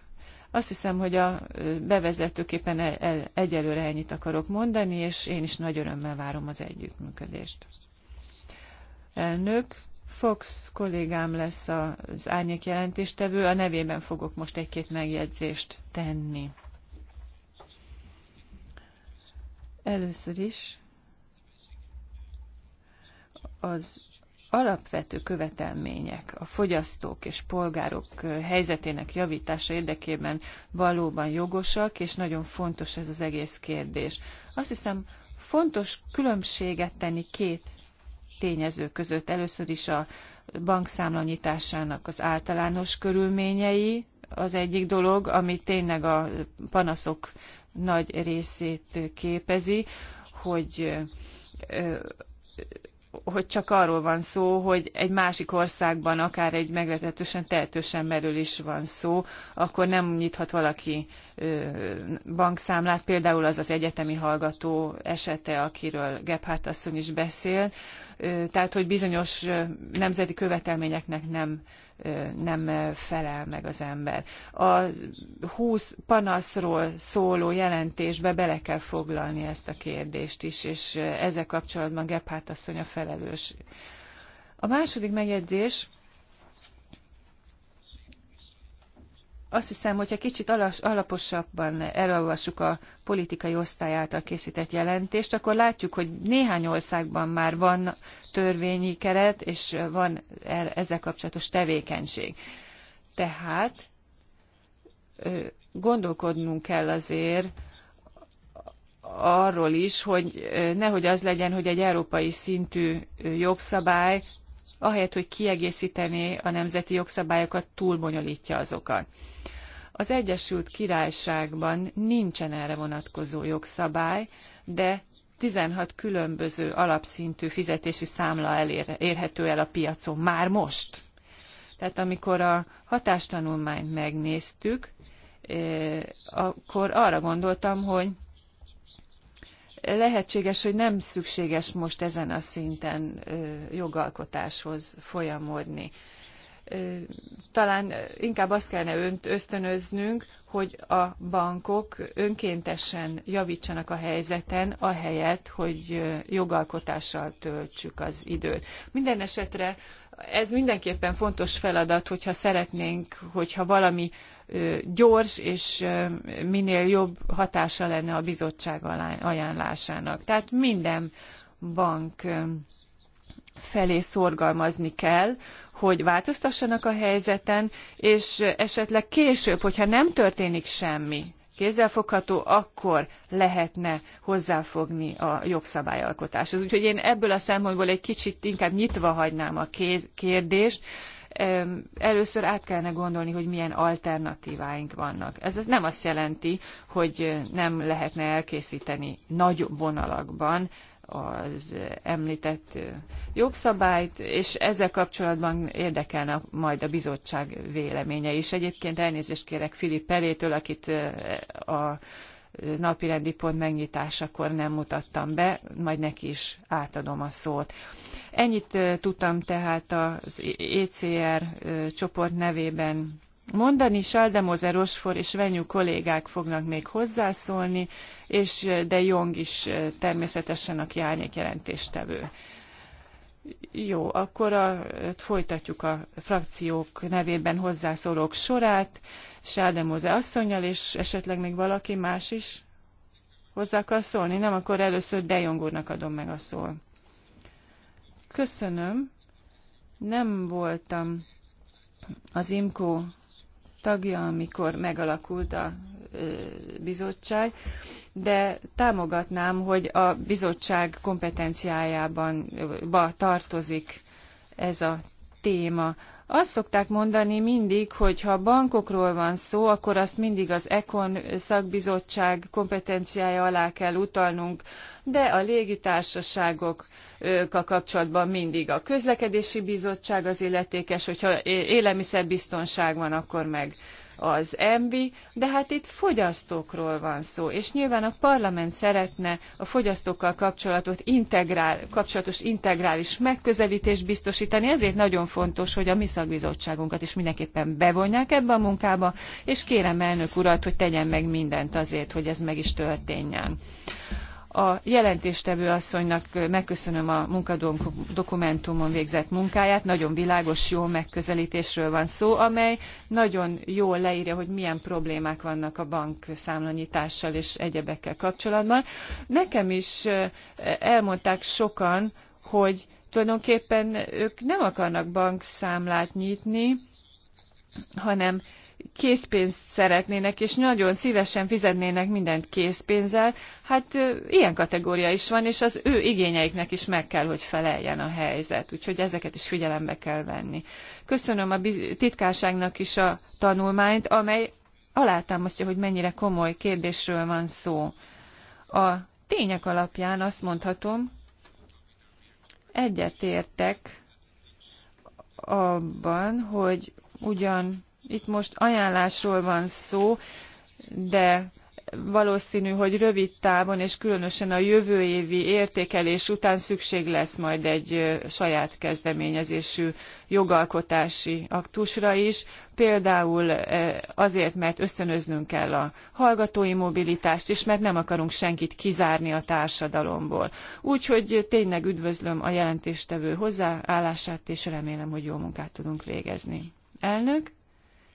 Speaker 2: Azt hiszem, hogy a bevezetőképpen el, e, egyelőre ennyit akarok mondani, és én is nagy örömmel várom az együttműködést. Elnök, Fox kollégám lesz az árnyék jelentéstevő, a nevében fogok most egy-két megjegyzést tenni. Először is az alapvető követelmények a fogyasztók és polgárok helyzetének javítása érdekében valóban jogosak, és nagyon fontos ez az egész kérdés. Azt hiszem, fontos különbséget tenni két tényező között. Először is a bankszámlanyításának az általános körülményei az egyik dolog, ami tényleg a panaszok nagy részét képezi, hogy hogy csak arról van szó, hogy egy másik országban akár egy meglehetősen tehetős emberről is van szó, akkor nem nyithat valaki bankszámlát, például az az egyetemi hallgató esete, akiről Gebhardt asszony is beszél, tehát hogy bizonyos nemzeti követelményeknek nem nem felel meg az ember. A 20 panaszról szóló jelentésbe bele kell foglalni ezt a kérdést is, és ezzel kapcsolatban Gebhardt asszony a felelős. A második megjegyzés, azt hiszem, hogyha kicsit alaposabban elolvassuk a politikai osztály által készített jelentést, akkor látjuk, hogy néhány országban már van törvényi keret, és van ezzel kapcsolatos tevékenység. Tehát gondolkodnunk kell azért arról is, hogy nehogy az legyen, hogy egy európai szintű jogszabály ahelyett, hogy kiegészítené a nemzeti jogszabályokat, túlbonyolítja azokat. Az Egyesült Királyságban nincsen erre vonatkozó jogszabály, de 16 különböző alapszintű fizetési számla elér, érhető el a piacon már most. Tehát amikor a hatástanulmányt megnéztük, eh, akkor arra gondoltam, hogy lehetséges, hogy nem szükséges most ezen a szinten jogalkotáshoz folyamodni. Talán inkább azt kellene önt ösztönöznünk, hogy a bankok önkéntesen javítsanak a helyzeten, ahelyett, hogy jogalkotással töltsük az időt. Minden esetre ez mindenképpen fontos feladat, hogyha szeretnénk, hogyha valami gyors és minél jobb hatása lenne a bizottság ajánlásának. Tehát minden bank felé szorgalmazni kell, hogy változtassanak a helyzeten, és esetleg később, hogyha nem történik semmi, kézzelfogható, akkor lehetne hozzáfogni a jogszabályalkotáshoz. Úgyhogy én ebből a szempontból egy kicsit inkább nyitva hagynám a kérdést, először át kellene gondolni, hogy milyen alternatíváink vannak. Ez, az nem azt jelenti, hogy nem lehetne elkészíteni nagy vonalakban az említett jogszabályt, és ezzel kapcsolatban érdekelne majd a bizottság véleménye is. Egyébként elnézést kérek Filip Perétől, akit eh, a napirendi pont megnyitásakor nem mutattam be, majd neki is átadom a szót. Ennyit tudtam tehát az ECR csoport nevében mondani. Saldemoze Rosfor és Venyú kollégák fognak még hozzászólni, és de Jong is természetesen, aki árnyék jelentéstevő. Jó, akkor a, folytatjuk a frakciók nevében hozzászólók sorát. Sáldemóze asszonynal, és esetleg még valaki más is hozzá akar szólni? Nem, akkor először Dejong úrnak adom meg a szól. Köszönöm. Nem voltam az IMCO tagja, amikor megalakult a bizottság, de támogatnám, hogy a bizottság kompetenciájában ba tartozik ez a téma. Azt szokták mondani mindig, hogy ha bankokról van szó, akkor azt mindig az Econ szakbizottság kompetenciája alá kell utalnunk, de a légitársaságokkal kapcsolatban mindig a közlekedési bizottság az illetékes, hogyha élelmiszerbiztonság van, akkor meg az envi, de hát itt fogyasztókról van szó, és nyilván a parlament szeretne a fogyasztókkal kapcsolatot integrál, kapcsolatos integrális megközelítést biztosítani, ezért nagyon fontos, hogy a mi szakbizottságunkat is mindenképpen bevonják ebbe a munkába, és kérem elnök urat, hogy tegyen meg mindent azért, hogy ez meg is történjen a jelentéstevő asszonynak megköszönöm a munkadokumentumon végzett munkáját, nagyon világos, jó megközelítésről van szó, amely nagyon jól leírja, hogy milyen problémák vannak a bank számlanyítással és egyebekkel kapcsolatban. Nekem is elmondták sokan, hogy tulajdonképpen ők nem akarnak bankszámlát nyitni, hanem készpénzt szeretnének, és nagyon szívesen fizetnének mindent készpénzzel, hát ilyen kategória is van, és az ő igényeiknek is meg kell, hogy feleljen a helyzet. Úgyhogy ezeket is figyelembe kell venni. Köszönöm a titkárságnak is a tanulmányt, amely alátámasztja, hogy mennyire komoly kérdésről van szó. A tények alapján azt mondhatom, egyetértek abban, hogy ugyan itt most ajánlásról van szó, de valószínű, hogy rövid távon és különösen a jövő évi értékelés után szükség lesz majd egy saját kezdeményezésű jogalkotási aktusra is, például azért, mert ösztönöznünk kell a hallgatói mobilitást is, mert nem akarunk senkit kizárni a társadalomból. Úgyhogy tényleg üdvözlöm a jelentéstevő hozzáállását, és remélem, hogy jó munkát tudunk végezni. Elnök?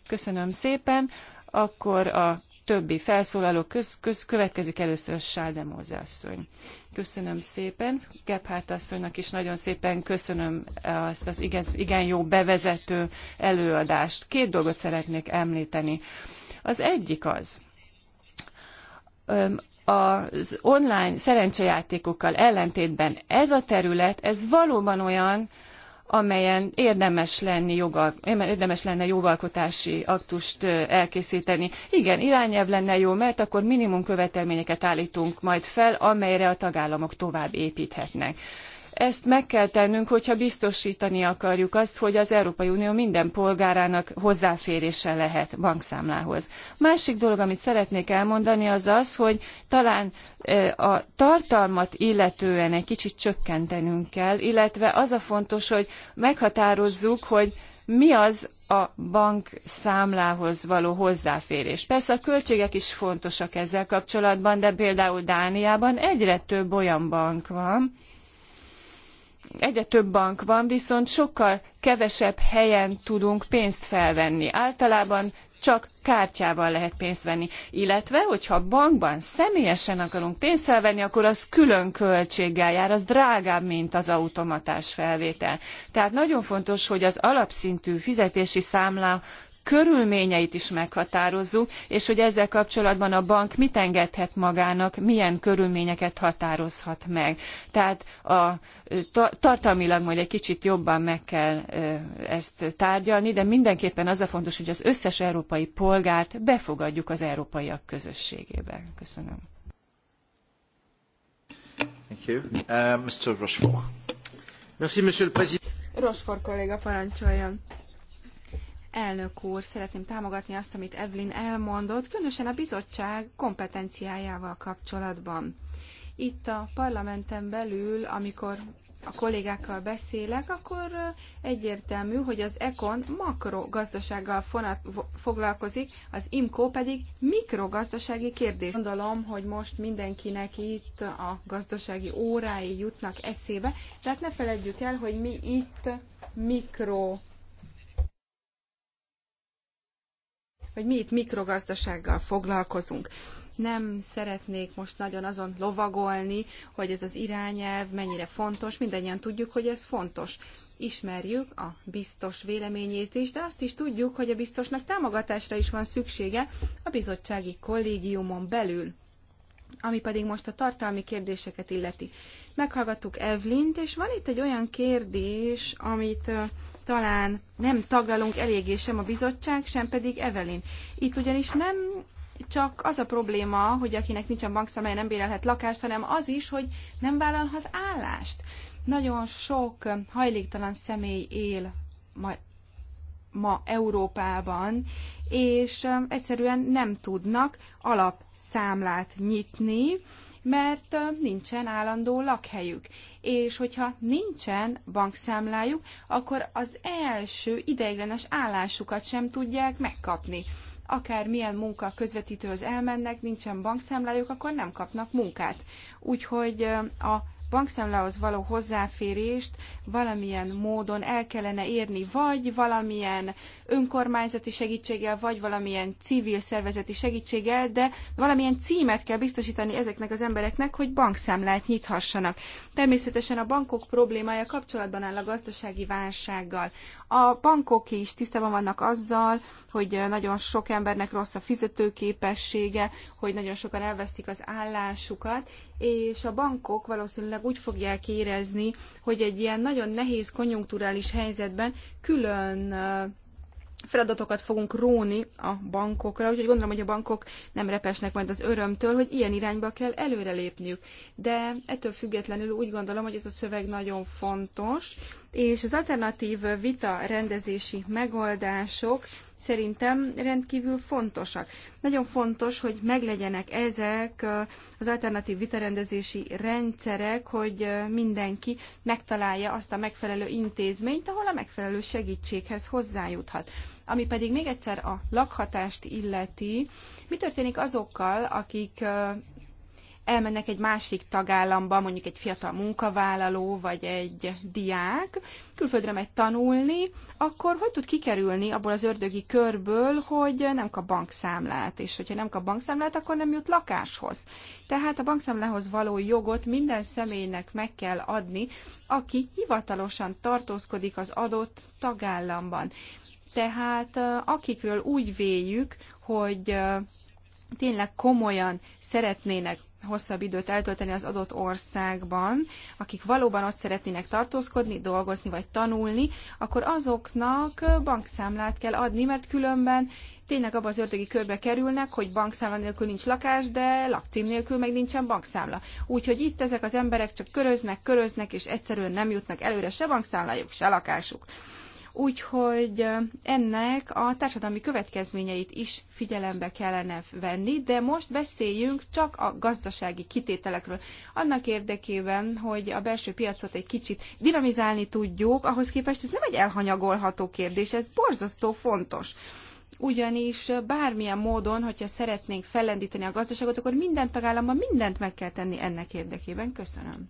Speaker 2: Köszönöm szépen. Akkor a többi felszólaló köz, köz, következik először Sáldemóze asszony. Köszönöm szépen. Gebhárt asszonynak is nagyon szépen köszönöm azt az igen, igen jó bevezető előadást. Két dolgot szeretnék említeni. Az egyik az, az online szerencsejátékokkal ellentétben ez a terület, ez valóban olyan, amelyen érdemes, lenni jogal, érdemes lenne jogalkotási aktust elkészíteni. Igen, irányelv lenne jó, mert akkor minimum követelményeket állítunk majd fel, amelyre a tagállamok tovább építhetnek. Ezt meg kell tennünk, hogyha biztosítani akarjuk azt, hogy az Európai Unió minden polgárának hozzáférése lehet bankszámlához. Másik dolog, amit szeretnék elmondani, az az, hogy talán e, a tartalmat illetően egy kicsit csökkentenünk kell, illetve az a fontos, hogy meghatározzuk, hogy mi az a bankszámlához való hozzáférés. Persze a költségek is fontosak ezzel kapcsolatban, de például Dániában egyre több olyan bank van, egyre több bank van, viszont sokkal kevesebb helyen tudunk pénzt felvenni. Általában csak kártyával lehet pénzt venni. Illetve, hogyha bankban személyesen akarunk pénzt felvenni, akkor az külön költséggel jár, az drágább, mint az automatás felvétel. Tehát nagyon fontos, hogy az alapszintű fizetési számla körülményeit is meghatározzuk, és hogy ezzel kapcsolatban a bank mit engedhet magának, milyen körülményeket határozhat meg. Tehát a, tartalmilag majd egy kicsit jobban meg kell ezt tárgyalni, de mindenképpen az a fontos, hogy az összes európai polgárt befogadjuk az európaiak közösségébe. Köszönöm.
Speaker 4: Thank you. Uh, Mr. Rochefort. Merci, Monsieur le Président.
Speaker 1: Rochefort kolléga, parancsoljon. Elnök úr, szeretném támogatni azt, amit Evelyn elmondott, különösen a bizottság kompetenciájával kapcsolatban. Itt a parlamenten belül, amikor a kollégákkal beszélek, akkor egyértelmű, hogy az Econ makrogazdasággal foglalkozik, az IMCO pedig mikrogazdasági kérdés. Gondolom, hogy most mindenkinek itt a gazdasági órái jutnak eszébe, tehát ne feledjük el, hogy mi itt mikro hogy mi itt mikrogazdasággal foglalkozunk. Nem szeretnék most nagyon azon lovagolni, hogy ez az irányelv mennyire fontos, mindannyian tudjuk, hogy ez fontos ismerjük a biztos véleményét is, de azt is tudjuk, hogy a biztosnak támogatásra is van szüksége a bizottsági kollégiumon belül ami pedig most a tartalmi kérdéseket illeti. Meghallgattuk Evlint, és van itt egy olyan kérdés, amit talán nem taglalunk eléggé sem a bizottság, sem pedig Evelyn. Itt ugyanis nem csak az a probléma, hogy akinek nincsen bankszámlája, nem bérelhet lakást, hanem az is, hogy nem vállalhat állást. Nagyon sok hajléktalan személy él ma, ma Európában, és egyszerűen nem tudnak alapszámlát nyitni, mert nincsen állandó lakhelyük. És hogyha nincsen bankszámlájuk, akkor az első ideiglenes állásukat sem tudják megkapni akár milyen munka közvetítőhöz elmennek, nincsen bankszámlájuk, akkor nem kapnak munkát. Úgyhogy a bankszámlához való hozzáférést valamilyen módon el kellene érni, vagy valamilyen önkormányzati segítséggel, vagy valamilyen civil szervezeti segítséggel, de valamilyen címet kell biztosítani ezeknek az embereknek, hogy bankszámlát nyithassanak. Természetesen a bankok problémája kapcsolatban áll a gazdasági válsággal. A bankok is tisztában vannak azzal, hogy nagyon sok embernek rossz a fizetőképessége, hogy nagyon sokan elvesztik az állásukat, és a bankok valószínűleg úgy fogják érezni, hogy egy ilyen nagyon nehéz konjunkturális helyzetben külön feladatokat fogunk róni a bankokra, úgyhogy gondolom, hogy a bankok nem repesnek majd az örömtől, hogy ilyen irányba kell előrelépniük. De ettől függetlenül úgy gondolom, hogy ez a szöveg nagyon fontos, és az alternatív vita rendezési megoldások szerintem rendkívül fontosak. Nagyon fontos, hogy meglegyenek ezek az alternatív vitarendezési rendszerek, hogy mindenki megtalálja azt a megfelelő intézményt, ahol a megfelelő segítséghez hozzájuthat. Ami pedig még egyszer a lakhatást illeti, mi történik azokkal, akik elmennek egy másik tagállamba, mondjuk egy fiatal munkavállaló, vagy egy diák, külföldre megy tanulni, akkor hogy tud kikerülni abból az ördögi körből, hogy nem kap bankszámlát, és hogyha nem kap bankszámlát, akkor nem jut lakáshoz. Tehát a bankszámlához való jogot minden személynek meg kell adni, aki hivatalosan tartózkodik az adott tagállamban. Tehát akikről úgy véljük, hogy tényleg komolyan szeretnének hosszabb időt eltölteni az adott országban, akik valóban ott szeretnének tartózkodni, dolgozni vagy tanulni, akkor azoknak bankszámlát kell adni, mert különben tényleg abba az ördögi körbe kerülnek, hogy bankszámla nélkül nincs lakás, de lakcím nélkül meg nincsen bankszámla. Úgyhogy itt ezek az emberek csak köröznek, köröznek, és egyszerűen nem jutnak előre se bankszámlájuk, se lakásuk. Úgyhogy ennek a társadalmi következményeit is figyelembe kellene venni, de most beszéljünk csak a gazdasági kitételekről. Annak érdekében, hogy a belső piacot egy kicsit dinamizálni tudjuk, ahhoz képest ez nem egy elhanyagolható kérdés, ez borzasztó fontos ugyanis bármilyen módon, hogyha szeretnénk fellendíteni a gazdaságot, akkor minden tagállamban mindent meg kell tenni ennek érdekében. Köszönöm.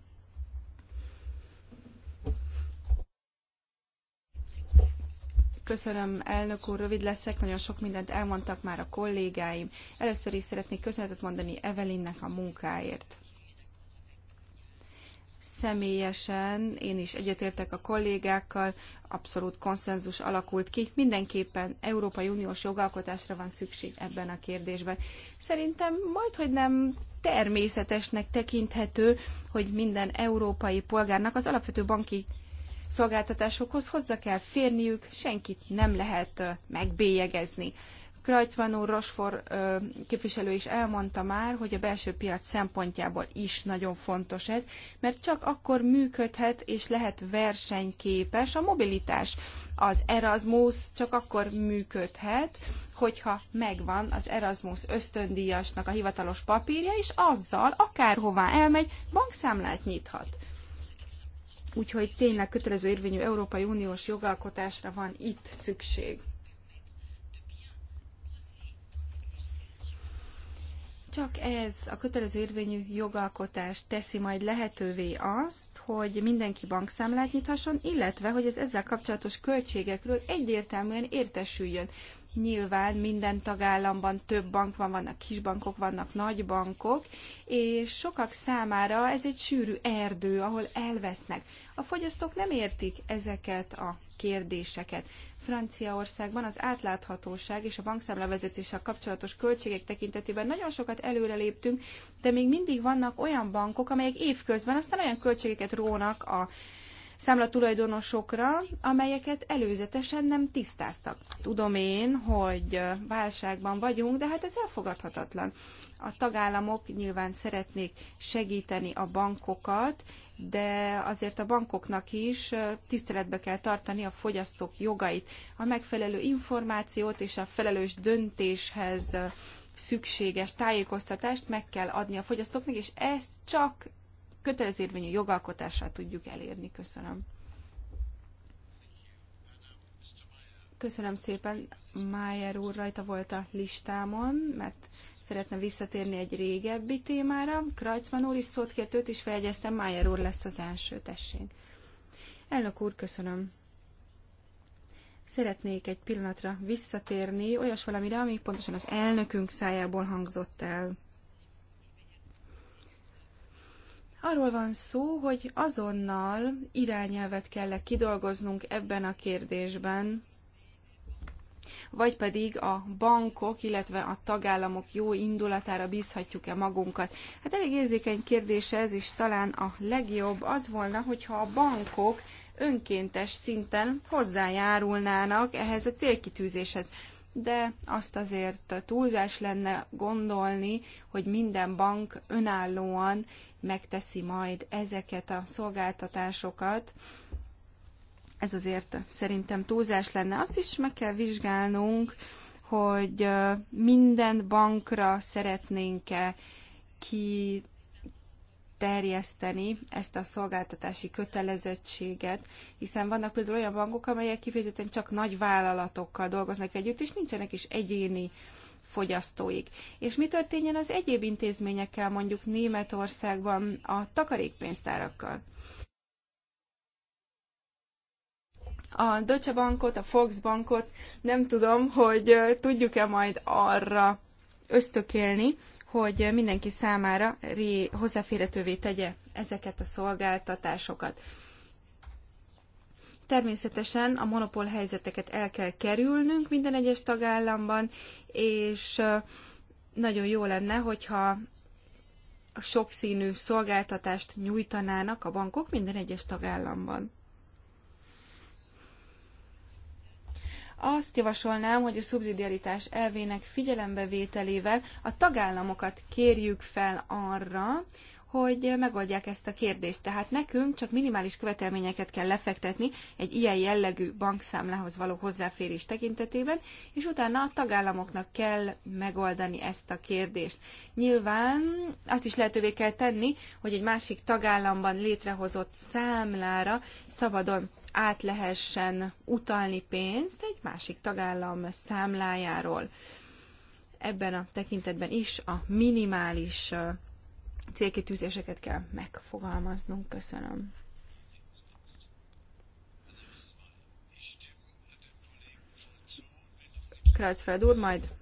Speaker 1: Köszönöm, elnök úr, rövid leszek, nagyon sok mindent elmondtak már a kollégáim. Először is szeretnék köszönetet mondani Evelinnek a munkáért. Személyesen én is egyetértek a kollégákkal, abszolút konszenzus alakult ki. Mindenképpen Európai Uniós jogalkotásra van szükség ebben a kérdésben. Szerintem majd, hogy nem természetesnek tekinthető, hogy minden európai polgárnak az alapvető banki szolgáltatásokhoz hozzá kell férniük, senkit nem lehet megbélyegezni. Krajcman úr, Rosfor képviselő is elmondta már, hogy a belső piac szempontjából is nagyon fontos ez, mert csak akkor működhet és lehet versenyképes a mobilitás. Az Erasmus csak akkor működhet, hogyha megvan az Erasmus ösztöndíjasnak a hivatalos papírja, és azzal akárhová elmegy, bankszámlát nyithat. Úgyhogy tényleg kötelező érvényű Európai Uniós jogalkotásra van itt szükség. csak ez a kötelező érvényű jogalkotás teszi majd lehetővé azt, hogy mindenki bankszámlát nyithasson, illetve hogy az ezzel kapcsolatos költségekről egyértelműen értesüljön. Nyilván minden tagállamban több bank van, vannak kisbankok, vannak nagybankok, és sokak számára ez egy sűrű erdő, ahol elvesznek. A fogyasztók nem értik ezeket a kérdéseket. Franciaországban az átláthatóság és a bankszámlavezetéssel kapcsolatos költségek tekintetében nagyon sokat előreléptünk, de még mindig vannak olyan bankok, amelyek évközben aztán olyan költségeket rónak a számlatulajdonosokra, amelyeket előzetesen nem tisztáztak. Tudom én, hogy válságban vagyunk, de hát ez elfogadhatatlan. A tagállamok nyilván szeretnék segíteni a bankokat, de azért a bankoknak is tiszteletbe kell tartani a fogyasztók jogait, a megfelelő információt és a felelős döntéshez szükséges tájékoztatást meg kell adni a fogyasztóknak, és ezt csak kötelezérvényű jogalkotással tudjuk elérni. Köszönöm. Köszönöm szépen. Májer úr rajta volt a listámon, mert szeretne visszatérni egy régebbi témára. Krajcman úr is szót kért, őt is feljegyeztem. Májer úr lesz az első, tessék. Elnök úr, köszönöm. Szeretnék egy pillanatra visszatérni olyas valamire, ami pontosan az elnökünk szájából hangzott el. Arról van szó, hogy azonnal irányelvet kell kidolgoznunk ebben a kérdésben, vagy pedig a bankok, illetve a tagállamok jó indulatára bízhatjuk-e magunkat. Hát elég érzékeny kérdés ez, és talán a legjobb az volna, hogyha a bankok önkéntes szinten hozzájárulnának ehhez a célkitűzéshez de azt azért túlzás lenne gondolni, hogy minden bank önállóan megteszi majd ezeket a szolgáltatásokat. Ez azért szerintem túlzás lenne. Azt is meg kell vizsgálnunk, hogy minden bankra szeretnénk-e ki terjeszteni ezt a szolgáltatási kötelezettséget, hiszen vannak például olyan bankok, amelyek kifejezetten csak nagy vállalatokkal dolgoznak együtt, és nincsenek is egyéni fogyasztóik. És mi történjen az egyéb intézményekkel, mondjuk Németországban a takarékpénztárakkal? A Deutsche Bankot, a Volksbankot nem tudom, hogy tudjuk-e majd arra ösztökélni, hogy mindenki számára hozzáférhetővé tegye ezeket a szolgáltatásokat. Természetesen a monopól helyzeteket el kell kerülnünk minden egyes tagállamban, és nagyon jó lenne, hogyha a sokszínű szolgáltatást nyújtanának a bankok minden egyes tagállamban. Azt javasolnám, hogy a szubszidiaritás elvének figyelembevételével a tagállamokat kérjük fel arra, hogy megoldják ezt a kérdést. Tehát nekünk csak minimális követelményeket kell lefektetni egy ilyen jellegű bankszámlához való hozzáférés tekintetében, és utána a tagállamoknak kell megoldani ezt a kérdést. Nyilván azt is lehetővé kell tenni, hogy egy másik tagállamban létrehozott számlára szabadon át lehessen utalni pénzt egy másik tagállam számlájáról. Ebben a tekintetben is a minimális célkitűzéseket kell megfogalmaznunk. Köszönöm. Kreuzfeld úr, majd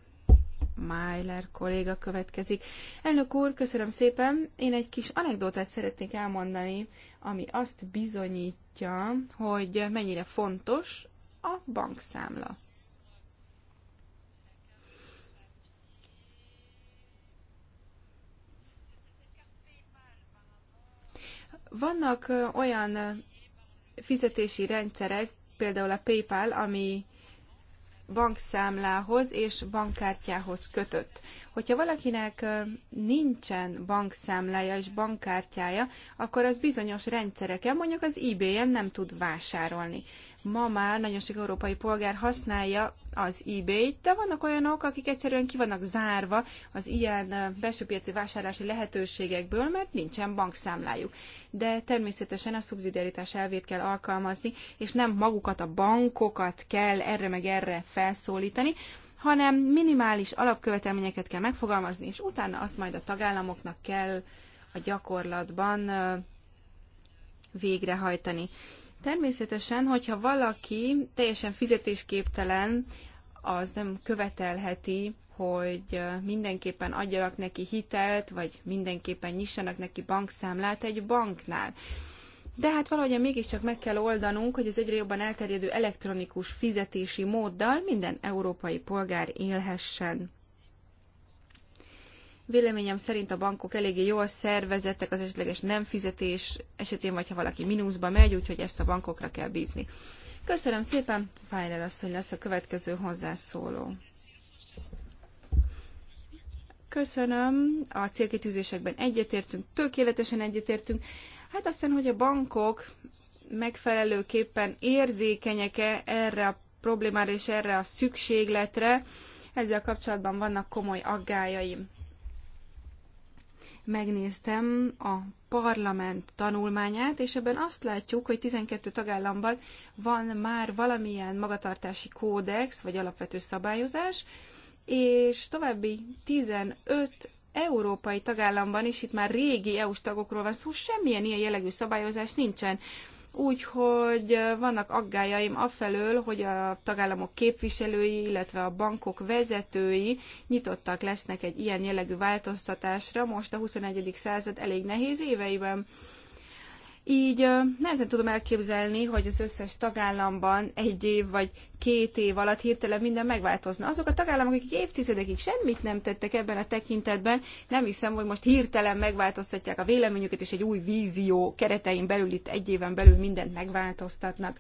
Speaker 1: Májler kolléga következik. Elnök úr, köszönöm szépen. Én egy kis anekdotát szeretnék elmondani ami azt bizonyítja, hogy mennyire fontos a bankszámla. Vannak olyan fizetési rendszerek, például a PayPal, ami bankszámlához és bankkártyához kötött. Hogyha valakinek nincsen bankszámlája és bankkártyája, akkor az bizonyos rendszereken, mondjuk az eBay-en nem tud vásárolni. Ma már nagyon sok európai polgár használja az eBay-t, de vannak olyanok, akik egyszerűen ki vannak zárva az ilyen belsőpiaci vásárlási lehetőségekből, mert nincsen bankszámlájuk. De természetesen a szubszidiaritás elvét kell alkalmazni, és nem magukat a bankokat kell erre meg erre felszólítani, hanem minimális alapkövetelményeket kell megfogalmazni, és utána azt majd a tagállamoknak kell a gyakorlatban végrehajtani. Természetesen, hogyha valaki teljesen fizetésképtelen, az nem követelheti, hogy mindenképpen adjanak neki hitelt, vagy mindenképpen nyissanak neki bankszámlát egy banknál de hát valahogyan mégiscsak meg kell oldanunk, hogy az egyre jobban elterjedő elektronikus fizetési móddal minden európai polgár élhessen. Véleményem szerint a bankok eléggé jól szervezettek az esetleges nem fizetés esetén, vagy ha valaki mínuszba megy, úgyhogy ezt a bankokra kell bízni. Köszönöm szépen, Fájler asszony lesz a következő hozzászóló. Köszönöm, a célkitűzésekben egyetértünk, tökéletesen egyetértünk. Hát aztán, hogy a bankok megfelelőképpen érzékenyek-e erre a problémára és erre a szükségletre, ezzel kapcsolatban vannak komoly aggájaim. Megnéztem a parlament tanulmányát, és ebben azt látjuk, hogy 12 tagállamban van már valamilyen magatartási kódex vagy alapvető szabályozás, és további 15 európai tagállamban, is itt már régi EU-s tagokról van szó, szóval semmilyen ilyen jellegű szabályozás nincsen. Úgyhogy vannak aggájaim afelől, hogy a tagállamok képviselői, illetve a bankok vezetői nyitottak lesznek egy ilyen jellegű változtatásra most a 21. század elég nehéz éveiben. Így nehezen tudom elképzelni, hogy az összes tagállamban egy év vagy két év alatt hirtelen minden megváltozna. Azok a tagállamok, akik évtizedekig semmit nem tettek ebben a tekintetben, nem hiszem, hogy most hirtelen megváltoztatják a véleményüket, és egy új vízió keretein belül itt egy éven belül mindent megváltoztatnak.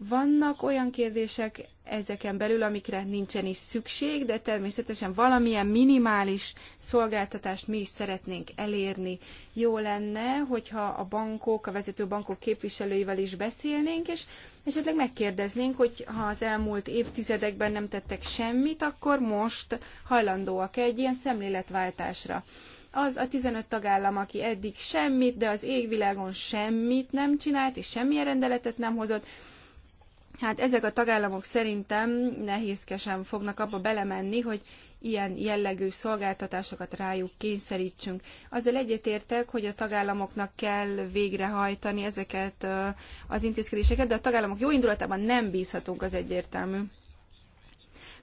Speaker 1: Vannak olyan kérdések ezeken belül, amikre nincsen is szükség, de természetesen valamilyen minimális szolgáltatást mi is szeretnénk elérni. Jó lenne, hogyha a bankok, a vezető bankok képviselőivel is beszélnénk, és esetleg megkérdeznénk, hogy ha az elmúlt évtizedekben nem tettek semmit, akkor most hajlandóak-e egy ilyen szemléletváltásra az a 15 tagállam, aki eddig semmit, de az égvilágon semmit nem csinált, és semmilyen rendeletet nem hozott, hát ezek a tagállamok szerintem nehézkesen fognak abba belemenni, hogy ilyen jellegű szolgáltatásokat rájuk kényszerítsünk. Azzal egyetértek, hogy a tagállamoknak kell végrehajtani ezeket az intézkedéseket, de a tagállamok jó indulatában nem bízhatunk, az egyértelmű.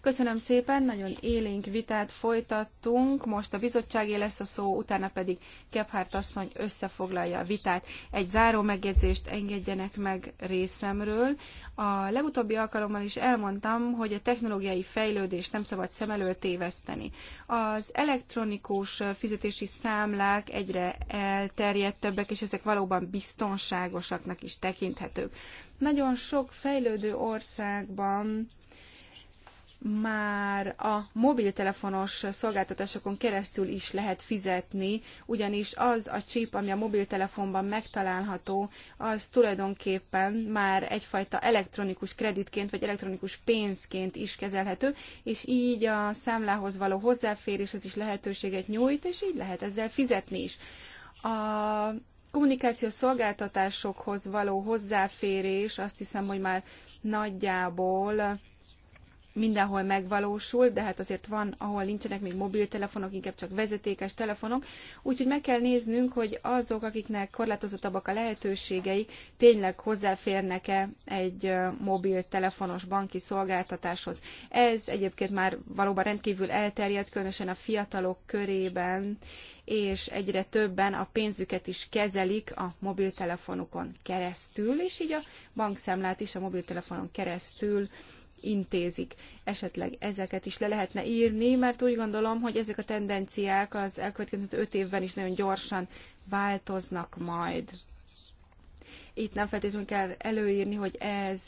Speaker 1: Köszönöm szépen, nagyon élénk vitát folytattunk, most a bizottságé lesz a szó, utána pedig Kephárt asszony összefoglalja a vitát. Egy záró megjegyzést engedjenek meg részemről. A legutóbbi alkalommal is elmondtam, hogy a technológiai fejlődést nem szabad szem elől téveszteni. Az elektronikus fizetési számlák egyre elterjedtebbek, és ezek valóban biztonságosaknak is tekinthetők. Nagyon sok fejlődő országban már a mobiltelefonos szolgáltatásokon keresztül is lehet fizetni, ugyanis az a csíp, ami a mobiltelefonban megtalálható, az tulajdonképpen már egyfajta elektronikus kreditként vagy elektronikus pénzként is kezelhető, és így a számlához való hozzáféréshez is lehetőséget nyújt, és így lehet ezzel fizetni is. A kommunikációs szolgáltatásokhoz való hozzáférés azt hiszem, hogy már nagyjából mindenhol megvalósul, de hát azért van, ahol nincsenek még mobiltelefonok, inkább csak vezetékes telefonok, úgyhogy meg kell néznünk, hogy azok, akiknek korlátozottabbak a lehetőségei, tényleg hozzáférnek-e egy mobiltelefonos banki szolgáltatáshoz. Ez egyébként már valóban rendkívül elterjedt, különösen a fiatalok körében, és egyre többen a pénzüket is kezelik a mobiltelefonukon keresztül, és így a bankszámlát is a mobiltelefonon keresztül intézik. Esetleg ezeket is le lehetne írni, mert úgy gondolom, hogy ezek a tendenciák az elkövetkező öt évben is nagyon gyorsan változnak majd. Itt nem feltétlenül kell előírni, hogy ez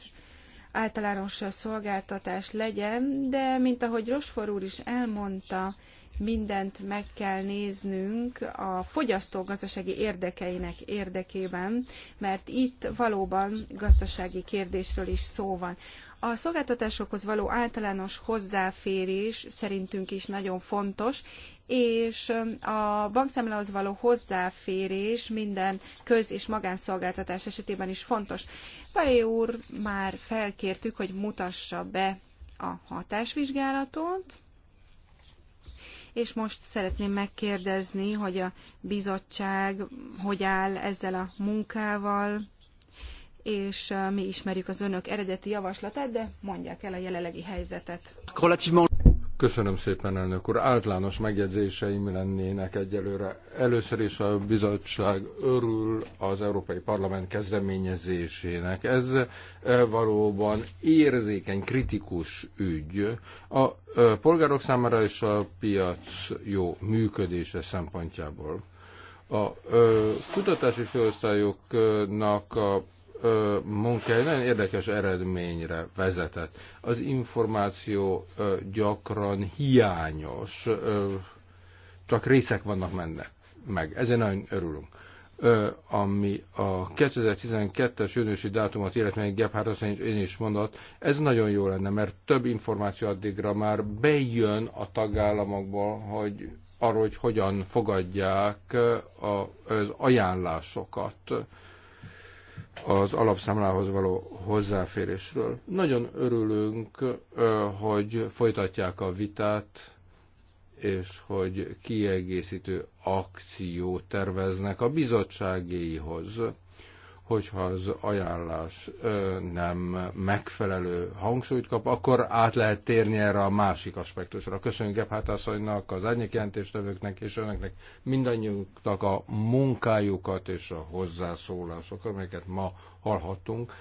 Speaker 1: általános szolgáltatás legyen, de mint ahogy Rosfor úr is elmondta, mindent meg kell néznünk a fogyasztó gazdasági érdekeinek érdekében, mert itt valóban gazdasági kérdésről is szó van. A szolgáltatásokhoz való általános hozzáférés szerintünk is nagyon fontos, és a bankszámlához való hozzáférés minden köz- és magánszolgáltatás esetében is fontos. Paré úr már felkértük, hogy mutassa be a hatásvizsgálatot, és most szeretném megkérdezni, hogy a bizottság hogy áll ezzel a munkával, és mi ismerjük az önök eredeti javaslatát, de mondják el a jelenlegi helyzetet.
Speaker 4: Köszönöm szépen, elnök úr. Általános megjegyzéseim lennének egyelőre. Először is a bizottság örül az Európai Parlament kezdeményezésének. Ez valóban érzékeny, kritikus ügy. A polgárok számára és a piac jó működése szempontjából. A kutatási főosztályoknak a ö, egy nagyon érdekes eredményre vezetett. Az információ ö, gyakran hiányos, ö, csak részek vannak menne meg. Ezért nagyon örülünk. Ö, ami a 2012-es jönősi dátumot illetve még Gebhard azt én is mondott, ez nagyon jó lenne, mert több információ addigra már bejön a tagállamokból, hogy arról, hogy hogyan fogadják az ajánlásokat az alapszámlához való hozzáférésről. Nagyon örülünk, hogy folytatják a vitát, és hogy kiegészítő akciót terveznek a bizottságéhoz hogyha az ajánlás nem megfelelő hangsúlyt kap, akkor át lehet térni erre a másik aspektusra. Köszönjük Gebhát asszonynak, az árnyékjelentéstevőknek és önöknek mindannyiuknak a munkájukat és a hozzászólásokat, amelyeket ma hallhattunk.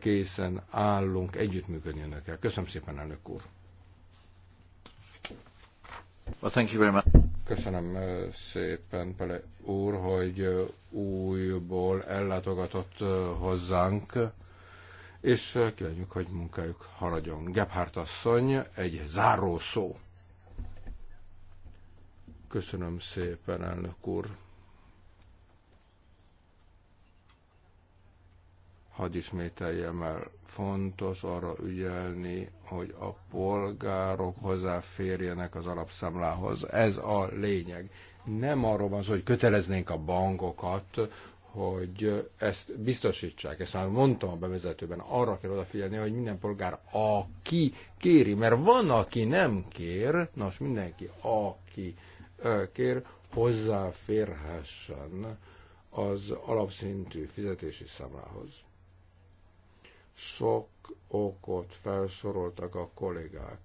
Speaker 4: Készen állunk együttműködni önökkel. Köszönöm szépen, elnök úr! Köszönöm szépen, Pele úr, hogy újból ellátogatott hozzánk, és kívánjuk, hogy munkájuk haladjon. Gebhardt asszony, egy záró szó. Köszönöm szépen, elnök úr. Hadd ismételjem el, fontos arra ügyelni, hogy a polgárok hozzáférjenek az alapszámlához. Ez a lényeg. Nem arról van szó, hogy köteleznénk a bankokat, hogy ezt biztosítsák, ezt már mondtam a bevezetőben, arra kell odafigyelni, hogy minden polgár, aki kéri, mert van, aki nem kér, nos, mindenki, aki kér, hozzáférhessen az alapszintű fizetési számlához. Sok okot felsoroltak a kollégák.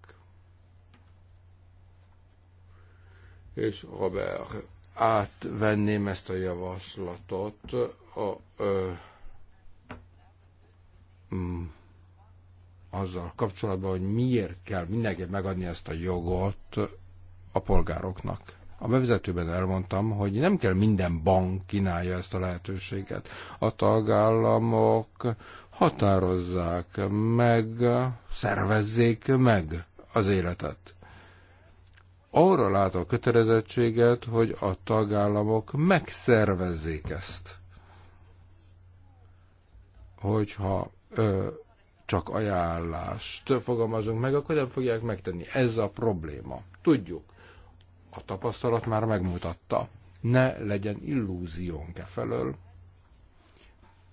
Speaker 4: És Robert, átvenném ezt a javaslatot a, ö, mm, azzal kapcsolatban, hogy miért kell mindenképp megadni ezt a jogot a polgároknak. A bevezetőben elmondtam, hogy nem kell minden bank kínálja ezt a lehetőséget. A tagállamok határozzák meg, szervezzék meg az életet. Arra lát a kötelezettséget, hogy a tagállamok megszervezzék ezt. Hogyha ö, csak ajánlást fogalmazunk meg, akkor nem fogják megtenni. Ez a probléma. Tudjuk. A tapasztalat már megmutatta. Ne legyen illúziónk e felől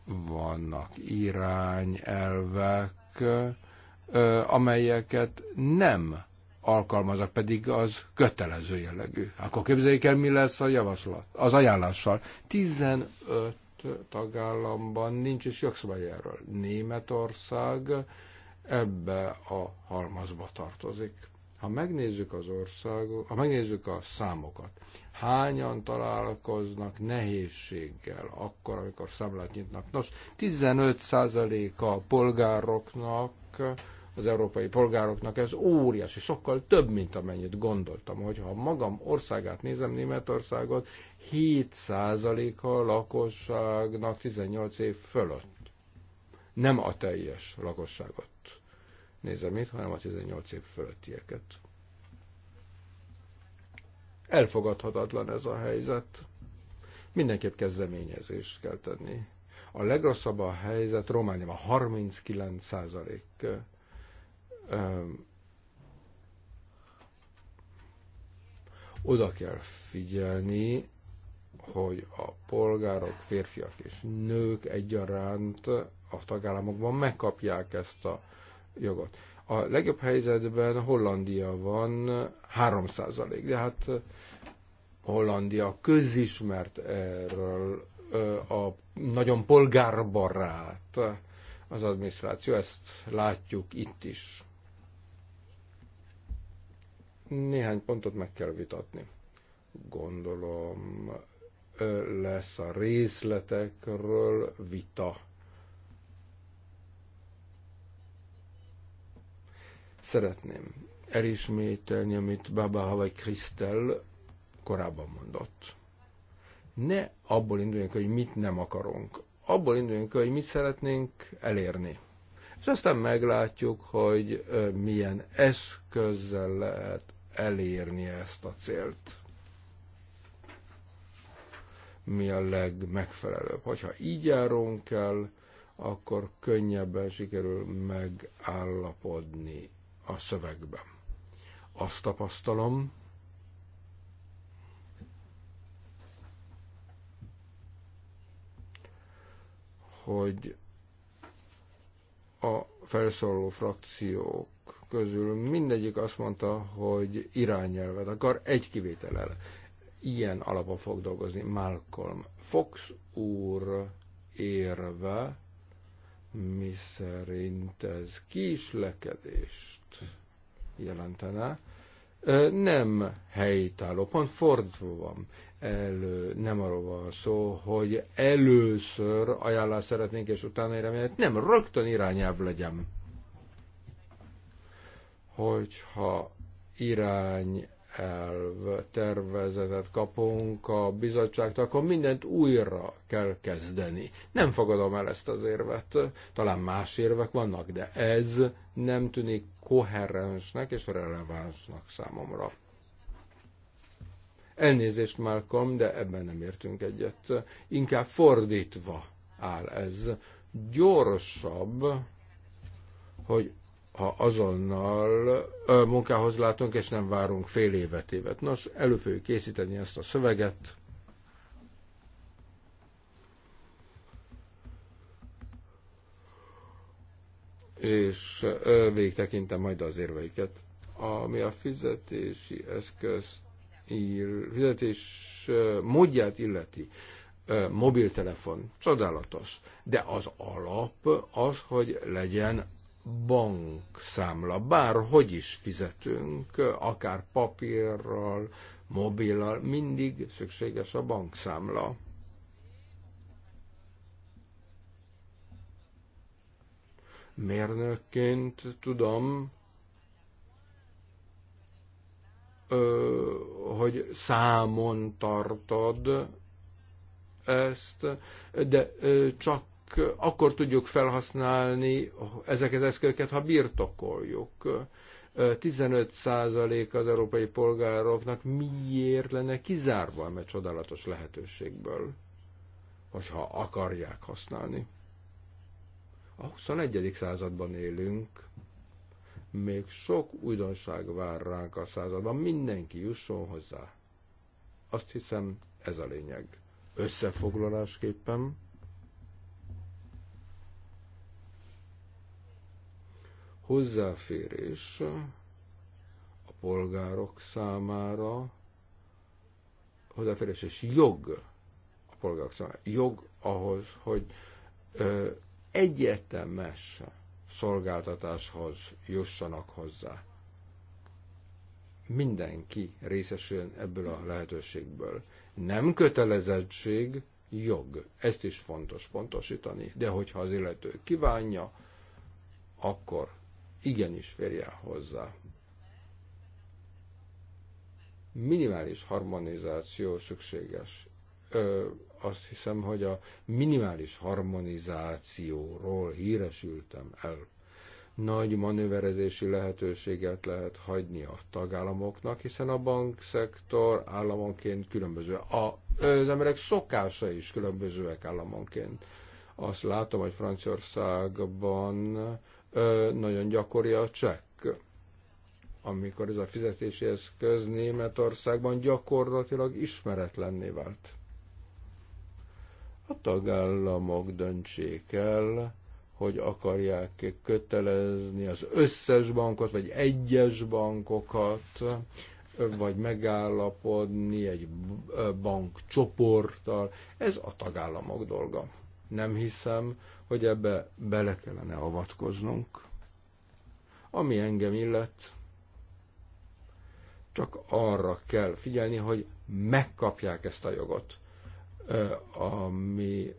Speaker 4: vannak irányelvek, amelyeket nem alkalmazak pedig az kötelező jellegű. Akkor képzeljék el, mi lesz a javaslat, az ajánlással. 15 tagállamban nincs is jogszabály erről. Németország ebbe a halmazba tartozik. Ha megnézzük az országok, ha megnézzük a számokat, hányan találkoznak nehézséggel akkor, amikor számlát nyitnak? Nos, 15%-a a polgároknak, az európai polgároknak ez óriási, sokkal több, mint amennyit gondoltam. Hogyha magam országát nézem, Németországot, 7%-a lakosságnak 18 év fölött. Nem a teljes lakosságot nézem itt, hanem a 18 év fölöttieket. Elfogadhatatlan ez a helyzet. Mindenképp kezdeményezést kell tenni. A legrosszabb a helyzet Romániában 39 százalék oda kell figyelni, hogy a polgárok, férfiak és nők egyaránt a tagállamokban megkapják ezt a jogot. A legjobb helyzetben Hollandia van 3 de hát Hollandia közismert erről a nagyon polgárbarát az adminisztráció, ezt látjuk itt is. Néhány pontot meg kell vitatni. Gondolom lesz a részletekről vita Szeretném elismételni, amit Baba Havai Krisztel korábban mondott. Ne abból induljunk, hogy mit nem akarunk. Abból induljunk, hogy mit szeretnénk elérni. És aztán meglátjuk, hogy milyen eszközzel lehet elérni ezt a célt. Mi a legmegfelelőbb. Hogyha így járunk el, akkor könnyebben sikerül megállapodni a szövegben. Azt tapasztalom, hogy a felszóló frakciók közül mindegyik azt mondta, hogy irányelvet akar, egy kivétellel. Ilyen alapon fog dolgozni Malcolm Fox úr érve mi szerint ez kislekedést jelentene, nem helytálló, pont fordva van. Elő, nem arról van szó, hogy először ajánlást szeretnénk, és utána irányelvet. Nem, rögtön irányelv legyen. Hogyha irány elvtervezetet kapunk a bizottságtól, akkor mindent újra kell kezdeni. Nem fogadom el ezt az érvet. Talán más érvek vannak, de ez nem tűnik koherensnek és relevánsnak számomra. Elnézést, Malcolm, de ebben nem értünk egyet. Inkább fordítva áll ez. Gyorsabb, hogy ha azonnal munkához látunk, és nem várunk fél évet, évet. Nos, elő fogjuk készíteni ezt a szöveget. És végtekintem majd az érveiket. Ami a fizetési ír fizetés módját illeti, mobiltelefon, csodálatos. De az alap az, hogy legyen bankszámla, bárhogy is fizetünk, akár papírral, mobillal, mindig szükséges a bankszámla. Mérnökként tudom, hogy számon tartod ezt, de csak akkor tudjuk felhasználni ezeket az eszközöket, ha birtokoljuk. 15% az európai polgároknak miért lenne kizárva a csodálatos lehetőségből, hogyha akarják használni. A 21. században élünk, még sok újdonság vár ránk a században, mindenki jusson hozzá. Azt hiszem, ez a lényeg. Összefoglalásképpen hozzáférés a polgárok számára, hozzáférés és jog a polgárok számára, jog ahhoz, hogy ö, egyetemes szolgáltatáshoz jussanak hozzá. Mindenki részesüljön ebből a lehetőségből. Nem kötelezettség, jog. Ezt is fontos pontosítani. De hogyha az illető kívánja, akkor igenis férjen hozzá. Minimális harmonizáció szükséges. Ö, azt hiszem, hogy a minimális harmonizációról híresültem el. Nagy manőverezési lehetőséget lehet hagyni a tagállamoknak, hiszen a bankszektor államonként különböző. A, az emberek szokása is különbözőek államonként azt látom, hogy Franciaországban nagyon gyakori a csekk. Amikor ez a fizetési eszköz Németországban gyakorlatilag ismeretlenné vált. A tagállamok döntsék el, hogy akarják kötelezni az összes bankot, vagy egyes bankokat, vagy megállapodni egy bankcsoporttal. Ez a tagállamok dolga. Nem hiszem, hogy ebbe bele kellene avatkoznunk. Ami engem illet, csak arra kell figyelni, hogy megkapják ezt a jogot, ami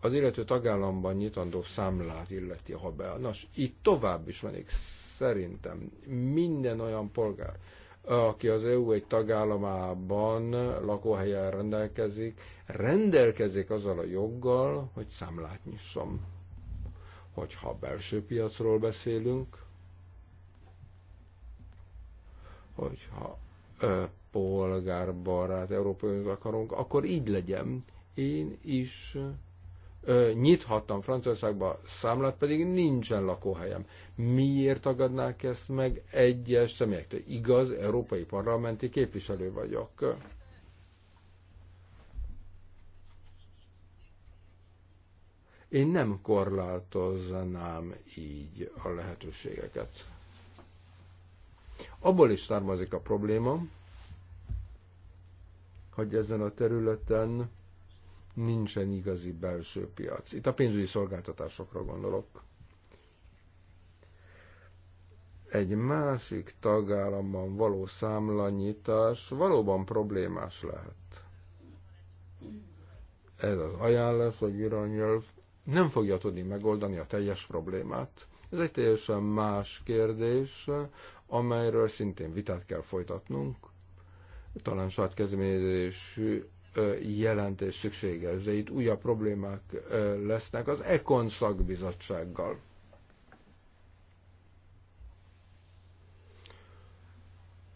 Speaker 4: az illető tagállamban nyitandó számlát illeti, ha be. Nos, itt tovább is menik szerintem minden olyan polgár, aki az EU egy tagállamában lakóhelyen rendelkezik, rendelkezik azzal a joggal, hogy számlát nyisson. Hogyha belső piacról beszélünk, hogyha ö, polgárbarát Európai Uniót akarunk, akkor így legyen. Én is nyithattam Franciaországba számlát, pedig nincsen lakóhelyem. Miért tagadnák ezt meg egyes személyektől? Igaz, európai parlamenti képviselő vagyok. Én nem korlátoznám így a lehetőségeket. Abból is származik a probléma, hogy ezen a területen nincsen igazi belső piac. Itt a pénzügyi szolgáltatásokra gondolok. Egy másik tagállamban való számlanyítás valóban problémás lehet. Ez az ajánlás, hogy irányelv nem fogja tudni megoldani a teljes problémát. Ez egy teljesen más kérdés, amelyről szintén vitát kell folytatnunk. Talán saját kezdeményezésű jelentés szükséges, de itt újabb problémák lesznek az Ekon szakbizottsággal.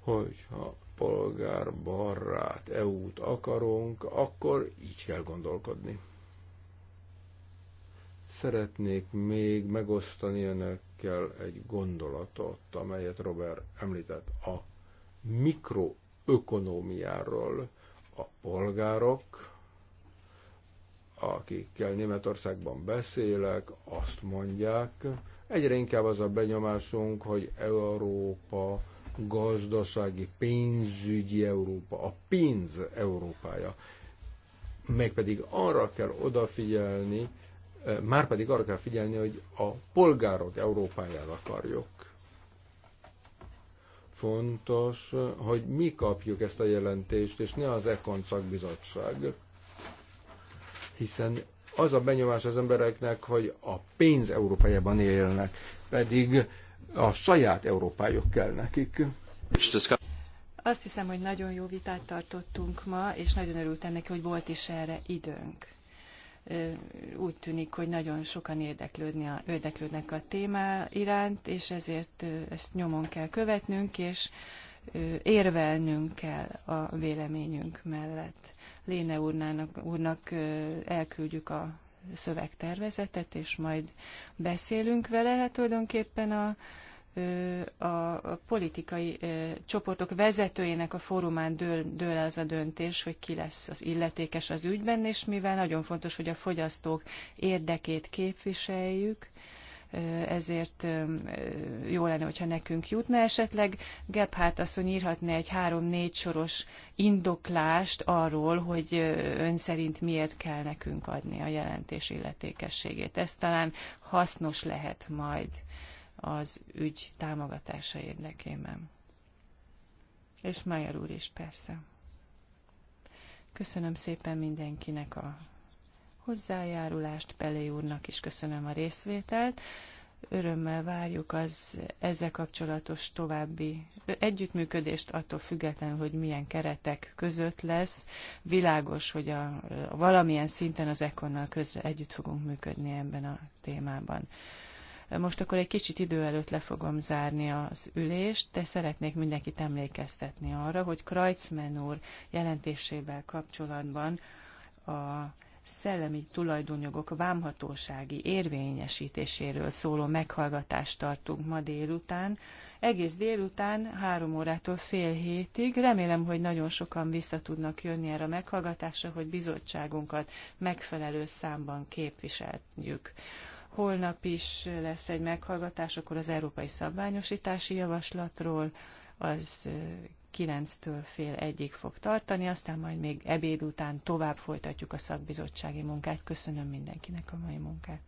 Speaker 4: Hogyha polgárbarát EU-t akarunk, akkor így kell gondolkodni. Szeretnék még megosztani önökkel egy gondolatot, amelyet Robert említett a mikroökonómiáról a polgárok, akikkel Németországban beszélek, azt mondják, egyre inkább az a benyomásunk, hogy Európa gazdasági, pénzügyi Európa, a pénz Európája. Mégpedig arra kell odafigyelni, eh, már pedig arra kell figyelni, hogy a polgárok Európáját akarjuk Fontos, hogy mi kapjuk ezt a jelentést, és ne az Ekon szakbizottság, hiszen az a benyomás az embereknek, hogy a pénz Európájában élnek, pedig a saját Európájuk kell nekik.
Speaker 2: Azt hiszem, hogy nagyon jó vitát tartottunk ma, és nagyon örültem neki, hogy volt is erre időnk úgy tűnik, hogy nagyon sokan érdeklődni a, érdeklődnek a témá iránt, és ezért ezt nyomon kell követnünk, és érvelnünk kell a véleményünk mellett. Léne úrnának, úrnak elküldjük a szövegtervezetet, és majd beszélünk vele. Hát tulajdonképpen a a politikai csoportok vezetőjének a fórumán dől, dől az a döntés, hogy ki lesz az illetékes az ügyben, és mivel nagyon fontos, hogy a fogyasztók érdekét képviseljük, ezért jó lenne, hogyha nekünk jutna. Esetleg Gebhardt asszony írhatna egy három-négy soros indoklást arról, hogy ön szerint miért kell nekünk adni a jelentés illetékességét. Ez talán hasznos lehet majd az ügy támogatása érdekében. És Majer úr is persze. Köszönöm szépen mindenkinek a hozzájárulást, Pelé úrnak is köszönöm a részvételt. Örömmel várjuk az ezzel kapcsolatos további együttműködést, attól függetlenül, hogy milyen keretek között lesz. Világos, hogy a, a valamilyen szinten az Ekonnal közre együtt fogunk működni ebben a témában. Most akkor egy kicsit idő előtt le fogom zárni az ülést, de szeretnék mindenkit emlékeztetni arra, hogy Krajcmen úr jelentésével kapcsolatban a szellemi tulajdonjogok vámhatósági érvényesítéséről szóló meghallgatást tartunk ma délután. Egész délután, három órától fél hétig. Remélem, hogy nagyon sokan vissza tudnak jönni erre a meghallgatásra, hogy bizottságunkat megfelelő számban képviseljük. Holnap is lesz egy meghallgatás, akkor az európai szabványosítási javaslatról, az 9-től fél egyig fog tartani, aztán majd még ebéd után tovább folytatjuk a szakbizottsági munkát.
Speaker 3: Köszönöm mindenkinek a mai munkát.